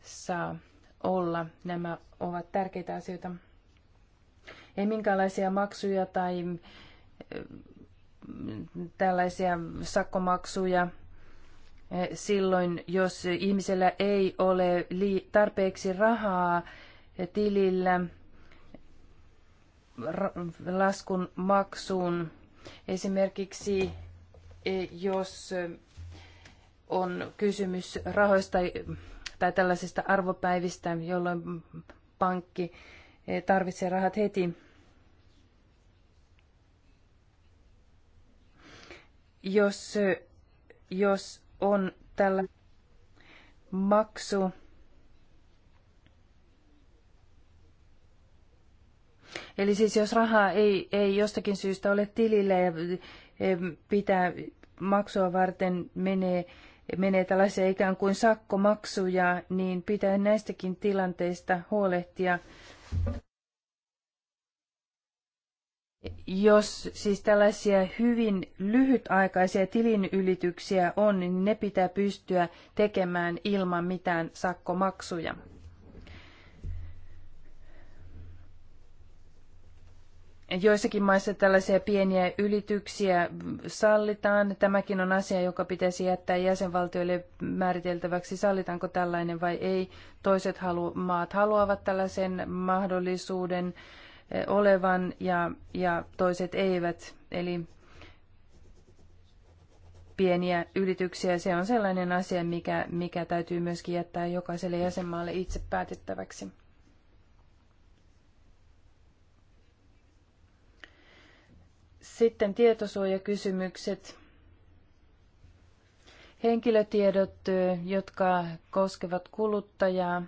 saa olla. Nämä ovat tärkeitä asioita. Ei minkäänlaisia maksuja tai mm, tällaisia sakkomaksuja eh, silloin, jos ihmisellä ei ole tarpeeksi rahaa eh, tilillä laskun maksuun. Esimerkiksi eh, jos on kysymys rahoista tai tällaisista arvopäivistä, jolloin pankki Tarvitse rahat heti. Jos, jos on tällä maksu, Eli siis jos rahaa ei, ei jostakin syystä ole tilillä ja e, pitää maksua varten menee, menee tällaisia ikään kuin sakkomaksuja, niin pitää näistäkin tilanteista huolehtia jos siis tällaisia hyvin lyhytaikaisia tilinylityksiä on, niin ne pitää pystyä tekemään ilman mitään sakkomaksuja. Joissakin maissa tällaisia pieniä ylityksiä sallitaan. Tämäkin on asia, joka pitäisi jättää jäsenvaltioille määriteltäväksi, sallitaanko tällainen vai ei. Toiset halu- maat haluavat tällaisen mahdollisuuden eh, olevan ja, ja toiset eivät. Eli pieniä ylityksiä, se on sellainen asia, mikä, mikä täytyy myöskin jättää jokaiselle jäsenmaalle itse päätettäväksi. Sitten tietosuojakysymykset. Henkilötiedot, jotka koskevat kuluttajaa.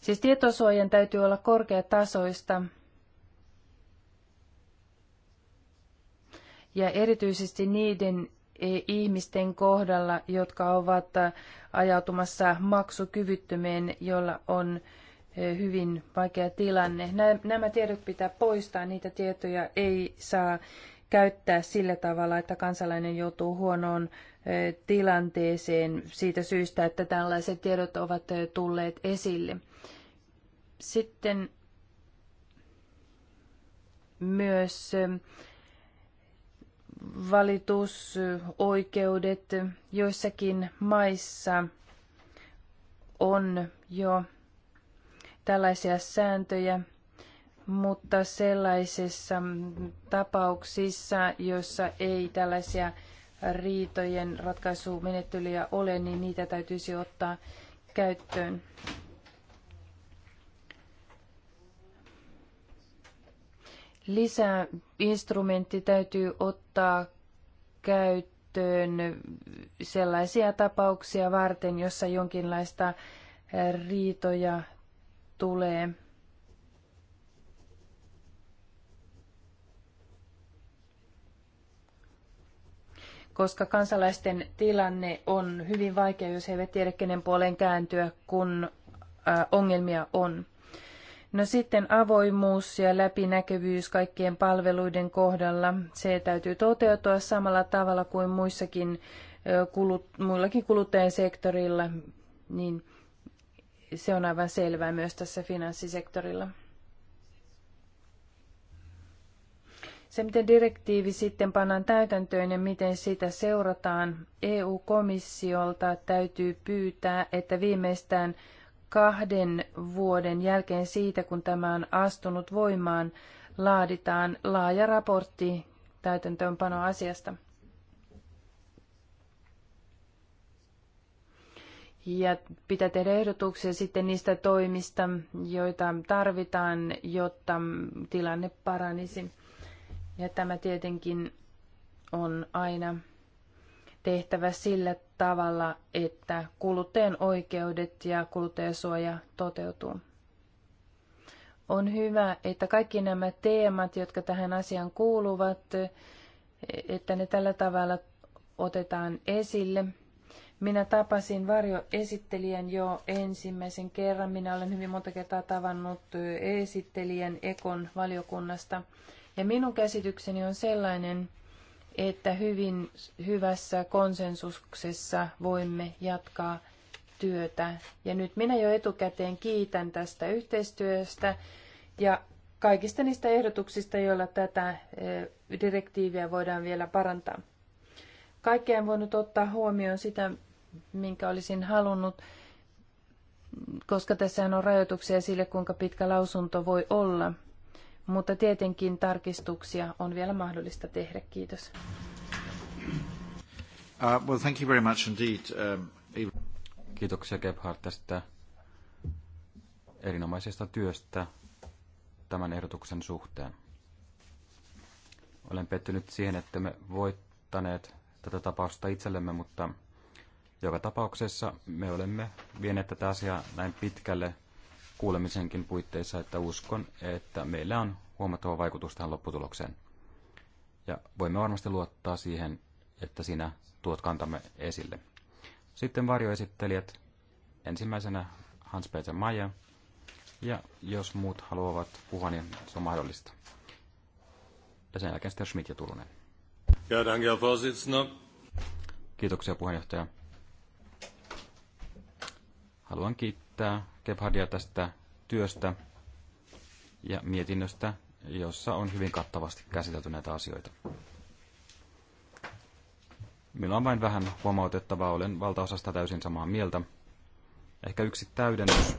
Siis tietosuojan täytyy olla korkeatasoista. Ja erityisesti niiden e, ihmisten kohdalla, jotka ovat ajautumassa maksukyvyttömien, jolla on hyvin vaikea tilanne. Nämä tiedot pitää poistaa, niitä tietoja ei saa käyttää sillä tavalla, että kansalainen joutuu huonoon tilanteeseen siitä syystä, että tällaiset tiedot ovat tulleet esille. Sitten myös valitusoikeudet joissakin maissa on jo tällaisia sääntöjä, mutta sellaisissa tapauksissa, joissa ei tällaisia riitojen ratkaisumenettelyjä ole, niin niitä täytyisi ottaa käyttöön. Lisäinstrumentti täytyy ottaa käyttöön sellaisia tapauksia varten, jossa jonkinlaista riitoja tulee koska kansalaisten tilanne on hyvin vaikea, jos he eivät tiedä kenen puoleen kääntyä, kun ongelmia on. No sitten avoimuus ja läpinäkyvyys kaikkien palveluiden kohdalla. Se täytyy toteutua samalla tavalla kuin muissakin, muillakin kuluttajasektorilla, niin se on aivan selvää myös tässä finanssisektorilla. Se, miten direktiivi sitten pannaan täytäntöön ja miten sitä seurataan, EU-komissiolta täytyy pyytää, että viimeistään kahden vuoden jälkeen siitä, kun tämä on astunut voimaan, laaditaan laaja raportti täytäntöönpanoasiasta. asiasta. ja pitää tehdä ehdotuksia sitten niistä toimista, joita tarvitaan, jotta tilanne paranisi. Ja tämä tietenkin on aina tehtävä sillä tavalla, että kuluttajan oikeudet ja kuluttajasuoja toteutuu. On hyvä, että kaikki nämä teemat, jotka tähän asiaan kuuluvat, että ne tällä tavalla otetaan esille – minä tapasin varjoesittelijän jo ensimmäisen kerran. Minä olen hyvin monta kertaa tavannut esittelijän Ekon valiokunnasta. Ja minun käsitykseni on sellainen, että hyvin hyvässä konsensuksessa voimme jatkaa työtä. Ja nyt minä jo etukäteen kiitän tästä yhteistyöstä ja kaikista niistä ehdotuksista, joilla tätä eh, direktiiviä voidaan vielä parantaa. Kaikkea en voinut ottaa huomioon sitä, minkä olisin halunnut, koska tässä on rajoituksia sille, kuinka pitkä lausunto voi olla. Mutta tietenkin tarkistuksia on vielä mahdollista tehdä. Kiitos. Uh, well, thank you very much indeed. Um, Kiitoksia Gebhardt tästä erinomaisesta työstä tämän ehdotuksen suhteen. Olen pettynyt siihen, että me voittaneet tätä tapausta itsellemme, mutta joka tapauksessa me olemme vieneet tätä asiaa näin pitkälle kuulemisenkin puitteissa, että uskon, että meillä on huomattava vaikutus tähän lopputulokseen. Ja voimme varmasti luottaa siihen, että sinä tuot kantamme esille. Sitten varjoesittelijät. Ensimmäisenä Hans-Peter Maija. Ja jos muut haluavat puhua, niin se on mahdollista. Ja sen jälkeen sitten Schmidt ja Turunen. Ja, Kiitoksia puheenjohtaja. Haluan kiittää Gebhardia tästä työstä ja mietinnöstä, jossa on hyvin kattavasti käsitelty näitä asioita. Minulla on vain vähän huomautettavaa, olen valtaosasta täysin samaa mieltä. Ehkä yksi täydennys.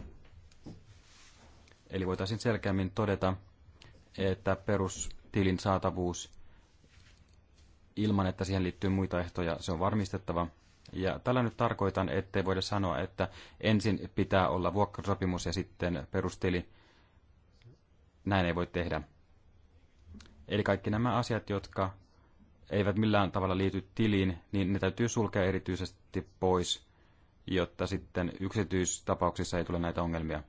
Eli voitaisiin selkeämmin todeta, että perustilin saatavuus ilman, että siihen liittyy muita ehtoja, se on varmistettava – ja tällä nyt tarkoitan, ettei voida sanoa, että ensin pitää olla vuokrasopimus ja sitten perustili. Näin ei voi tehdä. Eli kaikki nämä asiat, jotka eivät millään tavalla liity tiliin, niin ne täytyy sulkea erityisesti pois, jotta sitten yksityistapauksissa ei tule näitä ongelmia.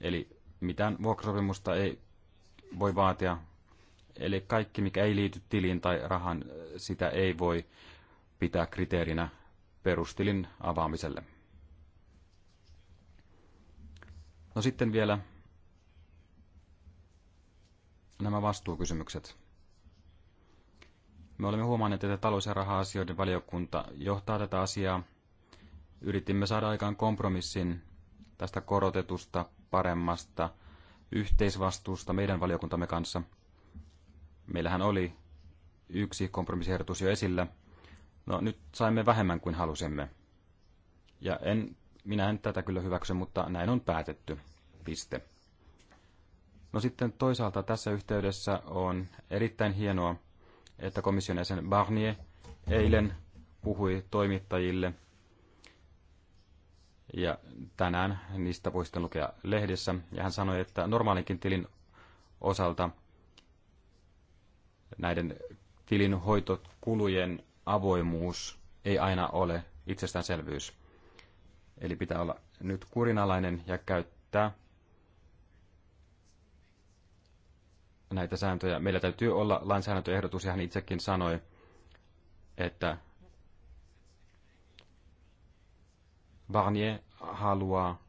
Eli mitään vuokrasopimusta ei voi vaatia. Eli kaikki, mikä ei liity tiliin tai rahan, sitä ei voi pitää kriteerinä perustilin avaamiselle. No sitten vielä nämä vastuukysymykset. Me olemme huomanneet, että talous- ja raha-asioiden valiokunta johtaa tätä asiaa. Yritimme saada aikaan kompromissin tästä korotetusta, paremmasta yhteisvastuusta meidän valiokuntamme kanssa. Meillähän oli yksi kompromissiehdotus jo esillä – No nyt saimme vähemmän kuin halusimme. Ja en, minä en tätä kyllä hyväksy, mutta näin on päätetty. Piste. No sitten toisaalta tässä yhteydessä on erittäin hienoa, että komission jäsen Barnier eilen puhui toimittajille. Ja tänään niistä voi sitten lukea lehdissä. Ja hän sanoi, että normaalinkin tilin osalta näiden tilin hoitokulujen avoimuus ei aina ole itsestäänselvyys. Eli pitää olla nyt kurinalainen ja käyttää näitä sääntöjä. Meillä täytyy olla lainsäädäntöehdotus, ja hän itsekin sanoi, että Barnier haluaa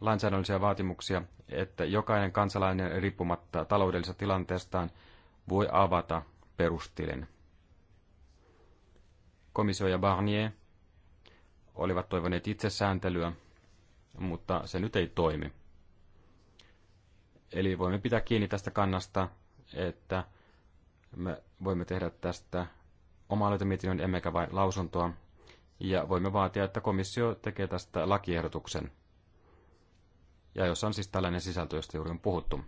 lainsäädännöllisiä vaatimuksia, että jokainen kansalainen riippumatta taloudellisesta tilanteestaan voi avata perustilin. Komissio ja Barnier olivat toivoneet itsesääntelyä, mutta se nyt ei toimi. Eli voimme pitää kiinni tästä kannasta, että me voimme tehdä tästä oma aloitemietinnön emmekä vain lausuntoa, ja voimme vaatia, että komissio tekee tästä lakiehdotuksen. Ja jos on siis tällainen sisältö, josta juuri on puhuttu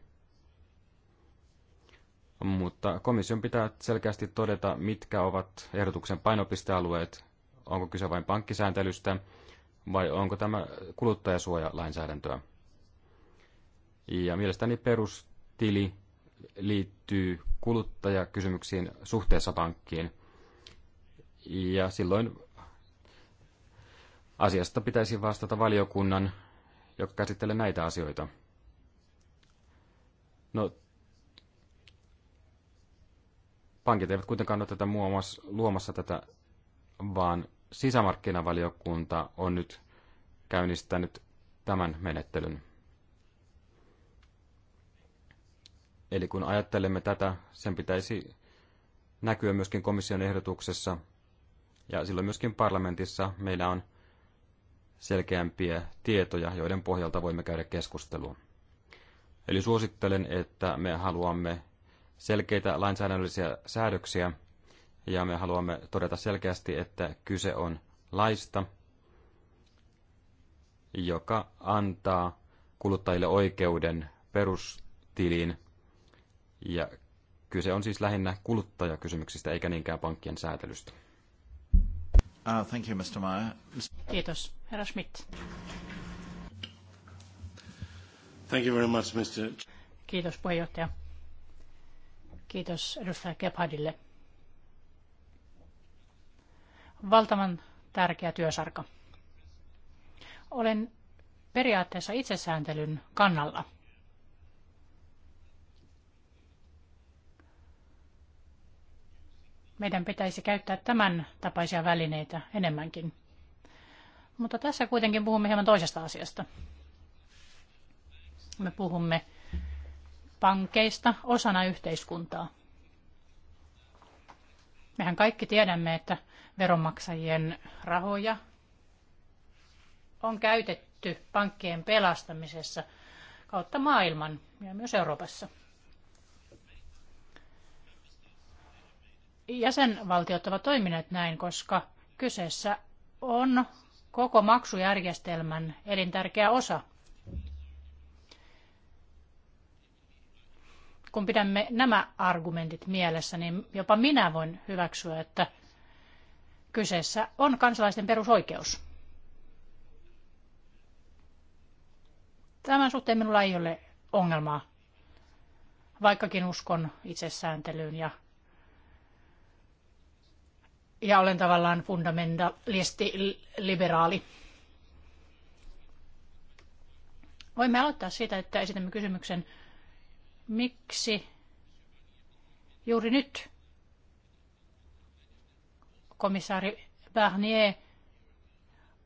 mutta komission pitää selkeästi todeta, mitkä ovat ehdotuksen painopistealueet. Onko kyse vain pankkisääntelystä vai onko tämä kuluttajasuojalainsäädäntöä? Ja mielestäni perustili liittyy kuluttajakysymyksiin suhteessa pankkiin. Ja silloin asiasta pitäisi vastata valiokunnan, joka käsittelee näitä asioita. No, pankit eivät kuitenkaan ole tätä muomassa, luomassa tätä, vaan sisämarkkinavaliokunta on nyt käynnistänyt tämän menettelyn. Eli kun ajattelemme tätä, sen pitäisi näkyä myöskin komission ehdotuksessa, ja silloin myöskin parlamentissa meillä on selkeämpiä tietoja, joiden pohjalta voimme käydä keskustelua. Eli suosittelen, että me haluamme selkeitä lainsäädännöllisiä säädöksiä, ja me haluamme todeta selkeästi, että kyse on laista, joka antaa kuluttajille oikeuden perustiliin, ja kyse on siis lähinnä kuluttajakysymyksistä eikä niinkään pankkien säätelystä. Uh, thank you, Mr. Meyer. Kiitos. Herra Schmidt. Thank you very much, Mr. Kiitos puheenjohtaja. Kiitos edustaja Kephadille. Valtavan tärkeä työsarka. Olen periaatteessa itsesääntelyn kannalla. Meidän pitäisi käyttää tämän tapaisia välineitä enemmänkin. Mutta tässä kuitenkin puhumme hieman toisesta asiasta. Me puhumme pankeista osana yhteiskuntaa. Mehän kaikki tiedämme, että veronmaksajien rahoja on käytetty pankkien pelastamisessa kautta maailman ja myös Euroopassa. Jäsenvaltiot ovat toimineet näin, koska kyseessä on koko maksujärjestelmän elintärkeä osa – kun pidämme nämä argumentit mielessä, niin jopa minä voin hyväksyä, että kyseessä on kansalaisten perusoikeus. Tämän suhteen minulla ei ole ongelmaa, vaikkakin uskon itsesääntelyyn ja, ja olen tavallaan fundamentalisti liberaali. Voimme aloittaa siitä, että esitämme kysymyksen, Miksi juuri nyt komissaari Barnier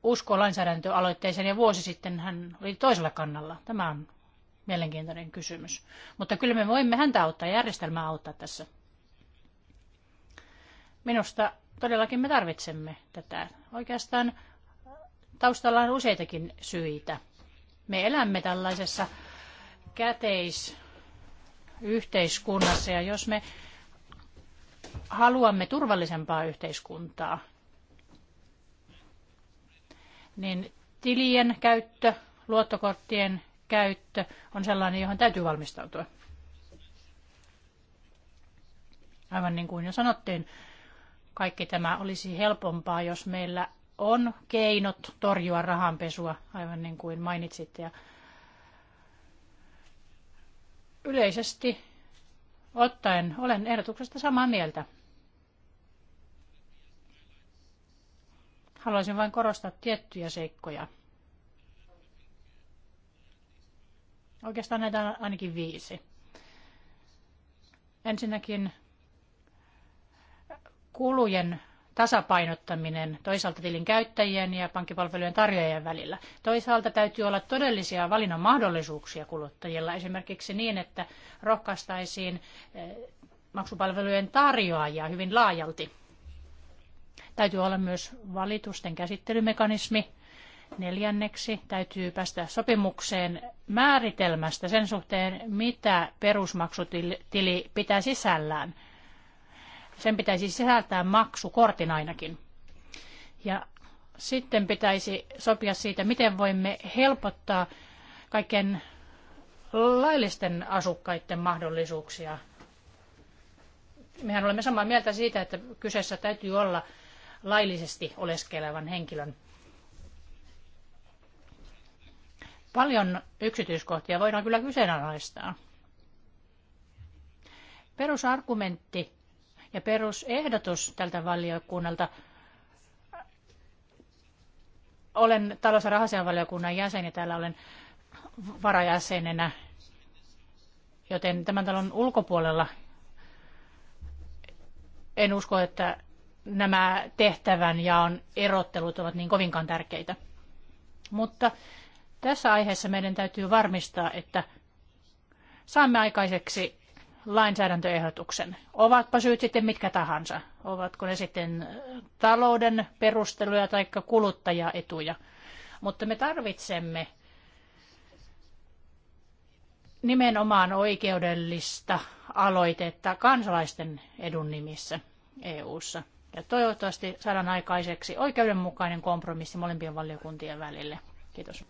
uskoo lainsäädäntöaloitteeseen ja vuosi sitten hän oli toisella kannalla? Tämä on mielenkiintoinen kysymys. Mutta kyllä me voimme häntä auttaa, järjestelmää auttaa tässä. Minusta todellakin me tarvitsemme tätä. Oikeastaan taustalla on useitakin syitä. Me elämme tällaisessa käteis yhteiskunnassa ja jos me haluamme turvallisempaa yhteiskuntaa, niin tilien käyttö, luottokorttien käyttö on sellainen, johon täytyy valmistautua. Aivan niin kuin jo sanottiin, kaikki tämä olisi helpompaa, jos meillä on keinot torjua rahanpesua, aivan niin kuin mainitsitte. Ja Yleisesti ottaen olen ehdotuksesta samaa mieltä. Haluaisin vain korostaa tiettyjä seikkoja. Oikeastaan näitä on ainakin viisi. Ensinnäkin kulujen tasapainottaminen toisaalta tilin käyttäjien ja pankkipalvelujen tarjoajien välillä. Toisaalta täytyy olla todellisia valinnan mahdollisuuksia kuluttajilla, esimerkiksi niin, että rohkaistaisiin eh, maksupalvelujen tarjoajia hyvin laajalti. Täytyy olla myös valitusten käsittelymekanismi. Neljänneksi täytyy päästä sopimukseen määritelmästä sen suhteen, mitä perusmaksutili pitää sisällään – sen pitäisi sisältää maksukortin ainakin. Ja sitten pitäisi sopia siitä, miten voimme helpottaa kaiken laillisten asukkaiden mahdollisuuksia. Mehän olemme samaa mieltä siitä, että kyseessä täytyy olla laillisesti oleskelevan henkilön. Paljon yksityiskohtia voidaan kyllä kyseenalaistaa. Perusargumentti ja perusehdotus tältä valiokunnalta olen talous- ja rahasianvaliokunnan jäsen ja täällä olen varajäsenenä, joten tämän talon ulkopuolella en usko, että nämä tehtävän ja on erottelut ovat niin kovinkaan tärkeitä. Mutta tässä aiheessa meidän täytyy varmistaa, että saamme aikaiseksi lainsäädäntöehdotuksen. Ovatpa syyt sitten mitkä tahansa. Ovatko ne sitten äh, talouden perusteluja tai kuluttajaetuja. Mutta me tarvitsemme nimenomaan oikeudellista aloitetta kansalaisten edun nimissä EU:ssa. Ja toivottavasti saadaan aikaiseksi oikeudenmukainen kompromissi molempien valiokuntien välille. Kiitos.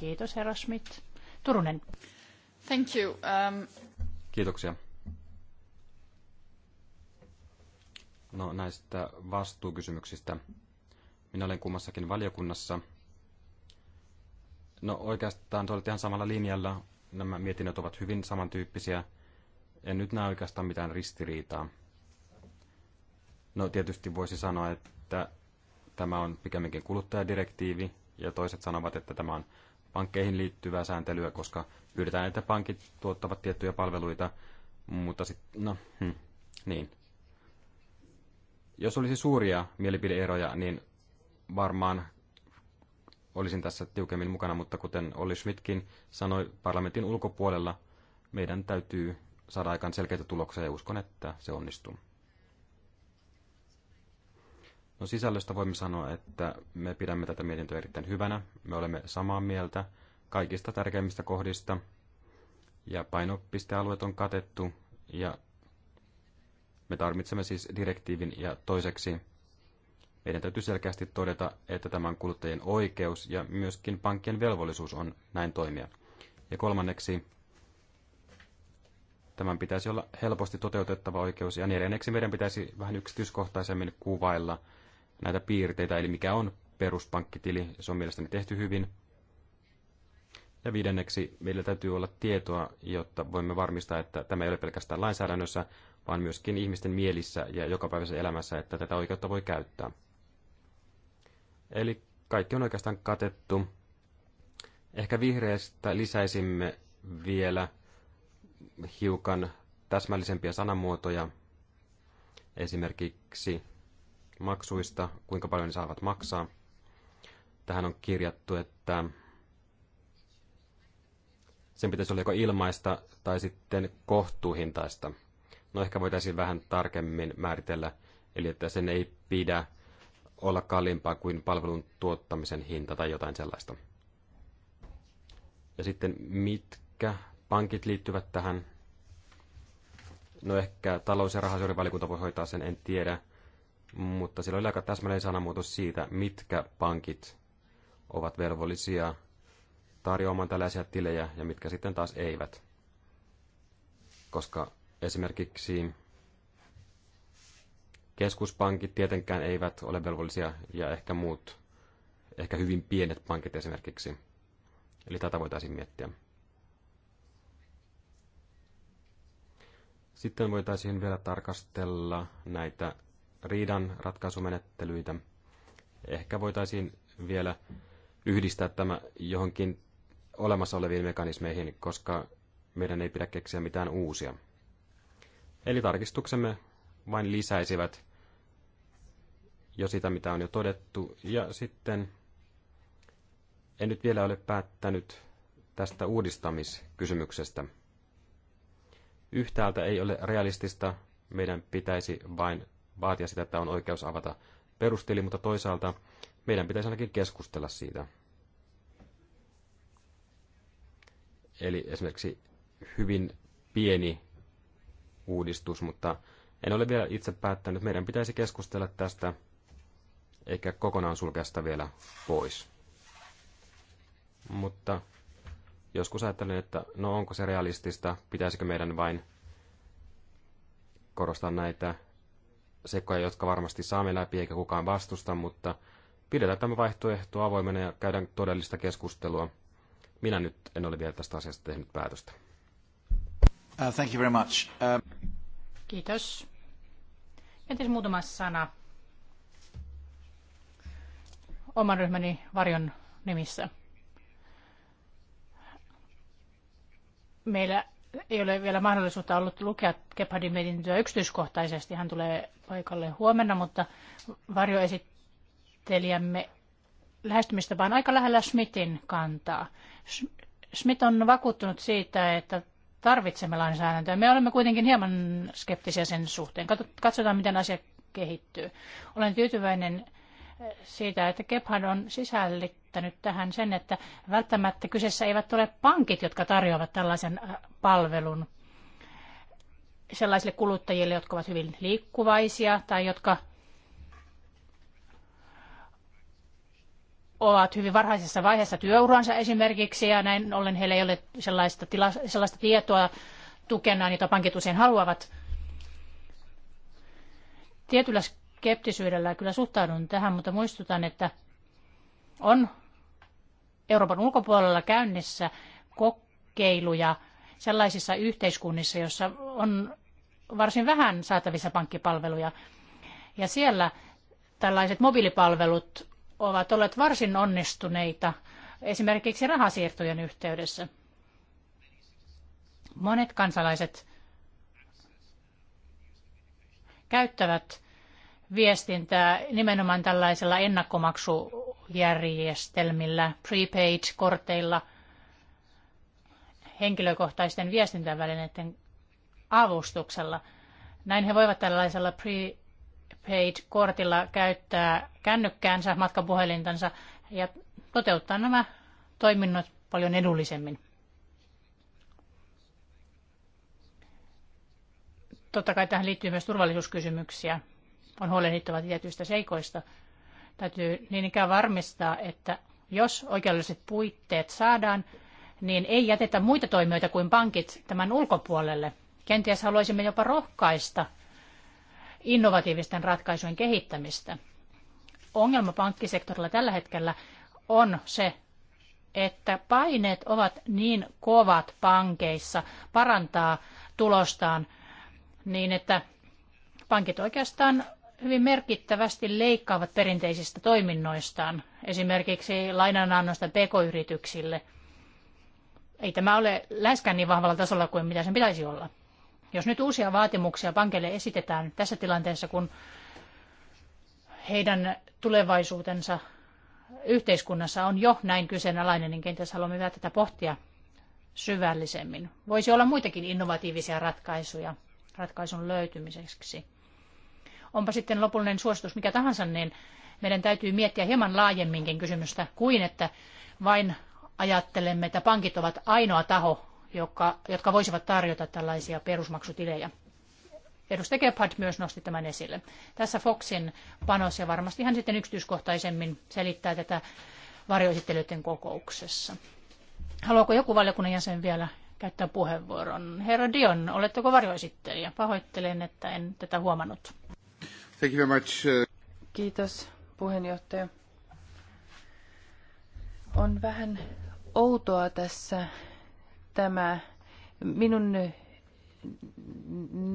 Kiitos, herra Schmidt. Turunen. Thank you. Um... Kiitoksia. No näistä vastuukysymyksistä. Minä olen kummassakin valiokunnassa. No oikeastaan te olette ihan samalla linjalla. Nämä mietinnöt ovat hyvin samantyyppisiä. En nyt näe oikeastaan mitään ristiriitaa. No tietysti voisi sanoa, että tämä on pikemminkin kuluttajadirektiivi, ja toiset sanovat, että tämä on pankkeihin liittyvää sääntelyä, koska pyydetään, että pankit tuottavat tiettyjä palveluita, mutta sitten, no, hm, niin. Jos olisi suuria mielipideeroja, niin varmaan olisin tässä tiukemmin mukana, mutta kuten Olli Schmidtkin sanoi parlamentin ulkopuolella, meidän täytyy saada aikaan selkeitä tuloksia ja uskon, että se onnistuu. No sisällöstä voimme sanoa, että me pidämme tätä mietintöä erittäin hyvänä. Me olemme samaa mieltä kaikista tärkeimmistä kohdista ja painopistealueet on katettu ja me tarvitsemme siis direktiivin ja toiseksi meidän täytyy selkeästi todeta, että tämän kuluttajien oikeus ja myöskin pankkien velvollisuus on näin toimia. Ja kolmanneksi tämän pitäisi olla helposti toteutettava oikeus ja neljänneksi meidän pitäisi vähän yksityiskohtaisemmin kuvailla – näitä piirteitä, eli mikä on peruspankkitili, se on mielestäni tehty hyvin. Ja viidenneksi meillä täytyy olla tietoa, jotta voimme varmistaa, että tämä ei ole pelkästään lainsäädännössä, vaan myöskin ihmisten mielissä ja jokapäiväisessä elämässä, että tätä oikeutta voi käyttää. Eli kaikki on oikeastaan katettu. Ehkä vihreästä lisäisimme vielä hiukan täsmällisempiä sanamuotoja, esimerkiksi maksuista, kuinka paljon ne saavat maksaa. Tähän on kirjattu, että sen pitäisi olla joko ilmaista tai sitten kohtuuhintaista. No ehkä voitaisiin vähän tarkemmin määritellä, eli että sen ei pidä olla kalliimpaa kuin palvelun tuottamisen hinta tai jotain sellaista. Ja sitten mitkä pankit liittyvät tähän? No ehkä talous- ja rahasuurivaliokunta voi hoitaa sen, en tiedä mutta sillä oli aika täsmälleen sanamuutos siitä, mitkä pankit ovat velvollisia tarjoamaan tällaisia tilejä ja mitkä sitten taas eivät. Koska esimerkiksi keskuspankit tietenkään eivät ole velvollisia ja ehkä muut, ehkä hyvin pienet pankit esimerkiksi. Eli tätä voitaisiin miettiä. Sitten voitaisiin vielä tarkastella näitä riidan ratkaisumenettelyitä. Ehkä voitaisiin vielä yhdistää tämä johonkin olemassa oleviin mekanismeihin, koska meidän ei pidä keksiä mitään uusia. Eli tarkistuksemme vain lisäisivät jo sitä, mitä on jo todettu. Ja sitten en nyt vielä ole päättänyt tästä uudistamiskysymyksestä. Yhtäältä ei ole realistista, meidän pitäisi vain vaatia sitä, että on oikeus avata perustili, mutta toisaalta meidän pitäisi ainakin keskustella siitä. Eli esimerkiksi hyvin pieni uudistus, mutta en ole vielä itse päättänyt. Meidän pitäisi keskustella tästä, eikä kokonaan sulkea sitä vielä pois. Mutta joskus ajattelen, että no onko se realistista, pitäisikö meidän vain korostaa näitä sekoja, jotka varmasti saamme läpi eikä kukaan vastusta, mutta pidetään tämä vaihtoehto avoimena ja käydään todellista keskustelua. Minä nyt en ole vielä tästä asiasta tehnyt päätöstä. Uh, thank you very much. Uh... Kiitos. Entäs muutama sana oman ryhmäni varjon nimissä. Meillä ei ole vielä mahdollisuutta ollut lukea Gebhardin mietintöä yksityiskohtaisesti. Hän tulee paikalle huomenna, mutta varjoesittelijämme lähestymistapa on aika lähellä Smithin kantaa. Smith on vakuuttunut siitä, että tarvitsemme lainsäädäntöä. Me olemme kuitenkin hieman skeptisiä sen suhteen. Katsotaan, miten asia kehittyy. Olen tyytyväinen eh, siitä, että Gebhard on sisällyttänyt liittänyt tähän sen, että välttämättä kyseessä eivät ole pankit, jotka tarjoavat tällaisen äh, palvelun sellaisille kuluttajille, jotka ovat hyvin liikkuvaisia tai jotka ovat hyvin varhaisessa vaiheessa työuransa esimerkiksi ja näin ollen heillä ei ole sellaista, tila, sellaista tietoa tukenaan, jota pankit usein haluavat. Tietyllä skeptisyydellä kyllä suhtaudun tähän, mutta muistutan, että on Euroopan ulkopuolella käynnissä kokeiluja sellaisissa yhteiskunnissa, joissa on varsin vähän saatavissa pankkipalveluja. Ja siellä tällaiset mobiilipalvelut ovat olleet varsin onnistuneita esimerkiksi rahasiirtojen yhteydessä. Monet kansalaiset käyttävät viestintää nimenomaan tällaisella ennakkomaksu järjestelmillä, prepaid-korteilla, henkilökohtaisten viestintävälineiden avustuksella. Näin he voivat tällaisella prepaid-kortilla käyttää kännykkäänsä, matkapuhelintansa ja toteuttaa nämä toiminnot paljon edullisemmin. Totta kai tähän liittyy myös turvallisuuskysymyksiä. On huolehdittava tietyistä seikoista – Täytyy niin ikään varmistaa, että jos oikeudelliset puitteet saadaan, niin ei jätetä muita toimijoita kuin pankit tämän ulkopuolelle. Kenties haluaisimme jopa rohkaista innovatiivisten ratkaisujen kehittämistä. Ongelma pankkisektorilla tällä hetkellä on se, että paineet ovat niin kovat pankeissa parantaa tulostaan niin, että pankit oikeastaan hyvin merkittävästi leikkaavat perinteisistä toiminnoistaan, esimerkiksi lainanannosta pk-yrityksille. Ei tämä ole läheskään niin vahvalla tasolla kuin mitä sen pitäisi olla. Jos nyt uusia vaatimuksia pankeille esitetään tässä tilanteessa, kun heidän tulevaisuutensa yhteiskunnassa on jo näin kyseenalainen, niin kenties haluamme vielä tätä pohtia syvällisemmin. Voisi olla muitakin innovatiivisia ratkaisuja ratkaisun löytymiseksi onpa sitten lopullinen suositus mikä tahansa, niin meidän täytyy miettiä hieman laajemminkin kysymystä kuin, että vain ajattelemme, että pankit ovat ainoa taho, joka, jotka voisivat tarjota tällaisia perusmaksutilejä. Edustaja Gebhardt myös nosti tämän esille. Tässä Foxin panos ja varmasti hän sitten yksityiskohtaisemmin selittää tätä varjoesittelyiden kokouksessa. Haluaako joku valiokunnan jäsen vielä käyttää puheenvuoron? Herra Dion, oletteko varjoesittelijä? Pahoittelen, että en tätä huomannut. Thank you very much. Uh, Kiitos puheenjohtaja. On vähän outoa tässä tämä minun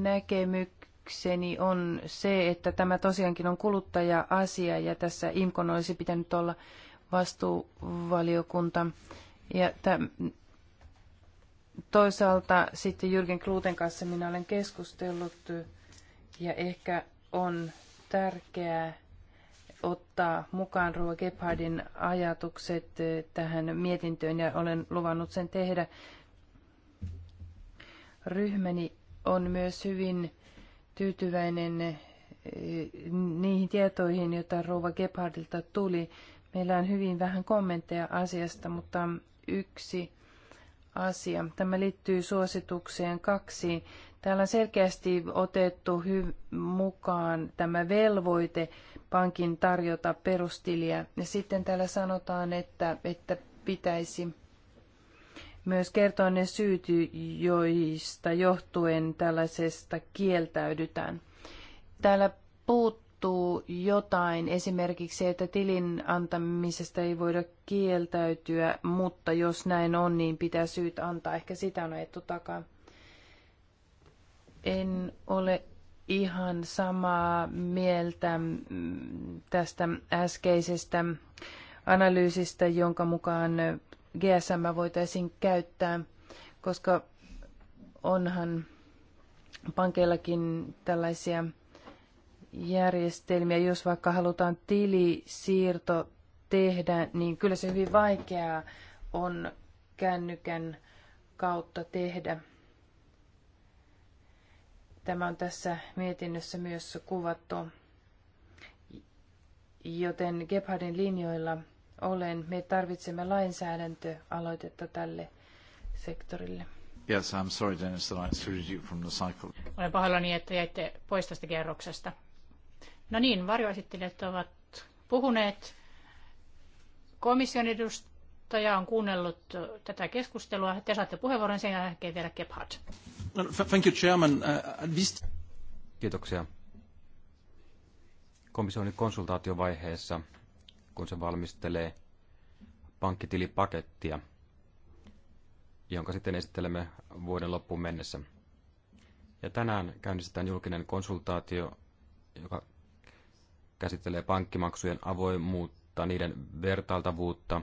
näkemykseni on se, että tämä tosiaankin on kuluttaja-asia ja tässä IMKON olisi pitänyt olla vastuuvaliokunta. Ja toisaalta sitten Jürgen Kluten kanssa minä olen keskustellut ja ehkä on tärkeää ottaa mukaan Rova Gebhardin ajatukset eh, tähän mietintöön ja olen luvannut sen tehdä. Ryhmäni on myös hyvin tyytyväinen eh, niihin tietoihin, joita Rova Gebhardilta tuli. Meillä on hyvin vähän kommentteja asiasta, mutta yksi asia. Tämä liittyy suositukseen kaksi Täällä on selkeästi otettu mukaan tämä velvoite pankin tarjota perustiliä. Ja sitten täällä sanotaan, että, että pitäisi myös kertoa ne syyt, joista johtuen tällaisesta kieltäydytään. Täällä puuttuu jotain, esimerkiksi, että tilin antamisesta ei voida kieltäytyä, mutta jos näin on, niin pitää syyt antaa. Ehkä sitä on ajettu takaa en ole ihan samaa mieltä mm, tästä äskeisestä analyysistä, jonka mukaan GSM voitaisiin käyttää, koska onhan pankeillakin tällaisia järjestelmiä, jos vaikka halutaan tilisiirto tehdä, niin kyllä se hyvin vaikeaa on kännykän kautta tehdä. Tämä on tässä mietinnössä myös kuvattu, joten Gebhardin linjoilla olen. Me tarvitsemme lainsäädäntöaloitetta tälle sektorille. Yes, I'm sorry Dennis that I excluded you from the cycle. Olen pahoillani, että jäitte pois tästä kerroksesta. No niin, varjoesittelijät ovat puhuneet. Komission edustaja on kuunnellut tätä keskustelua. Te saatte puheenvuoron sen jälkeen vielä Gebhardt. No, no, thank you, Chairman. Uh, at Kiitoksia. Komissio konsultaatiovaiheessa, kun se valmistelee pankkitilipakettia, jonka sitten esittelemme vuoden loppuun mennessä. Ja tänään käynnistetään julkinen konsultaatio, joka käsittelee pankkimaksujen avoimuutta, niiden vertailtavuutta.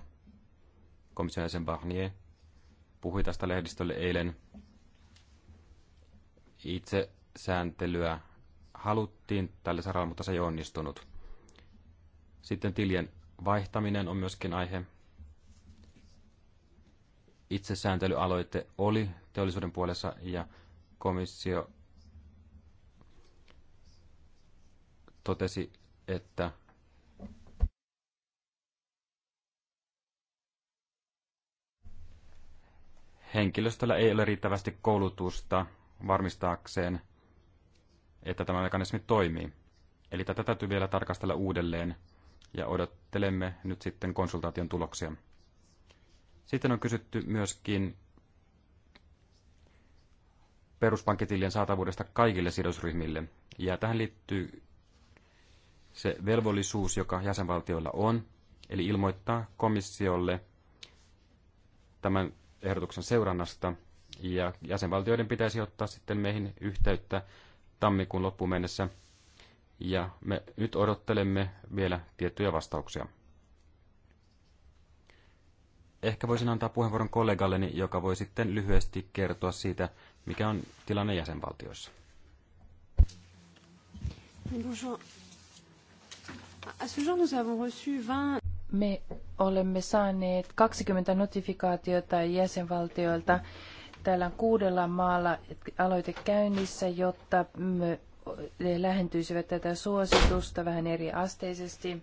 Komission jäsen Barnier puhui tästä lehdistölle eilen itse sääntelyä haluttiin tällä saralla, mutta se ei onnistunut. Sitten tilien vaihtaminen on myöskin aihe. Itse sääntelyaloite oli teollisuuden puolessa ja komissio totesi, että henkilöstöllä ei ole riittävästi koulutusta varmistaakseen, että tämä mekanismi toimii. Eli tätä täytyy vielä tarkastella uudelleen ja odottelemme nyt sitten konsultaation tuloksia. Sitten on kysytty myöskin peruspankkitilien saatavuudesta kaikille sidosryhmille. Ja tähän liittyy se velvollisuus, joka jäsenvaltioilla on, eli ilmoittaa komissiolle tämän ehdotuksen seurannasta ja jäsenvaltioiden pitäisi ottaa sitten meihin yhteyttä tammikuun loppuun mennessä. Ja me nyt odottelemme vielä tiettyjä vastauksia. Ehkä voisin antaa puheenvuoron kollegalleni, joka voi sitten lyhyesti kertoa siitä, mikä on tilanne jäsenvaltioissa. Me olemme saaneet 20 notifikaatiota jäsenvaltioilta Täällä on kuudella maalla aloite käynnissä, jotta lähentyisivät tätä suositusta vähän eri asteisesti.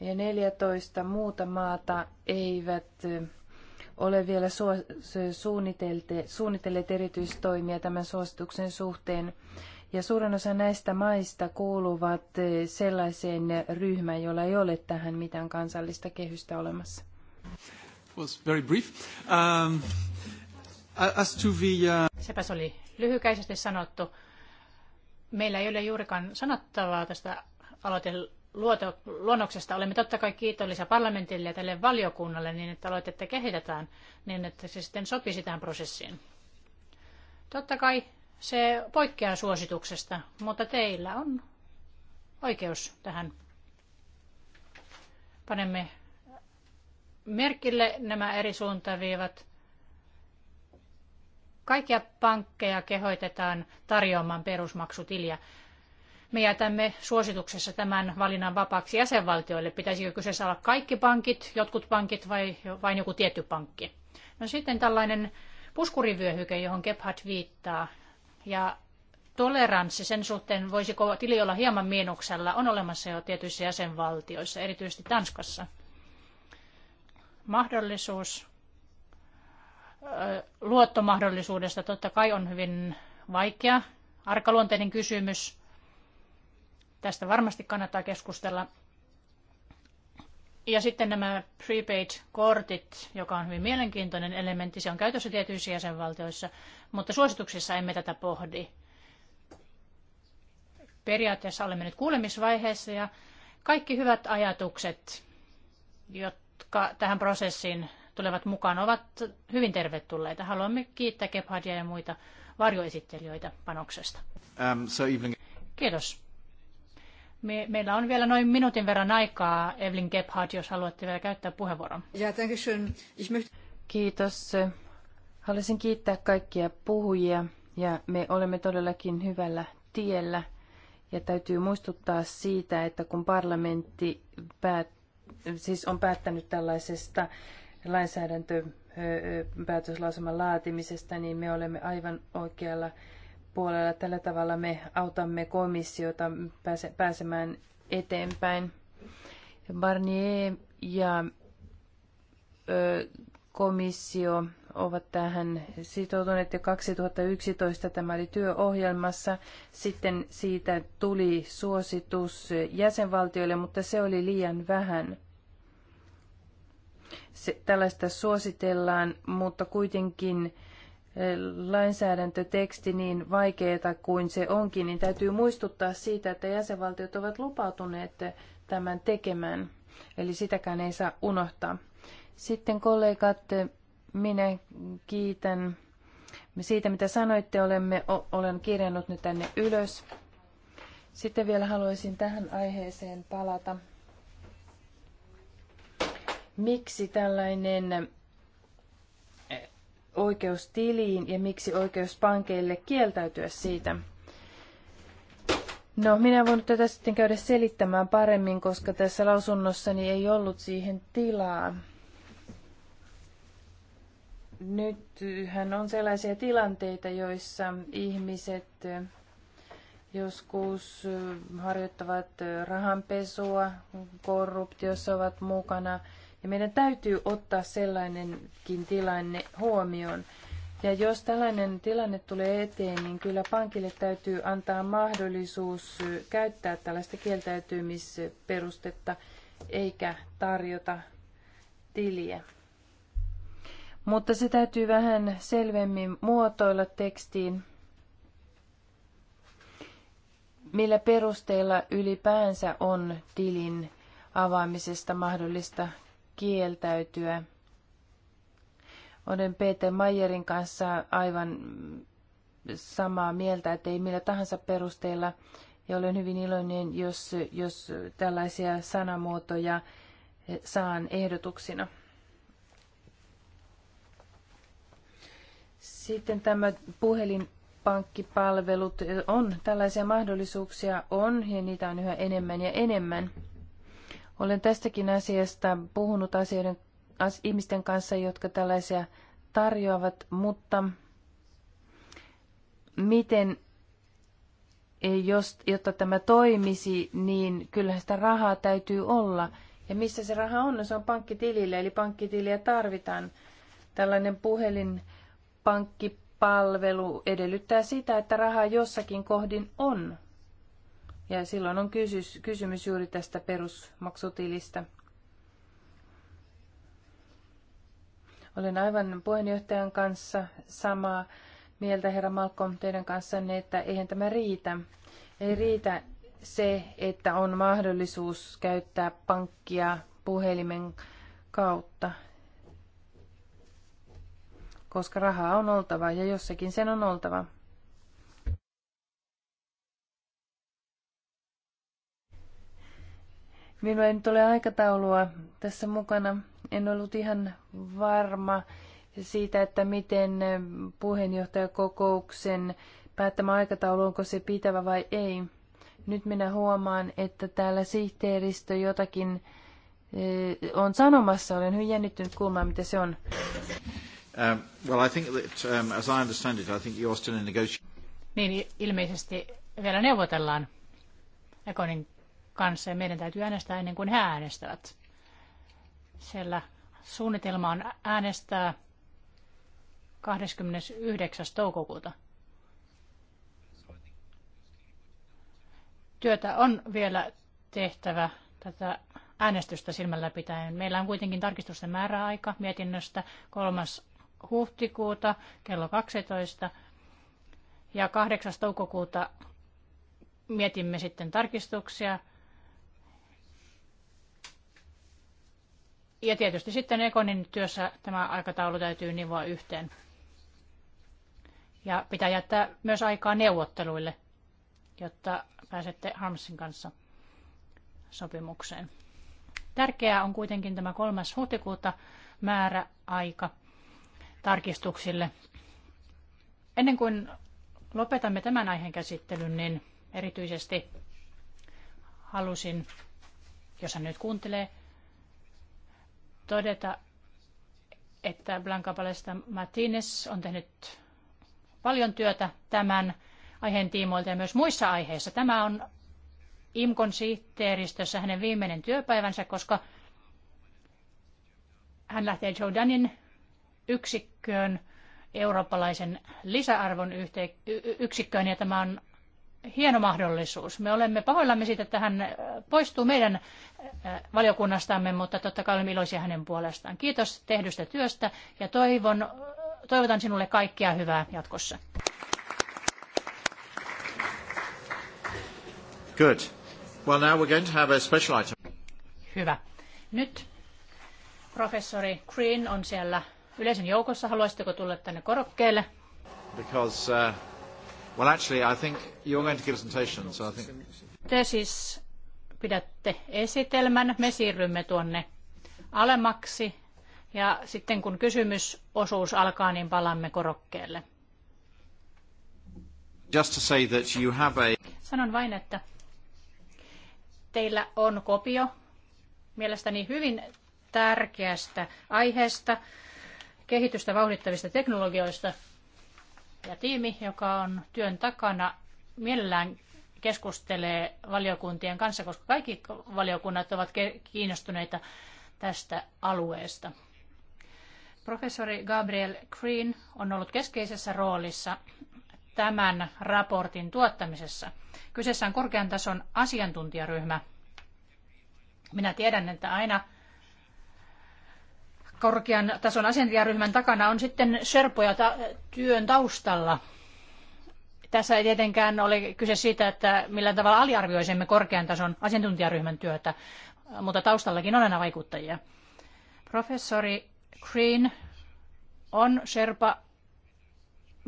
Ja 14 muuta maata eivät ole vielä suunnitelleet erityistoimia tämän suosituksen suhteen. Ja suurin osa näistä maista kuuluvat sellaiseen ryhmään, jolla ei ole tähän mitään kansallista kehystä olemassa. Was very brief. Um... As to the, uh... Sepäs oli lyhykäisesti sanottu. Meillä ei ole juurikaan sanottavaa tästä aloiteluonnoksesta. Olemme totta kai kiitollisia parlamentille ja tälle valiokunnalle niin, että aloitetta kehitetään niin, että se sitten sopisi tähän prosessiin. Totta kai se poikkeaa suosituksesta, mutta teillä on oikeus tähän. Panemme merkille nämä eri suuntaviivat – Kaikkia pankkeja kehoitetaan tarjoamaan perusmaksutiliä. Me jätämme suosituksessa tämän valinnan vapaaksi jäsenvaltioille. Pitäisikö kyseessä olla kaikki pankit, jotkut pankit vai vain joku tietty pankki? No sitten tällainen puskurivyöhyke, johon Gebhardt viittaa, ja toleranssi sen suhteen, voisiko tili olla hieman miinuksella, on olemassa jo tietyissä jäsenvaltioissa, erityisesti Tanskassa. Mahdollisuus luottomahdollisuudesta totta kai on hyvin vaikea, arkaluonteinen kysymys. Tästä varmasti kannattaa keskustella. Ja sitten nämä prepaid-kortit, joka on hyvin mielenkiintoinen elementti, se on käytössä tietyissä jäsenvaltioissa, mutta suosituksissa emme tätä pohdi. Periaatteessa olemme nyt kuulemisvaiheessa ja kaikki hyvät ajatukset, jotka tähän prosessiin tulevat mukaan, ovat hyvin tervetulleita. Haluamme kiittää Gebhardia ja muita varjoesittelijöitä panoksesta. Um, so Evelyn... Kiitos. Me, meillä on vielä noin minuutin verran aikaa, Evelyn Gebhard, jos haluatte vielä käyttää puheenvuoron. Ja, Ich möchte... Kiitos. Haluaisin kiittää kaikkia puhujia ja me olemme todellakin hyvällä tiellä. Ja täytyy muistuttaa siitä, että kun parlamentti päät, siis on päättänyt tällaisesta lainsäädäntöpäätöslauselman laatimisesta, niin me olemme aivan oikealla puolella. Tällä tavalla me autamme komissiota pääsemään eteenpäin. Barnier ja komissio ovat tähän sitoutuneet jo 2011. Tämä oli työohjelmassa. Sitten siitä tuli suositus jäsenvaltioille, mutta se oli liian vähän. Se, tällaista suositellaan, mutta kuitenkin eh, lainsäädäntöteksti niin vaikeaa kuin se onkin, niin täytyy muistuttaa siitä, että jäsenvaltiot ovat lupautuneet tämän tekemään. Eli sitäkään ei saa unohtaa. Sitten kollegat, eh, minä kiitän siitä, mitä sanoitte. Olemme, olen kirjannut nyt tänne ylös. Sitten vielä haluaisin tähän aiheeseen palata. Miksi tällainen eh, oikeus tiliin ja miksi oikeus pankeille kieltäytyä siitä? No, minä voin tätä sitten käydä selittämään paremmin, koska tässä lausunnossani ei ollut siihen tilaa. Nyt hän on sellaisia tilanteita, joissa ihmiset eh, joskus eh, harjoittavat rahanpesua, korruptiossa ovat mukana – ja meidän täytyy ottaa sellainenkin tilanne huomioon. Ja jos tällainen tilanne tulee eteen, niin kyllä pankille täytyy antaa mahdollisuus käyttää tällaista kieltäytymisperustetta eikä tarjota tiliä. Mutta se täytyy vähän selvemmin muotoilla tekstiin, millä perusteella ylipäänsä on tilin avaamisesta mahdollista kieltäytyä. Olen Peter Mayerin kanssa aivan samaa mieltä, että ei millä tahansa perusteella, ja olen hyvin iloinen, jos, jos tällaisia sanamuotoja saan ehdotuksina. Sitten tämä puhelinpankkipalvelut on, tällaisia mahdollisuuksia on ja niitä on yhä enemmän ja enemmän. Olen tästäkin asiasta puhunut asioiden, as, ihmisten kanssa, jotka tällaisia tarjoavat, mutta miten, e, jos, jotta tämä toimisi, niin kyllähän sitä rahaa täytyy olla. Ja missä se raha on? No se on pankkitilillä, eli pankkitiliä tarvitaan. Tällainen puhelinpankkipalvelu edellyttää sitä, että rahaa jossakin kohdin on. Ja silloin on kysymys, kysymys juuri tästä perusmaksutilistä. Olen aivan puheenjohtajan kanssa samaa mieltä, herra Malcolm, teidän kanssanne, että eihän tämä riitä. Ei riitä se, että on mahdollisuus käyttää pankkia puhelimen kautta, koska rahaa on oltava ja jossakin sen on oltava. Minulla ei nyt ole aikataulua tässä mukana. En ollut ihan varma siitä, että miten puheenjohtajakokouksen päättämä aikataulu, onko se pitävä vai ei. Nyt minä huomaan, että täällä sihteeristö jotakin eh, on sanomassa. Olen hyvin jännittynyt kuulemaan, mitä se on. Um, well, I think that, um, as I understand it, I think you're still in negotiation. Niin, ilmeisesti vielä neuvotellaan Ekonin kanssa ja meidän täytyy äänestää ennen kuin he äänestävät. Siellä suunnitelma on äänestää 29. toukokuuta. Työtä on vielä tehtävä tätä äänestystä silmällä pitäen. Meillä on kuitenkin tarkistusten määräaika mietinnöstä 3. huhtikuuta kello 12 ja 8. toukokuuta mietimme sitten tarkistuksia Ja tietysti sitten Ekonin työssä tämä aikataulu täytyy nivoa yhteen. Ja pitää jättää myös aikaa neuvotteluille, jotta pääsette Harmsin kanssa sopimukseen. Tärkeää on kuitenkin tämä 3. huhtikuuta määräaika tarkistuksille. Ennen kuin lopetamme tämän aiheen käsittelyn, niin erityisesti halusin, jos hän nyt kuuntelee, todeta, että Blanca Palesta Martinez on tehnyt paljon työtä tämän aiheen tiimoilta ja myös muissa aiheissa. Tämä on IMKON sihteeristössä hänen viimeinen työpäivänsä, koska hän lähtee Jordanin yksikköön, eurooppalaisen lisäarvon yhte, yksikköön, ja tämä on hieno mahdollisuus. Me olemme pahoillamme siitä, että hän äh, poistuu meidän äh, valiokunnastamme, mutta totta kai olemme iloisia hänen puolestaan. Kiitos tehdystä työstä ja toivon, äh, toivotan sinulle kaikkea hyvää jatkossa. Good. Well, now we're going to have a special item. Hyvä. Nyt professori Green on siellä yleisön joukossa. Haluaisitteko tulla tänne korokkeelle? Because, uh... Well, actually, I think you're going to give a presentation, so I think... Te siis pidätte esitelmän, me siirrymme tuonne alemmaksi ja sitten kun kysymysosuus alkaa, niin palaamme korokkeelle. Just to say that you have a... Sanon vain, että teillä on kopio mielestäni hyvin tärkeästä aiheesta, kehitystä vauhdittavista teknologioista – ja tiimi, joka on työn takana, mielellään keskustelee valiokuntien kanssa, koska kaikki valiokunnat ovat kiinnostuneita tästä alueesta. Professori Gabriel Green on ollut keskeisessä roolissa tämän raportin tuottamisessa. Kyseessä on korkean tason asiantuntijaryhmä. Minä tiedän, että aina korkean tason asiantuntijaryhmän takana on sitten serpoja ta- työn taustalla. Tässä ei tietenkään ole kyse siitä, että millä tavalla aliarvioisimme korkean tason asiantuntijaryhmän työtä, mutta taustallakin on aina vaikuttajia. Professori Green on Sherpa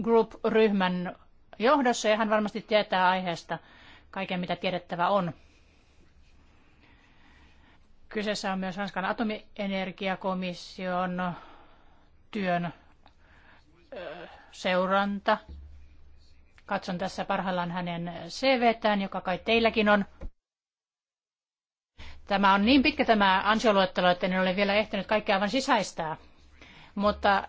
Group-ryhmän johdossa ja hän varmasti tietää aiheesta kaiken, mitä tiedettävä on. Kyseessä on myös Ranskan atomienergiakomission työn seuranta. Katson tässä parhaillaan hänen CVtään, joka kai teilläkin on. Tämä on niin pitkä tämä ansioluettelo, että en ole vielä ehtinyt kaikkea aivan sisäistää. Mutta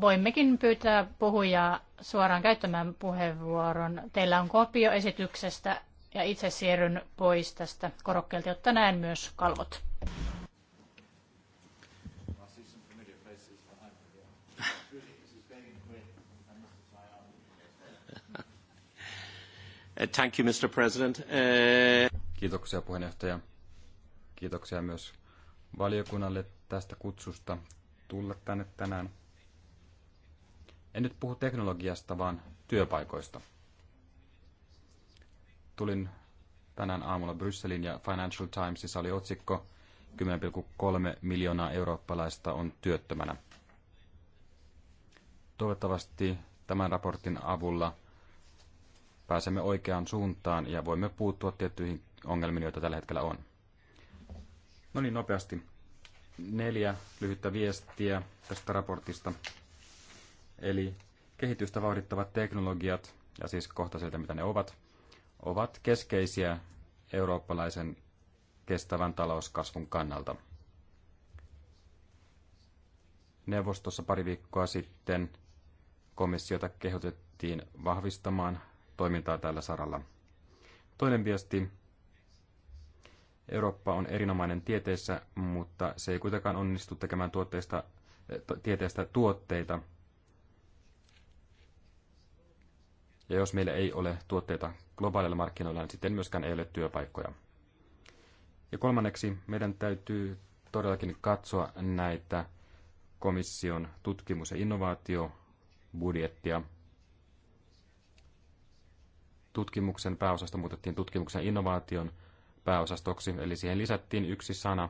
voimmekin pyytää puhujaa suoraan käyttämään puheenvuoron. Teillä on kopio esityksestä ja itse siirryn pois tästä korokkeelta, jotta näen myös kalvot. Uh, thank you, Mr. President. Uh, Kiitoksia puheenjohtaja. Kiitoksia myös valiokunnalle tästä kutsusta tulla tänne tänään. En nyt puhu teknologiasta, vaan työpaikoista. Tulin tänään aamulla Brysselin ja Financial Timesissa oli otsikko 10,3 miljoonaa eurooppalaista on työttömänä. Toivottavasti tämän raportin avulla pääsemme oikeaan suuntaan ja voimme puuttua tiettyihin ongelmiin, joita tällä hetkellä on. No niin, nopeasti. Neljä lyhyttä viestiä tästä raportista. Eli kehitystä vauhdittavat teknologiat, ja siis kohta sieltä mitä ne ovat, ovat keskeisiä eurooppalaisen kestävän talouskasvun kannalta. Neuvostossa pari viikkoa sitten komissiota kehotettiin vahvistamaan toimintaa tällä saralla. Toinen viesti. Eurooppa on erinomainen tieteessä, mutta se ei kuitenkaan onnistu tekemään tuotteista, tieteestä tuotteita. Ja jos meillä ei ole tuotteita globaaleilla markkinoilla, niin sitten myöskään ei ole työpaikkoja. Ja kolmanneksi meidän täytyy todellakin katsoa näitä komission tutkimus- ja innovaatiobudjettia. Tutkimuksen pääosasta muutettiin tutkimuksen ja innovaation pääosastoksi, eli siihen lisättiin yksi sana.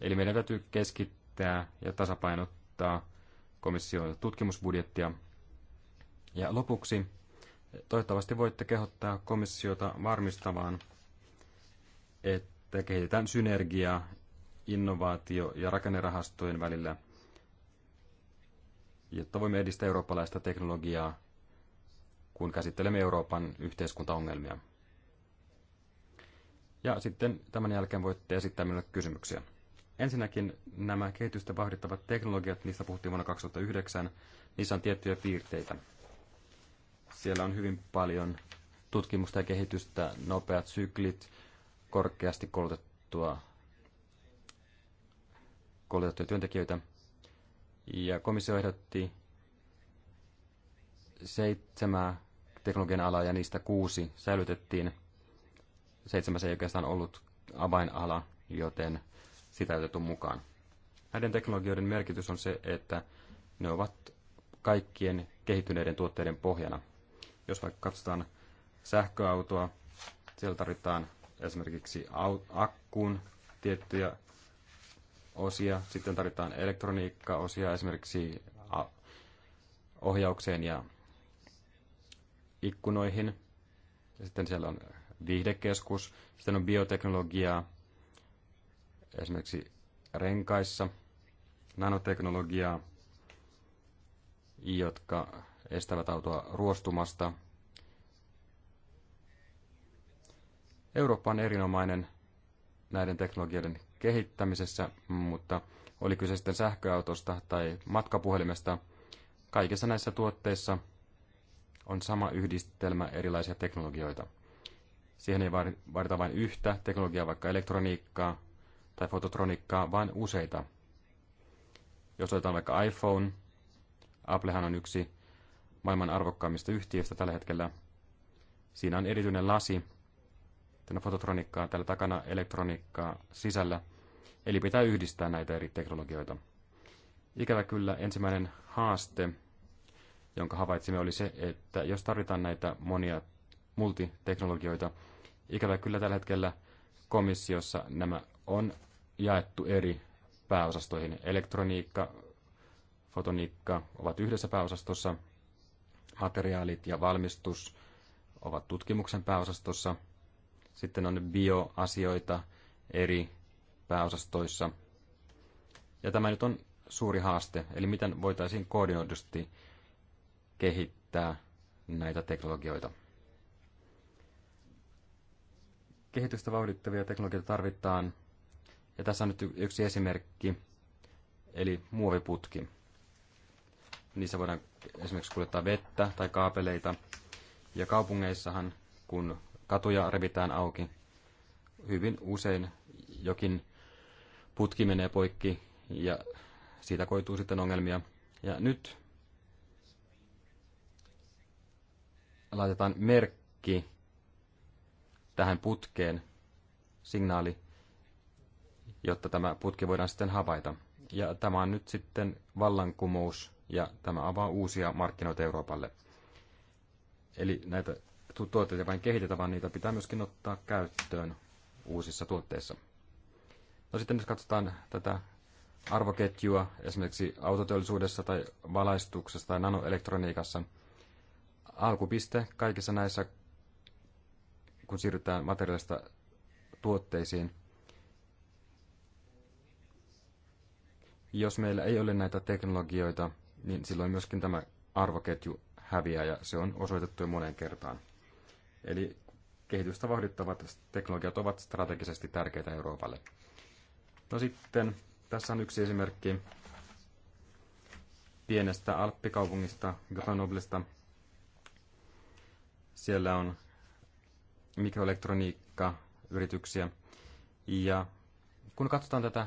Eli meidän täytyy keskittää ja tasapainottaa komission tutkimusbudjettia. Ja lopuksi Toivottavasti voitte kehottaa komissiota varmistamaan, että kehitetään synergiaa innovaatio- ja rakennerahastojen välillä, jotta voimme edistää eurooppalaista teknologiaa, kun käsittelemme Euroopan yhteiskuntaongelmia. Ja sitten tämän jälkeen voitte esittää minulle kysymyksiä. Ensinnäkin nämä kehitystä vahdittavat teknologiat, niistä puhuttiin vuonna 2009, niissä on tiettyjä piirteitä. Siellä on hyvin paljon tutkimusta ja kehitystä, nopeat syklit, korkeasti koulutettua, koulutettuja työntekijöitä. Ja komissio ehdotti seitsemää teknologian alaa ja niistä kuusi säilytettiin. Seitsemäs ei oikeastaan ollut avainala, joten sitä ei otettu mukaan. Näiden teknologioiden merkitys on se, että ne ovat kaikkien kehittyneiden tuotteiden pohjana – jos vaikka katsotaan sähköautoa, siellä tarvitaan esimerkiksi akkuun tiettyjä osia, sitten tarvitaan elektroniikkaosia esimerkiksi ohjaukseen ja ikkunoihin. Ja sitten siellä on viihdekeskus, sitten on bioteknologiaa, esimerkiksi renkaissa, nanoteknologiaa, jotka estävät autoa ruostumasta. Eurooppa on erinomainen näiden teknologioiden kehittämisessä, mutta oli kyse sitten sähköautosta tai matkapuhelimesta, kaikissa näissä tuotteissa on sama yhdistelmä erilaisia teknologioita. Siihen ei vaadita vain yhtä teknologiaa, vaikka elektroniikkaa tai fototroniikkaa, vaan useita. Jos otetaan vaikka iPhone, Applehan on yksi maailman arvokkaimmista yhtiöistä tällä hetkellä. Siinä on erityinen lasi, tänne fototroniikkaa, täällä takana elektroniikkaa sisällä. Eli pitää yhdistää näitä eri teknologioita. Ikävä kyllä ensimmäinen haaste, jonka havaitsimme, oli se, että jos tarvitaan näitä monia multiteknologioita, ikävä kyllä tällä hetkellä komissiossa nämä on jaettu eri pääosastoihin. Elektroniikka, fotoniikka ovat yhdessä pääosastossa, materiaalit ja valmistus ovat tutkimuksen pääosastossa. Sitten on bioasioita eri pääosastoissa. Ja tämä nyt on suuri haaste, eli miten voitaisiin koordinoidusti kehittää näitä teknologioita. Kehitystä vauhdittavia teknologioita tarvitaan, ja tässä on nyt yksi esimerkki, eli muoviputki niissä voidaan esimerkiksi kuljettaa vettä tai kaapeleita. Ja kaupungeissahan, kun katuja revitään auki, hyvin usein jokin putki menee poikki ja siitä koituu sitten ongelmia. Ja nyt laitetaan merkki tähän putkeen, signaali, jotta tämä putki voidaan sitten havaita. Ja tämä on nyt sitten vallankumous ja tämä avaa uusia markkinoita Euroopalle. Eli näitä tuotteita vain kehitetään, vaan niitä pitää myöskin ottaa käyttöön uusissa tuotteissa. No sitten jos katsotaan tätä arvoketjua esimerkiksi autoteollisuudessa tai valaistuksessa tai nanoelektroniikassa, alkupiste kaikissa näissä, kun siirrytään materiaalista tuotteisiin, jos meillä ei ole näitä teknologioita, niin silloin myöskin tämä arvoketju häviää ja se on osoitettu jo moneen kertaan. Eli kehitystä vauhdittavat teknologiat ovat strategisesti tärkeitä Euroopalle. No sitten, tässä on yksi esimerkki pienestä alppikaupungista, Grenoblesta. Siellä on yrityksiä. Ja kun katsotaan tätä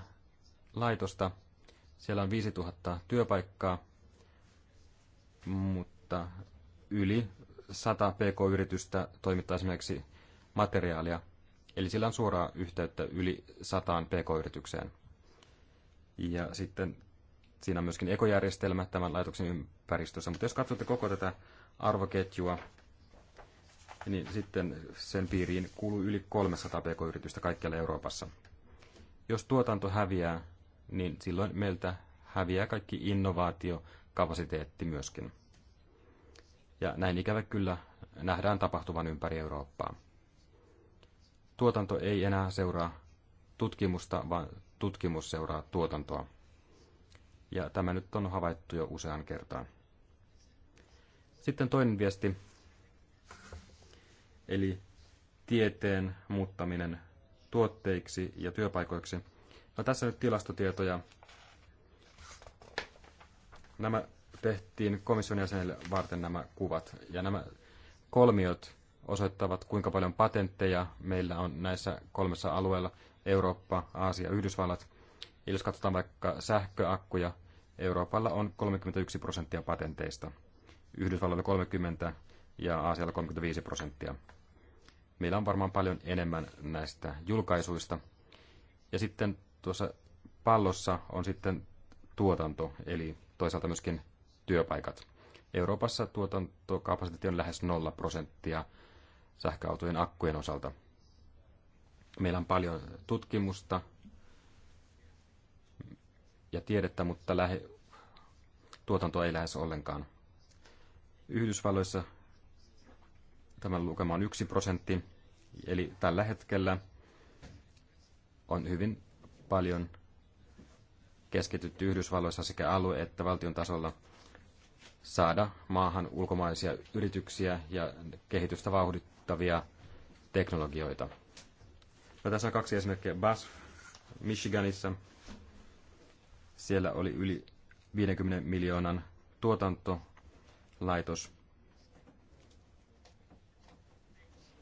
laitosta, siellä on 5000 työpaikkaa mutta yli 100 pk-yritystä toimittaa esimerkiksi materiaalia, eli sillä on suoraa yhteyttä yli 100 pk-yritykseen. Ja sitten siinä on myöskin ekojärjestelmä tämän laitoksen ympäristössä, mutta jos katsotte koko tätä arvoketjua, niin sitten sen piiriin kuuluu yli 300 pk-yritystä kaikkialla Euroopassa. Jos tuotanto häviää, niin silloin meiltä häviää kaikki innovaatiokapasiteetti myöskin ja näin ikävä kyllä nähdään tapahtuvan ympäri Eurooppaa. Tuotanto ei enää seuraa tutkimusta, vaan tutkimus seuraa tuotantoa. Ja tämä nyt on havaittu jo usean kertaan. Sitten toinen viesti, eli tieteen muuttaminen tuotteiksi ja työpaikoiksi. No tässä nyt tilastotietoja. Nämä tehtiin komission jäsenille varten nämä kuvat. Ja nämä kolmiot osoittavat, kuinka paljon patentteja meillä on näissä kolmessa alueella, Eurooppa, Aasia, Yhdysvallat. Ja jos katsotaan vaikka sähköakkuja, Euroopalla on 31 prosenttia patenteista, Yhdysvalloilla 30 ja Aasialla 35 prosenttia. Meillä on varmaan paljon enemmän näistä julkaisuista. Ja sitten tuossa pallossa on sitten tuotanto, eli toisaalta myöskin työpaikat. Euroopassa tuotantokapasiteetti on lähes 0 prosenttia sähköautojen akkujen osalta. Meillä on paljon tutkimusta ja tiedettä, mutta lähe, tuotanto ei lähes ollenkaan. Yhdysvalloissa tämän lukema on 1 prosentti, eli tällä hetkellä on hyvin paljon keskitytty Yhdysvalloissa sekä alue- että valtion tasolla – saada maahan ulkomaisia yrityksiä ja kehitystä vauhdittavia teknologioita. No, tässä on kaksi esimerkkiä. BASF Michiganissa. Siellä oli yli 50 miljoonan tuotantolaitos.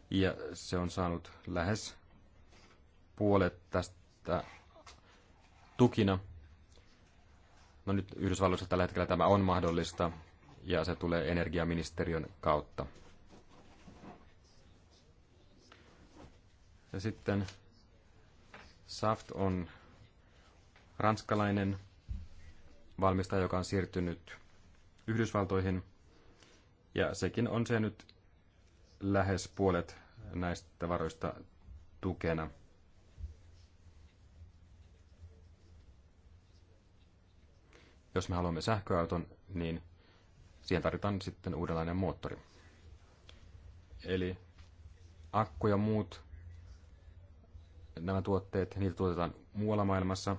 Ja se on saanut lähes puolet tästä tukina. No nyt Yhdysvalloissa tällä hetkellä tämä on mahdollista ja se tulee energiaministeriön kautta. Ja sitten Saft on ranskalainen valmistaja, joka on siirtynyt Yhdysvaltoihin. Ja sekin on se nyt lähes puolet näistä varoista tukena. Jos me haluamme sähköauton, niin Siihen tarvitaan sitten uudenlainen moottori. Eli akku ja muut nämä tuotteet, niitä tuotetaan muualla maailmassa.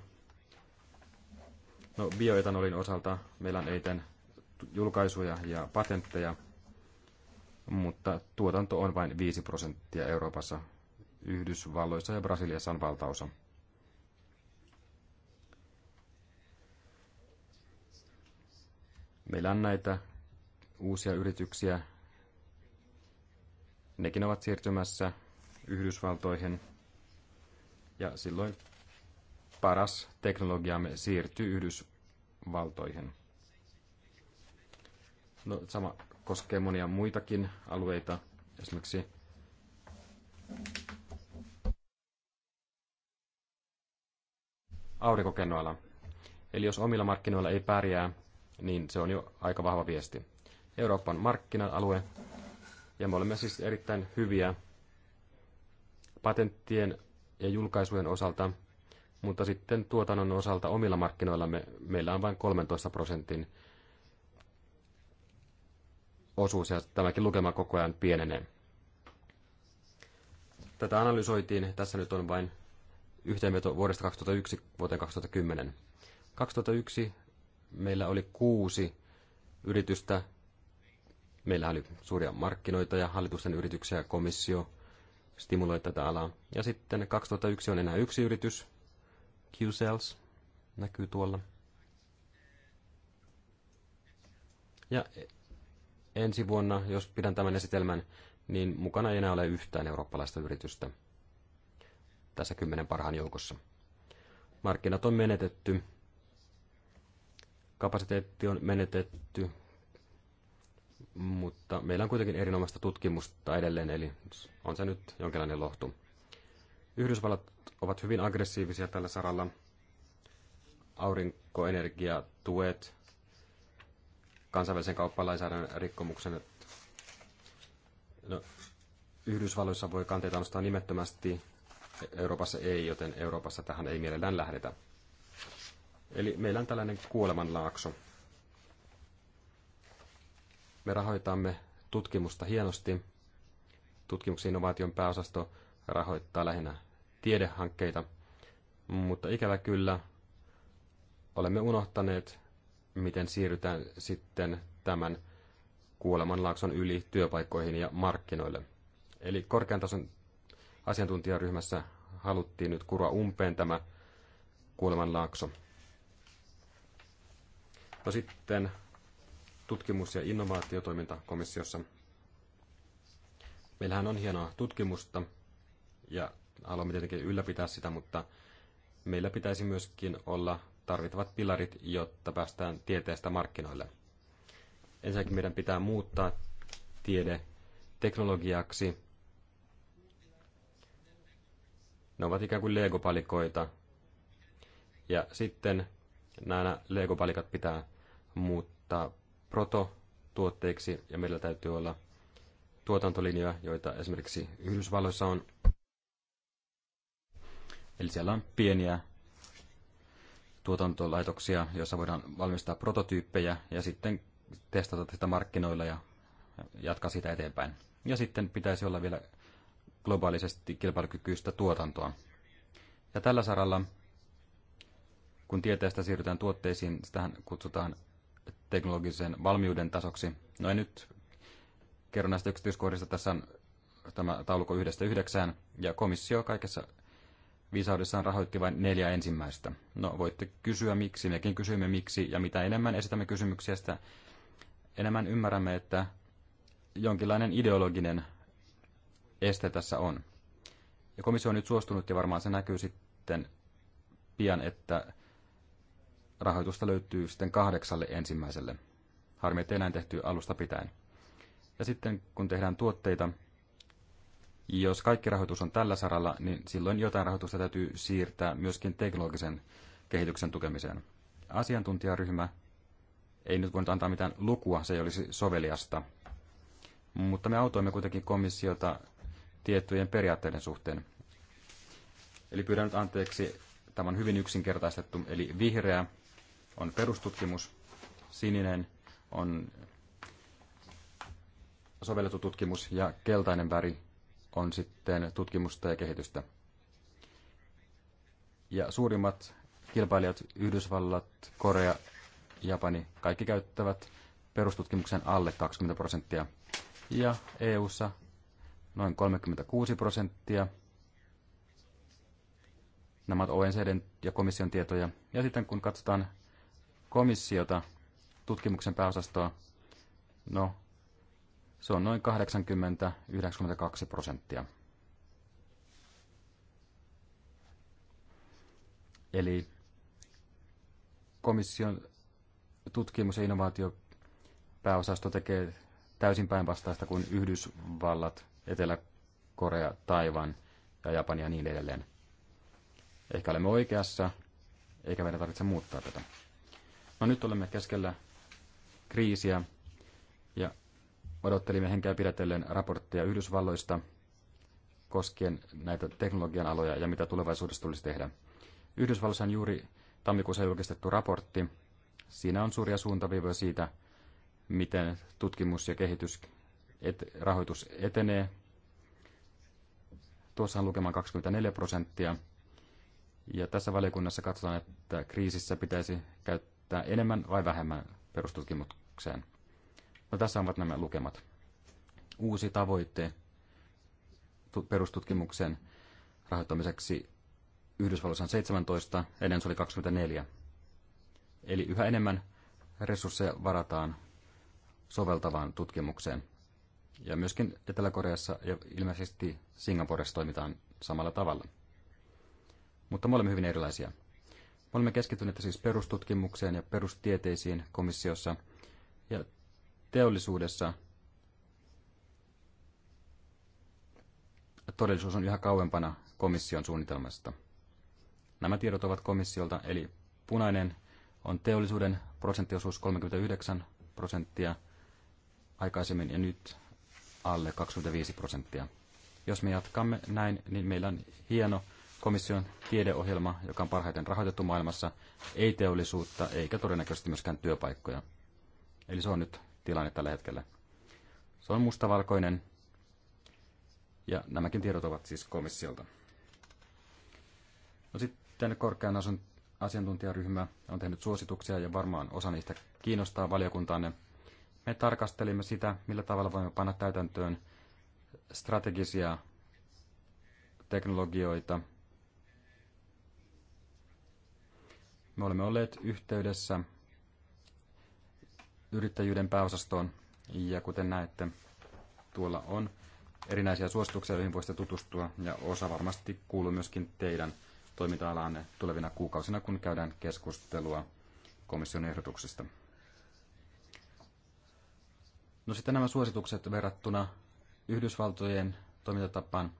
No, bioetanolin osalta meillä on eiten julkaisuja ja patentteja, mutta tuotanto on vain 5 prosenttia Euroopassa. Yhdysvalloissa ja Brasiliassa on valtaosa. Meillä on näitä uusia yrityksiä. Nekin ovat siirtymässä Yhdysvaltoihin ja silloin paras teknologiamme siirtyy Yhdysvaltoihin. No, sama koskee monia muitakin alueita, esimerkiksi aurinkokennoala. Eli jos omilla markkinoilla ei pärjää, niin se on jo aika vahva viesti. Euroopan markkina-alue, ja me olemme siis erittäin hyviä patenttien ja julkaisujen osalta, mutta sitten tuotannon osalta omilla markkinoillamme meillä on vain 13 prosentin osuus, ja tämäkin lukema koko ajan pienenee. Tätä analysoitiin, tässä nyt on vain yhteenveto vuodesta 2001 vuoteen 2010. 2001 meillä oli kuusi yritystä, Meillä oli suuria markkinoita ja hallitusten yrityksiä ja komissio stimuloi tätä alaa. Ja sitten 2001 on enää yksi yritys, Q-Sales, näkyy tuolla. Ja ensi vuonna, jos pidän tämän esitelmän, niin mukana ei enää ole yhtään eurooppalaista yritystä tässä kymmenen parhaan joukossa. Markkinat on menetetty, kapasiteetti on menetetty, mutta meillä on kuitenkin erinomaista tutkimusta edelleen, eli on se nyt jonkinlainen lohtu. Yhdysvallat ovat hyvin aggressiivisia tällä saralla. Aurinkoenergia, tuet, kansainvälisen kauppalainsäädännön rikkomuksen. No, Yhdysvalloissa voi kanteita nostaa nimettömästi, Euroopassa ei, joten Euroopassa tähän ei mielellään lähdetä. Eli meillä on tällainen kuolemanlaakso. Me rahoitamme tutkimusta hienosti. Tutkimuksen innovaation pääosasto rahoittaa lähinnä tiedehankkeita, mutta ikävä kyllä olemme unohtaneet, miten siirrytään sitten tämän kuolemanlaakson yli työpaikkoihin ja markkinoille. Eli korkean tason asiantuntijaryhmässä haluttiin nyt kuroa umpeen tämä kuolemanlaakso. No sitten tutkimus- ja innovaatiotoiminta komissiossa. Meillähän on hienoa tutkimusta ja haluamme tietenkin ylläpitää sitä, mutta meillä pitäisi myöskin olla tarvittavat pilarit, jotta päästään tieteestä markkinoille. Ensinnäkin meidän pitää muuttaa tiede teknologiaksi. Ne ovat ikään kuin legopalikoita. Ja sitten nämä legopalikat pitää muuttaa prototuotteiksi ja meillä täytyy olla tuotantolinjoja, joita esimerkiksi Yhdysvalloissa on. Eli siellä on pieniä tuotantolaitoksia, joissa voidaan valmistaa prototyyppejä ja sitten testata sitä markkinoilla ja jatkaa sitä eteenpäin. Ja sitten pitäisi olla vielä globaalisesti kilpailukykyistä tuotantoa. Ja tällä saralla, kun tieteestä siirrytään tuotteisiin, sitä kutsutaan teknologisen valmiuden tasoksi. No en nyt kerro näistä yksityiskohdista. Tässä on tämä taulukko yhdestä yhdeksään, ja komissio kaikessa viisaudessaan rahoitti vain neljä ensimmäistä. No voitte kysyä miksi, mekin kysymme miksi, ja mitä enemmän esitämme kysymyksiä, sitä enemmän ymmärrämme, että jonkinlainen ideologinen este tässä on. Ja komissio on nyt suostunut, ja varmaan se näkyy sitten pian, että rahoitusta löytyy sitten kahdeksalle ensimmäiselle. Harmi, ettei näin tehty alusta pitäen. Ja sitten kun tehdään tuotteita, jos kaikki rahoitus on tällä saralla, niin silloin jotain rahoitusta täytyy siirtää myöskin teknologisen kehityksen tukemiseen. Asiantuntijaryhmä ei nyt voinut antaa mitään lukua, se ei olisi soveliasta. Mutta me autoimme kuitenkin komissiota tiettyjen periaatteiden suhteen. Eli pyydän nyt anteeksi, tämä on hyvin yksinkertaistettu, eli vihreä on perustutkimus, sininen on sovellettu tutkimus ja keltainen väri on sitten tutkimusta ja kehitystä. Ja suurimmat kilpailijat, Yhdysvallat, Korea, Japani, kaikki käyttävät perustutkimuksen alle 20 prosenttia. Ja EU:ssa noin 36 prosenttia. Nämä ovat OECDn ja komission tietoja. Ja sitten kun katsotaan komissiota, tutkimuksen pääosastoa, no se on noin 80-92 prosenttia. Eli komission tutkimus- ja innovaatiopääosasto tekee täysin päinvastaista kuin Yhdysvallat, Etelä-Korea, Taivan ja Japani ja niin edelleen. Ehkä olemme oikeassa, eikä meidän tarvitse muuttaa tätä. No nyt olemme keskellä kriisiä ja odottelimme henkeä pidätellen raporttia Yhdysvalloista koskien näitä teknologian aloja ja mitä tulevaisuudessa tulisi tehdä. Yhdysvalloissa on juuri tammikuussa julkistettu raportti. Siinä on suuria suuntaviivoja siitä, miten tutkimus ja kehitys et, rahoitus etenee. Tuossa on lukemaan 24 prosenttia. Ja tässä valiokunnassa katsotaan, että kriisissä pitäisi käyttää käyttää enemmän vai vähemmän perustutkimukseen. No tässä ovat nämä lukemat. Uusi tavoite perustutkimuksen rahoittamiseksi Yhdysvalloissa on 17, ennen se oli 24. Eli yhä enemmän resursseja varataan soveltavaan tutkimukseen. Ja myöskin Etelä-Koreassa ja ilmeisesti Singaporessa toimitaan samalla tavalla. Mutta me olemme hyvin erilaisia. Olemme keskittyneet siis perustutkimukseen ja perustieteisiin komissiossa ja teollisuudessa todellisuus on yhä kauempana komission suunnitelmasta. Nämä tiedot ovat komissiolta, eli punainen on teollisuuden prosenttiosuus 39 prosenttia aikaisemmin ja nyt alle 25 prosenttia. Jos me jatkamme näin, niin meillä on hieno komission tiedeohjelma, joka on parhaiten rahoitettu maailmassa, ei teollisuutta eikä todennäköisesti myöskään työpaikkoja. Eli se on nyt tilanne tällä hetkellä. Se on mustavalkoinen ja nämäkin tiedot ovat siis komissiolta. No sitten korkean asiantuntijaryhmä on tehnyt suosituksia ja varmaan osa niistä kiinnostaa valiokuntaanne. Me tarkastelimme sitä, millä tavalla voimme panna täytäntöön strategisia teknologioita Me olemme olleet yhteydessä yrittäjyyden pääosastoon ja kuten näette, tuolla on erinäisiä suosituksia, joihin voisitte tutustua ja osa varmasti kuuluu myöskin teidän toiminta-alaanne tulevina kuukausina, kun käydään keskustelua komission ehdotuksista. No sitten nämä suositukset verrattuna Yhdysvaltojen toimintatapaan.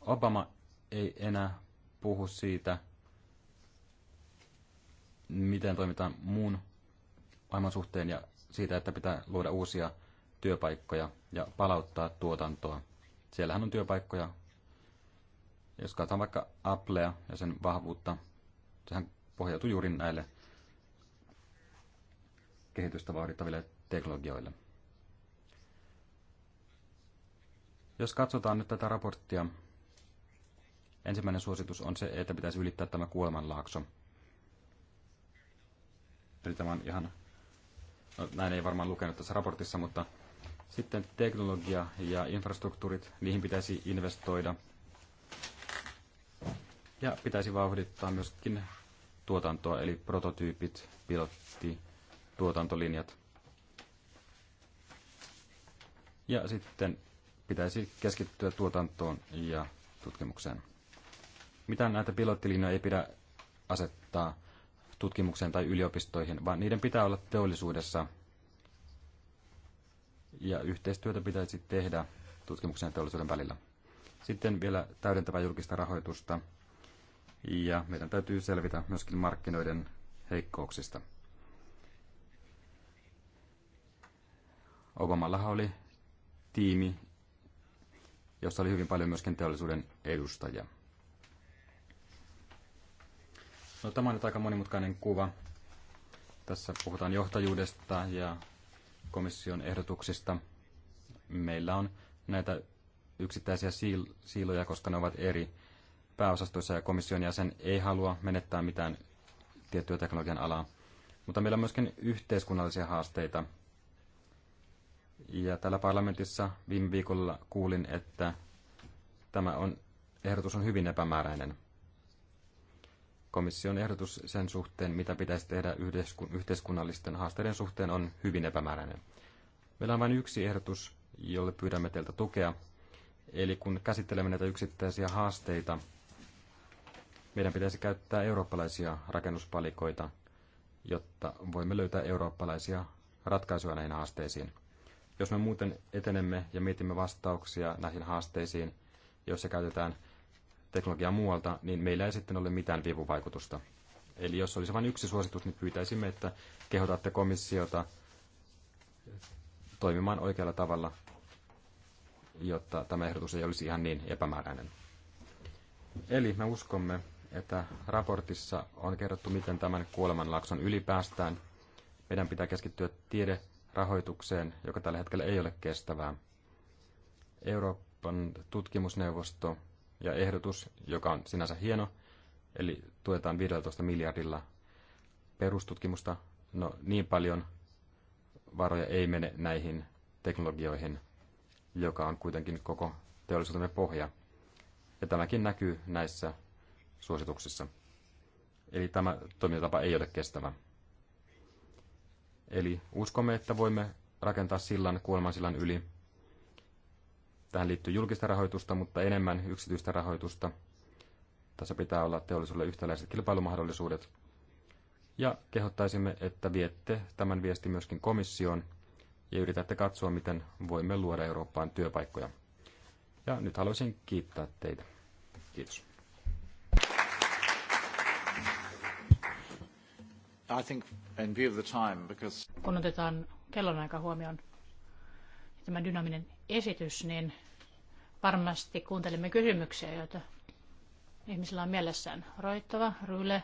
Obama ei enää puhu siitä, miten toimitaan muun maailman suhteen ja siitä, että pitää luoda uusia työpaikkoja ja palauttaa tuotantoa. Siellähän on työpaikkoja. Jos katsotaan vaikka Applea ja sen vahvuutta, sehän pohjautuu juuri näille kehitystä vauhdittaville teknologioille. Jos katsotaan nyt tätä raporttia, ensimmäinen suositus on se, että pitäisi ylittää tämä kuolemanlaakso – Eli tämä on ihan, no, näin ei varmaan lukenut tässä raportissa, mutta sitten teknologia ja infrastruktuurit, niihin pitäisi investoida. Ja pitäisi vauhdittaa myöskin tuotantoa, eli prototyypit, pilotti, tuotantolinjat. Ja sitten pitäisi keskittyä tuotantoon ja tutkimukseen. Mitä näitä pilottilinjoja ei pidä asettaa tutkimukseen tai yliopistoihin, vaan niiden pitää olla teollisuudessa. Ja yhteistyötä pitäisi tehdä tutkimuksen ja teollisuuden välillä. Sitten vielä täydentävää julkista rahoitusta. Ja meidän täytyy selvitä myöskin markkinoiden heikkouksista. Obamallahan oli tiimi, jossa oli hyvin paljon myöskin teollisuuden edustajia. No, tämä on nyt aika monimutkainen kuva. Tässä puhutaan johtajuudesta ja komission ehdotuksista. Meillä on näitä yksittäisiä siiloja, koska ne ovat eri pääosastoissa ja komission jäsen ei halua menettää mitään tiettyä teknologian alaa. Mutta meillä on myöskin yhteiskunnallisia haasteita. Ja täällä parlamentissa viime viikolla kuulin, että tämä on, ehdotus on hyvin epämääräinen komission ehdotus sen suhteen, mitä pitäisi tehdä yhteiskunnallisten haasteiden suhteen, on hyvin epämääräinen. Meillä on vain yksi ehdotus, jolle pyydämme teiltä tukea. Eli kun käsittelemme näitä yksittäisiä haasteita, meidän pitäisi käyttää eurooppalaisia rakennuspalikoita, jotta voimme löytää eurooppalaisia ratkaisuja näihin haasteisiin. Jos me muuten etenemme ja mietimme vastauksia näihin haasteisiin, joissa käytetään – teknologiaa muualta, niin meillä ei sitten ole mitään vivuvaikutusta. Eli jos olisi vain yksi suositus, niin pyytäisimme, että kehotatte komissiota toimimaan oikealla tavalla, jotta tämä ehdotus ei olisi ihan niin epämääräinen. Eli me uskomme, että raportissa on kerrottu, miten tämän kuolemanlakson ylipäästään. Meidän pitää keskittyä tiederahoitukseen, joka tällä hetkellä ei ole kestävää. Euroopan tutkimusneuvosto ja ehdotus, joka on sinänsä hieno, eli tuetaan 15 miljardilla perustutkimusta. No niin paljon varoja ei mene näihin teknologioihin, joka on kuitenkin koko teollisuutemme pohja. Ja tämäkin näkyy näissä suosituksissa. Eli tämä toimintatapa ei ole kestävä. Eli uskomme, että voimme rakentaa sillan kuolemansillan yli Tähän liittyy julkista rahoitusta, mutta enemmän yksityistä rahoitusta. Tässä pitää olla teollisuudelle yhtäläiset kilpailumahdollisuudet. Ja kehottaisimme, että viette tämän viesti myöskin komissioon ja yritätte katsoa, miten voimme luoda Eurooppaan työpaikkoja. Ja nyt haluaisin kiittää teitä. Kiitos. I think in view of the time, because... Kun otetaan kellonaika huomioon, tämä dynaaminen esitys, niin varmasti kuuntelemme kysymyksiä, joita ihmisillä on mielessään. Roittava, Ryle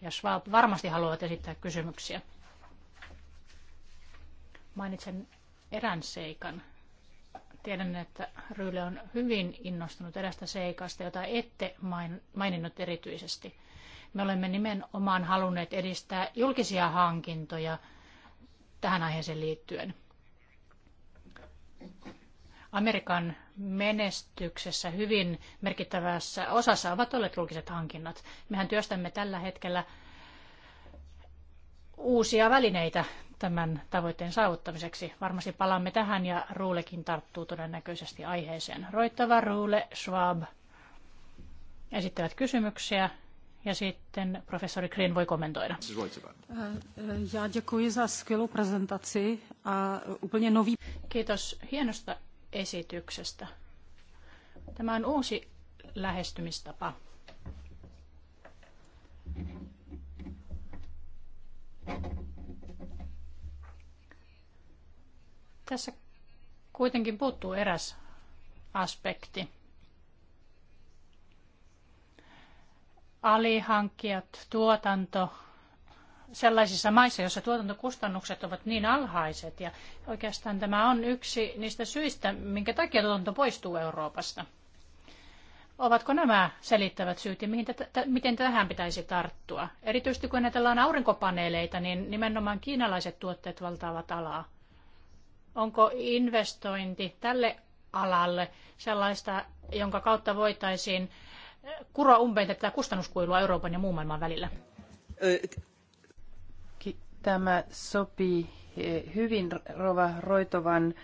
ja Schwab varmasti haluavat esittää kysymyksiä. Mainitsen erään seikan. Tiedän, että Ryle on hyvin innostunut erästä seikasta, jota ette maininnut erityisesti. Me olemme nimenomaan halunneet edistää julkisia hankintoja tähän aiheeseen liittyen. Amerikan menestyksessä hyvin merkittävässä osassa ovat olleet julkiset hankinnat. Mehän työstämme tällä hetkellä uusia välineitä tämän tavoitteen saavuttamiseksi. Varmasti palaamme tähän ja Ruulekin tarttuu todennäköisesti aiheeseen. Roittava Ruule, Schwab esittävät kysymyksiä ja sitten professori Green voi kommentoida. Eh, eh, ja děkuji za skvělou prezentaci a eh, Kiitos hienosta esityksestä. Tämä on uusi lähestymistapa. Tässä kuitenkin puuttuu eräs aspekti. Alihankkijat, tuotanto, sellaisissa maissa, joissa tuotantokustannukset ovat niin alhaiset. Ja oikeastaan tämä on yksi niistä syistä, minkä takia tuotanto poistuu Euroopasta. Ovatko nämä selittävät syyt ja mihin t- miten tähän pitäisi tarttua? Erityisesti kun ajatellaan aurinkopaneeleita, niin nimenomaan kiinalaiset tuotteet valtaavat alaa. Onko investointi tälle alalle sellaista, jonka kautta voitaisiin kuroa umpeen tätä kustannuskuilua Euroopan ja muun maailman välillä? Tämä sopii eh, hyvin Rova Roitovan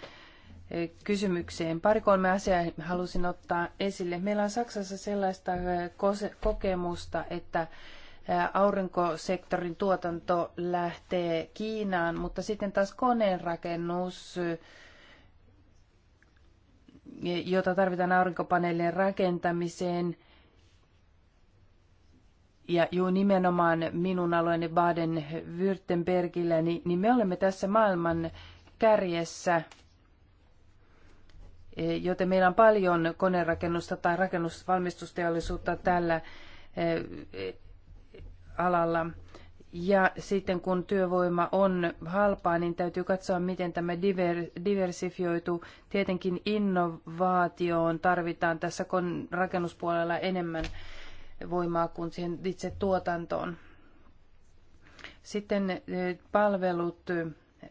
eh, kysymykseen. Pari kolme asiaa halusin ottaa esille. Meillä on Saksassa sellaista eh, kokemusta, että aurinkosektorin tuotanto lähtee Kiinaan, mutta sitten taas koneenrakennus, jota tarvitaan aurinkopaneelien rakentamiseen – ja jo nimenomaan minun alueeni Baden-Württembergillä, niin, niin me olemme tässä maailman kärjessä, e, joten meillä on paljon konerakennusta tai rakennusvalmistusteollisuutta tällä e, e, alalla. Ja sitten kun työvoima on halpaa, niin täytyy katsoa, miten tämä diversifioitu. Tietenkin innovaatioon tarvitaan tässä rakennuspuolella enemmän voimaa kuin siihen itse tuotantoon. Sitten eh, palvelut, eh,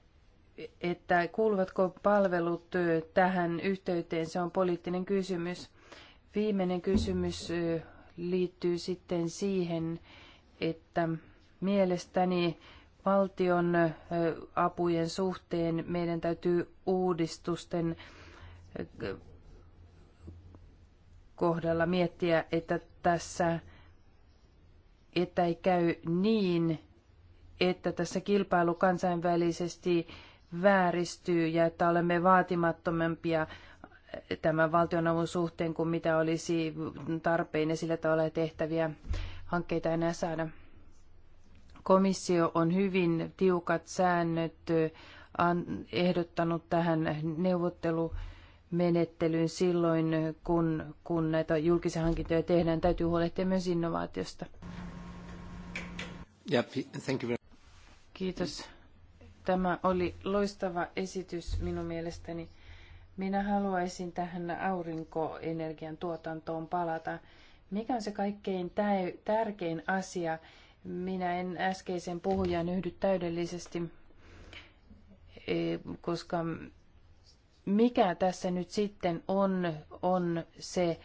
että kuuluvatko palvelut eh, tähän yhteyteen, se on poliittinen kysymys. Viimeinen kysymys liittyy sitten siihen, että mielestäni valtion apujen suhteen meidän täytyy uudistusten kohdalla miettiä, että tässä että ei käy niin, että tässä kilpailu kansainvälisesti vääristyy ja että olemme vaatimattomampia tämän valtionavun suhteen kuin mitä olisi tarpeen ja sillä tavalla tehtäviä hankkeita enää saada. Komissio on hyvin tiukat säännöt ehdottanut tähän neuvottelu- menettelyyn silloin, kun, kun näitä julkisia hankintoja tehdään. Täytyy huolehtia myös innovaatiosta. thank you very Kiitos. Tämä oli loistava esitys minun mielestäni. Minä haluaisin tähän aurinkoenergian tuotantoon palata. Mikä on se kaikkein tärkein asia? Minä en äskeisen puhujan yhdy täydellisesti, e, koska mikä tässä nyt sitten on, on se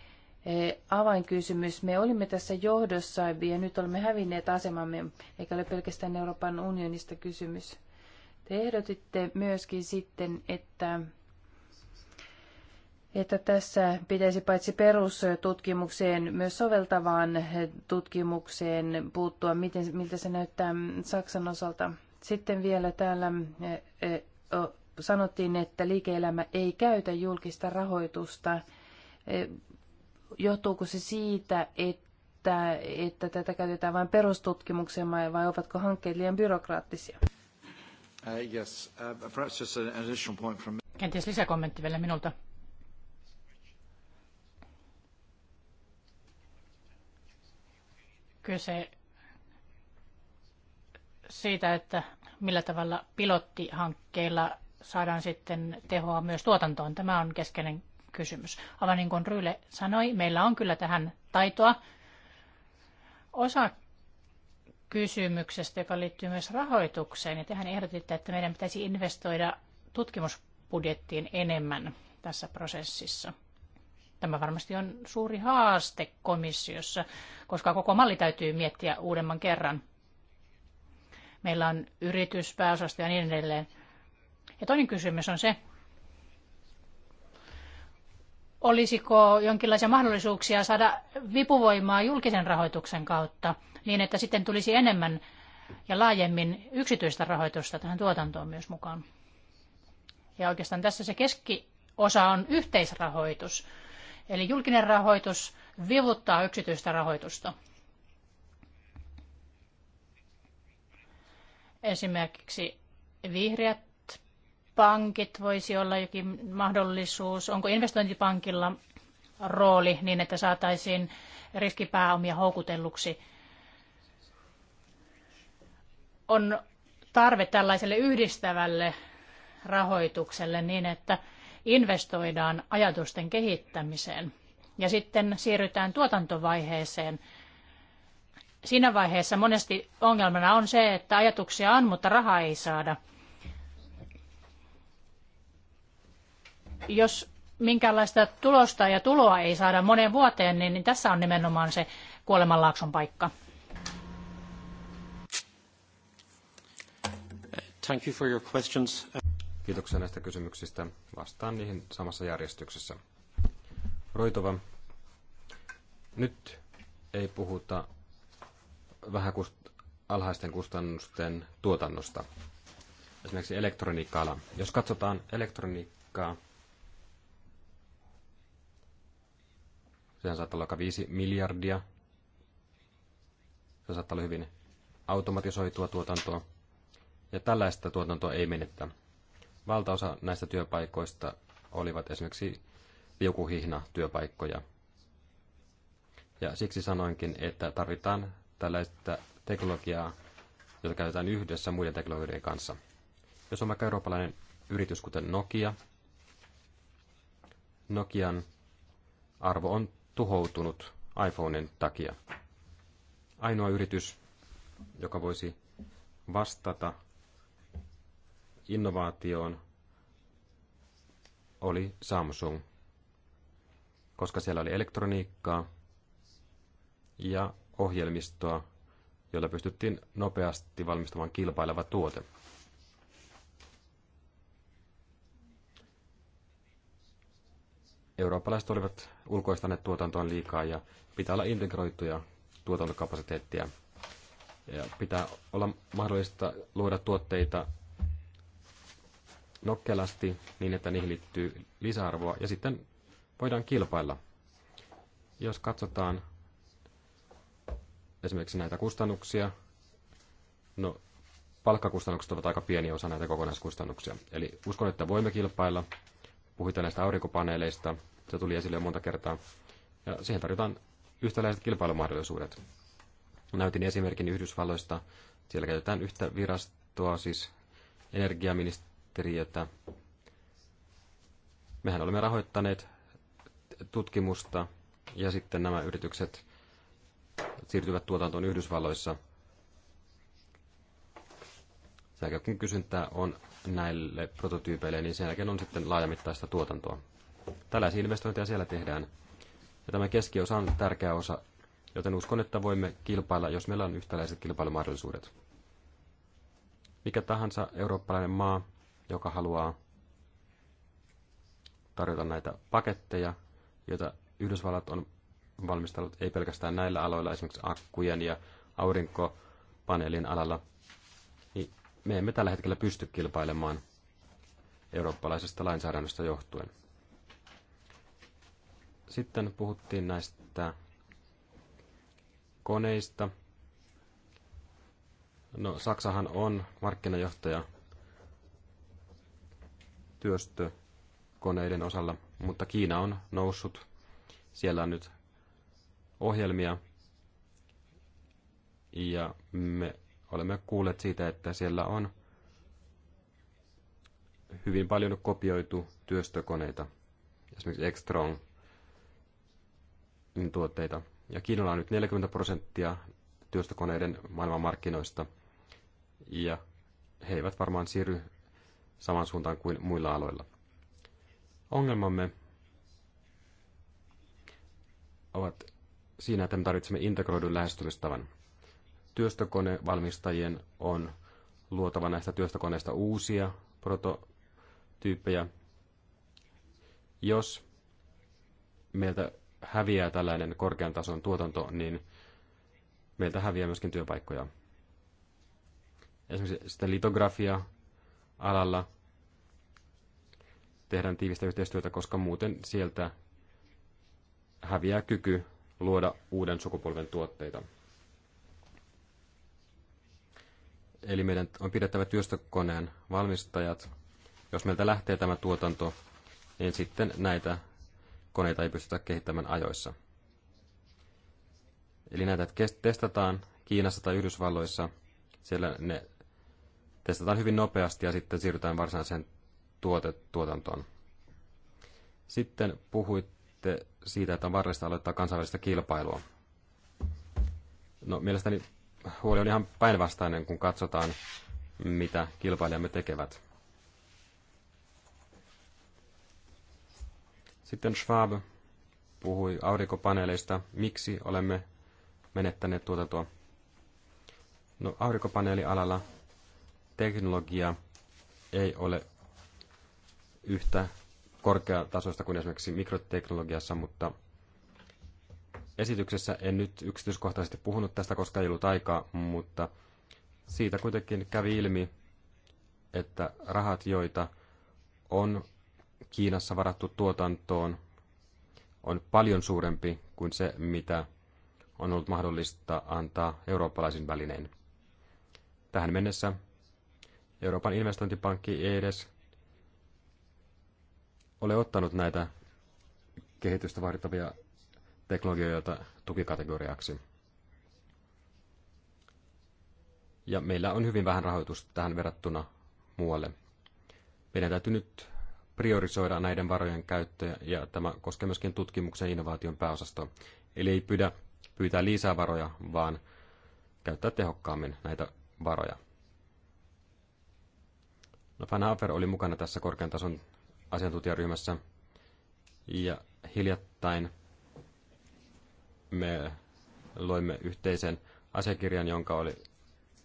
eh, avainkysymys. Me olimme tässä johdossa ja nyt olemme hävinneet asemamme, eikä ole pelkästään Euroopan unionista kysymys. Te ehdotitte myöskin sitten, että, että tässä pitäisi paitsi perustutkimukseen myös soveltavaan tutkimukseen puuttua, miten, miltä se näyttää Saksan osalta. Sitten vielä täällä eh, eh, sanottiin, että liike-elämä ei käytä julkista rahoitusta. E, johtuuko se siitä, että, että tätä käytetään vain perustutkimukseen vai ovatko hankkeet liian byrokraattisia? Uh, uh, Kenties lisäkommentti vielä minulta. Kyse siitä, että millä tavalla pilottihankkeilla saadaan sitten tehoa myös tuotantoon. Tämä on keskeinen kysymys. Aivan niin kuin Ryle sanoi, meillä on kyllä tähän taitoa. Osa kysymyksestä, joka liittyy myös rahoitukseen, ja tehän ehdotitte, että meidän pitäisi investoida tutkimusbudjettiin enemmän tässä prosessissa. Tämä varmasti on suuri haaste komissiossa, koska koko malli täytyy miettiä uudemman kerran. Meillä on yrityspääosasto ja niin edelleen – ja toinen kysymys on se, olisiko jonkinlaisia mahdollisuuksia saada vipuvoimaa julkisen rahoituksen kautta niin, että sitten tulisi enemmän ja laajemmin yksityistä rahoitusta tähän tuotantoon myös mukaan. Ja oikeastaan tässä se keskiosa on yhteisrahoitus. Eli julkinen rahoitus vivuttaa yksityistä rahoitusta. Esimerkiksi vihreät pankit voisi olla jokin mahdollisuus? Onko investointipankilla rooli niin, että saataisiin riskipääomia houkutelluksi? On tarve tällaiselle yhdistävälle rahoitukselle niin, että investoidaan ajatusten kehittämiseen ja sitten siirrytään tuotantovaiheeseen. Siinä vaiheessa monesti ongelmana on se, että ajatuksia on, mutta rahaa ei saada – jos minkäänlaista tulosta ja tuloa ei saada monen vuoteen, niin, niin tässä on nimenomaan se kuolemanlaakson paikka. Thank you for your questions. Kiitoksia näistä kysymyksistä. Vastaan niihin samassa järjestyksessä. Roitova, nyt ei puhuta vähäkust- alhaisten kustannusten tuotannosta. Esimerkiksi elektroniikka-ala. Jos katsotaan elektroniikkaa, Sehän saattaa olla 5 miljardia. Se saattaa olla hyvin automatisoitua tuotantoa. Ja tällaista tuotantoa ei menettä. Valtaosa näistä työpaikoista olivat esimerkiksi liukuhihna työpaikkoja. Ja siksi sanoinkin, että tarvitaan tällaista teknologiaa, jota käytetään yhdessä muiden teknologioiden kanssa. Jos on vaikka eurooppalainen yritys, kuten Nokia, Nokian arvo on tuhoutunut iPhoneen takia. Ainoa yritys, joka voisi vastata innovaatioon, oli Samsung, koska siellä oli elektroniikkaa ja ohjelmistoa, jolla pystyttiin nopeasti valmistamaan kilpaileva tuote. eurooppalaiset olivat ulkoistaneet tuotantoa liikaa ja pitää olla integroituja tuotantokapasiteettia. Ja pitää olla mahdollista luoda tuotteita nokkelasti niin, että niihin liittyy lisäarvoa ja sitten voidaan kilpailla. Jos katsotaan esimerkiksi näitä kustannuksia, no palkkakustannukset ovat aika pieni osa näitä kokonaiskustannuksia. Eli uskon, että voimme kilpailla puhuitte näistä aurinkopaneeleista, se tuli esille jo monta kertaa. Ja siihen tarjotaan yhtäläiset kilpailumahdollisuudet. Näytin esimerkin Yhdysvalloista. Siellä käytetään yhtä virastoa, siis energiaministeriötä. Mehän olemme rahoittaneet tutkimusta ja sitten nämä yritykset siirtyvät tuotantoon Yhdysvalloissa – sen kun kysyntää on näille prototyypeille, niin sen jälkeen on sitten laajamittaista tuotantoa. Tällaisia siis investointeja siellä tehdään. Ja tämä keskiosa on tärkeä osa, joten uskon, että voimme kilpailla, jos meillä on yhtäläiset kilpailumahdollisuudet. Mikä tahansa eurooppalainen maa, joka haluaa tarjota näitä paketteja, joita Yhdysvallat on valmistellut ei pelkästään näillä aloilla, esimerkiksi akkujen ja aurinkopaneelin alalla, me emme tällä hetkellä pysty kilpailemaan eurooppalaisesta lainsäädännöstä johtuen. Sitten puhuttiin näistä koneista. No, Saksahan on markkinajohtaja työstökoneiden osalla, mutta Kiina on noussut. Siellä on nyt ohjelmia ja me olemme kuulleet siitä, että siellä on hyvin paljon kopioitu työstökoneita, esimerkiksi Extron tuotteita. Ja Kiinalla on nyt 40 prosenttia työstökoneiden maailmanmarkkinoista, ja he eivät varmaan siirry saman suuntaan kuin muilla aloilla. Ongelmamme ovat siinä, että me tarvitsemme integroidun lähestymistavan työstökonevalmistajien on luotava näistä työstökoneista uusia prototyyppejä. Jos meiltä häviää tällainen korkean tason tuotanto, niin meiltä häviää myöskin työpaikkoja. Esimerkiksi sitten litografia-alalla tehdään tiivistä yhteistyötä, koska muuten sieltä häviää kyky luoda uuden sukupolven tuotteita. Eli meidän on pidettävä työstökoneen valmistajat. Jos meiltä lähtee tämä tuotanto, niin sitten näitä koneita ei pystytä kehittämään ajoissa. Eli näitä testataan Kiinassa tai Yhdysvalloissa. Siellä ne testataan hyvin nopeasti ja sitten siirrytään varsinaiseen tuotetuotantoon. Sitten puhuitte siitä, että on varresta aloittaa kansainvälistä kilpailua. No mielestäni huoli on ihan päinvastainen, kun katsotaan, mitä kilpailijamme tekevät. Sitten Schwab puhui aurinkopaneeleista, miksi olemme menettäneet tuotantoa. No, aurinkopaneelialalla teknologia ei ole yhtä korkeatasoista kuin esimerkiksi mikroteknologiassa, mutta esityksessä en nyt yksityiskohtaisesti puhunut tästä, koska ei ollut aikaa, mutta siitä kuitenkin kävi ilmi, että rahat, joita on Kiinassa varattu tuotantoon, on paljon suurempi kuin se, mitä on ollut mahdollista antaa eurooppalaisin välinein. Tähän mennessä Euroopan investointipankki ei edes ole ottanut näitä kehitystä vaadittavia teknologioita tukikategoriaksi. Ja meillä on hyvin vähän rahoitusta tähän verrattuna muualle. Meidän täytyy nyt priorisoida näiden varojen käyttöä, ja tämä koskee myöskin tutkimuksen ja innovaation pääosastoa. Eli ei pyydä pyytää lisää varoja, vaan käyttää tehokkaammin näitä varoja. No, Van Hafer oli mukana tässä korkean tason asiantuntijaryhmässä, ja hiljattain – me loimme yhteisen asiakirjan, jonka oli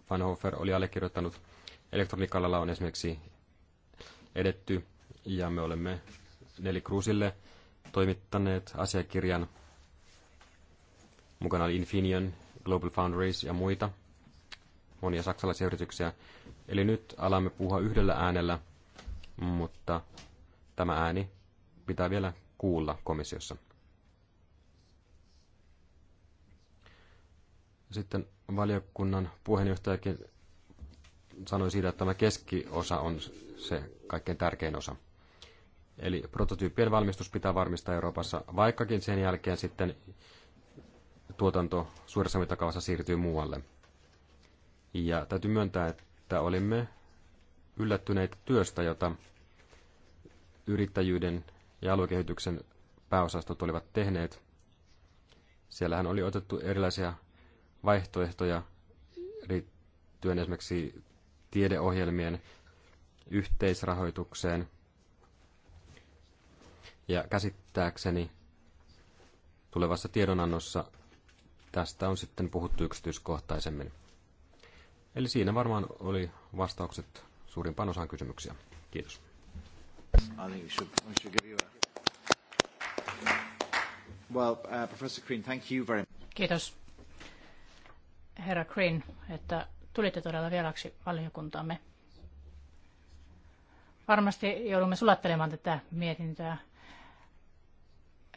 Vanhofer oli allekirjoittanut. Elektroniikkalalla on esimerkiksi edetty ja me olemme Neli Cruzille toimittaneet asiakirjan. Mukana oli Infineon, Global Foundries ja muita, monia saksalaisia yrityksiä. Eli nyt alamme puhua yhdellä äänellä, mutta tämä ääni pitää vielä kuulla komissiossa. Sitten valiokunnan puheenjohtajakin sanoi siitä, että tämä keskiosa on se kaikkein tärkein osa. Eli prototyyppien valmistus pitää varmistaa Euroopassa, vaikkakin sen jälkeen sitten tuotanto suuressa mittakaavassa siirtyy muualle. Ja täytyy myöntää, että olimme yllättyneitä työstä, jota yrittäjyyden ja aluekehityksen pääosastot olivat tehneet. Siellähän oli otettu erilaisia vaihtoehtoja liittyen esimerkiksi tiedeohjelmien yhteisrahoitukseen. Ja käsittääkseni tulevassa tiedonannossa tästä on sitten puhuttu yksityiskohtaisemmin. Eli siinä varmaan oli vastaukset suurimpaan osaan kysymyksiä. Kiitos. Uh, Kiitos herra Green, että tulitte todella vieraksi valiokuntaamme. Varmasti joudumme sulattelemaan tätä mietintöä.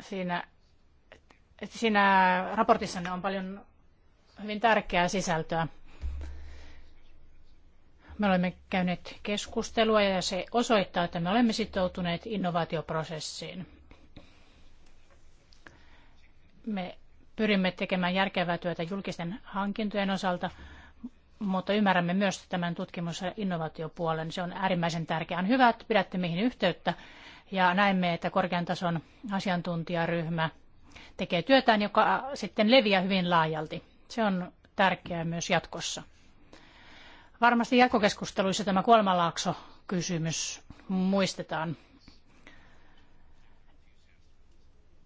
Siinä, siinä raportissanne on paljon hyvin tärkeää sisältöä. Me olemme käyneet keskustelua ja se osoittaa, että me olemme sitoutuneet innovaatioprosessiin. Me Pyrimme tekemään järkevää työtä julkisten hankintojen osalta, mutta ymmärrämme myös tämän tutkimus- ja innovaatiopuolen. Se on äärimmäisen tärkeää. On hyvä, että pidätte meihin yhteyttä ja näemme, että korkean tason asiantuntijaryhmä tekee työtään, joka sitten leviää hyvin laajalti. Se on tärkeää myös jatkossa. Varmasti jatkokeskusteluissa tämä kolmalaakso kysymys muistetaan.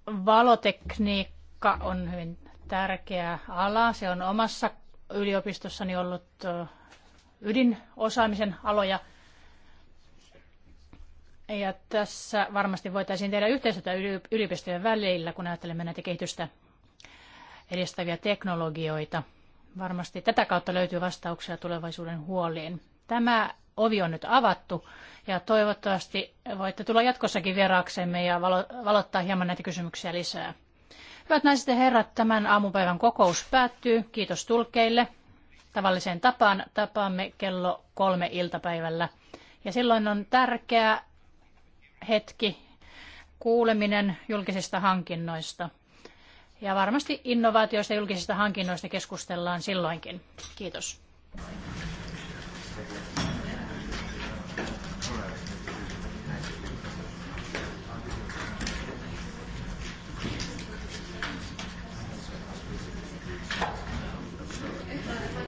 Valotekniikka Tekniikka on hyvin tärkeä ala. Se on omassa yliopistossani ollut ydinosaamisen aloja. Ja tässä varmasti voitaisiin tehdä yhteistyötä yliopistojen välillä, kun ajattelemme näitä kehitystä edistäviä teknologioita. Varmasti tätä kautta löytyy vastauksia tulevaisuuden huoliin. Tämä ovi on nyt avattu ja toivottavasti voitte tulla jatkossakin vieraaksemme ja valottaa hieman näitä kysymyksiä lisää. Hyvät naiset ja herrat, tämän aamupäivän kokous päättyy. Kiitos tulkeille. Tavalliseen tapaan tapaamme kello kolme iltapäivällä. Ja silloin on tärkeä hetki kuuleminen julkisista hankinnoista. Ja varmasti innovaatioista ja julkisista hankinnoista keskustellaan silloinkin. Kiitos.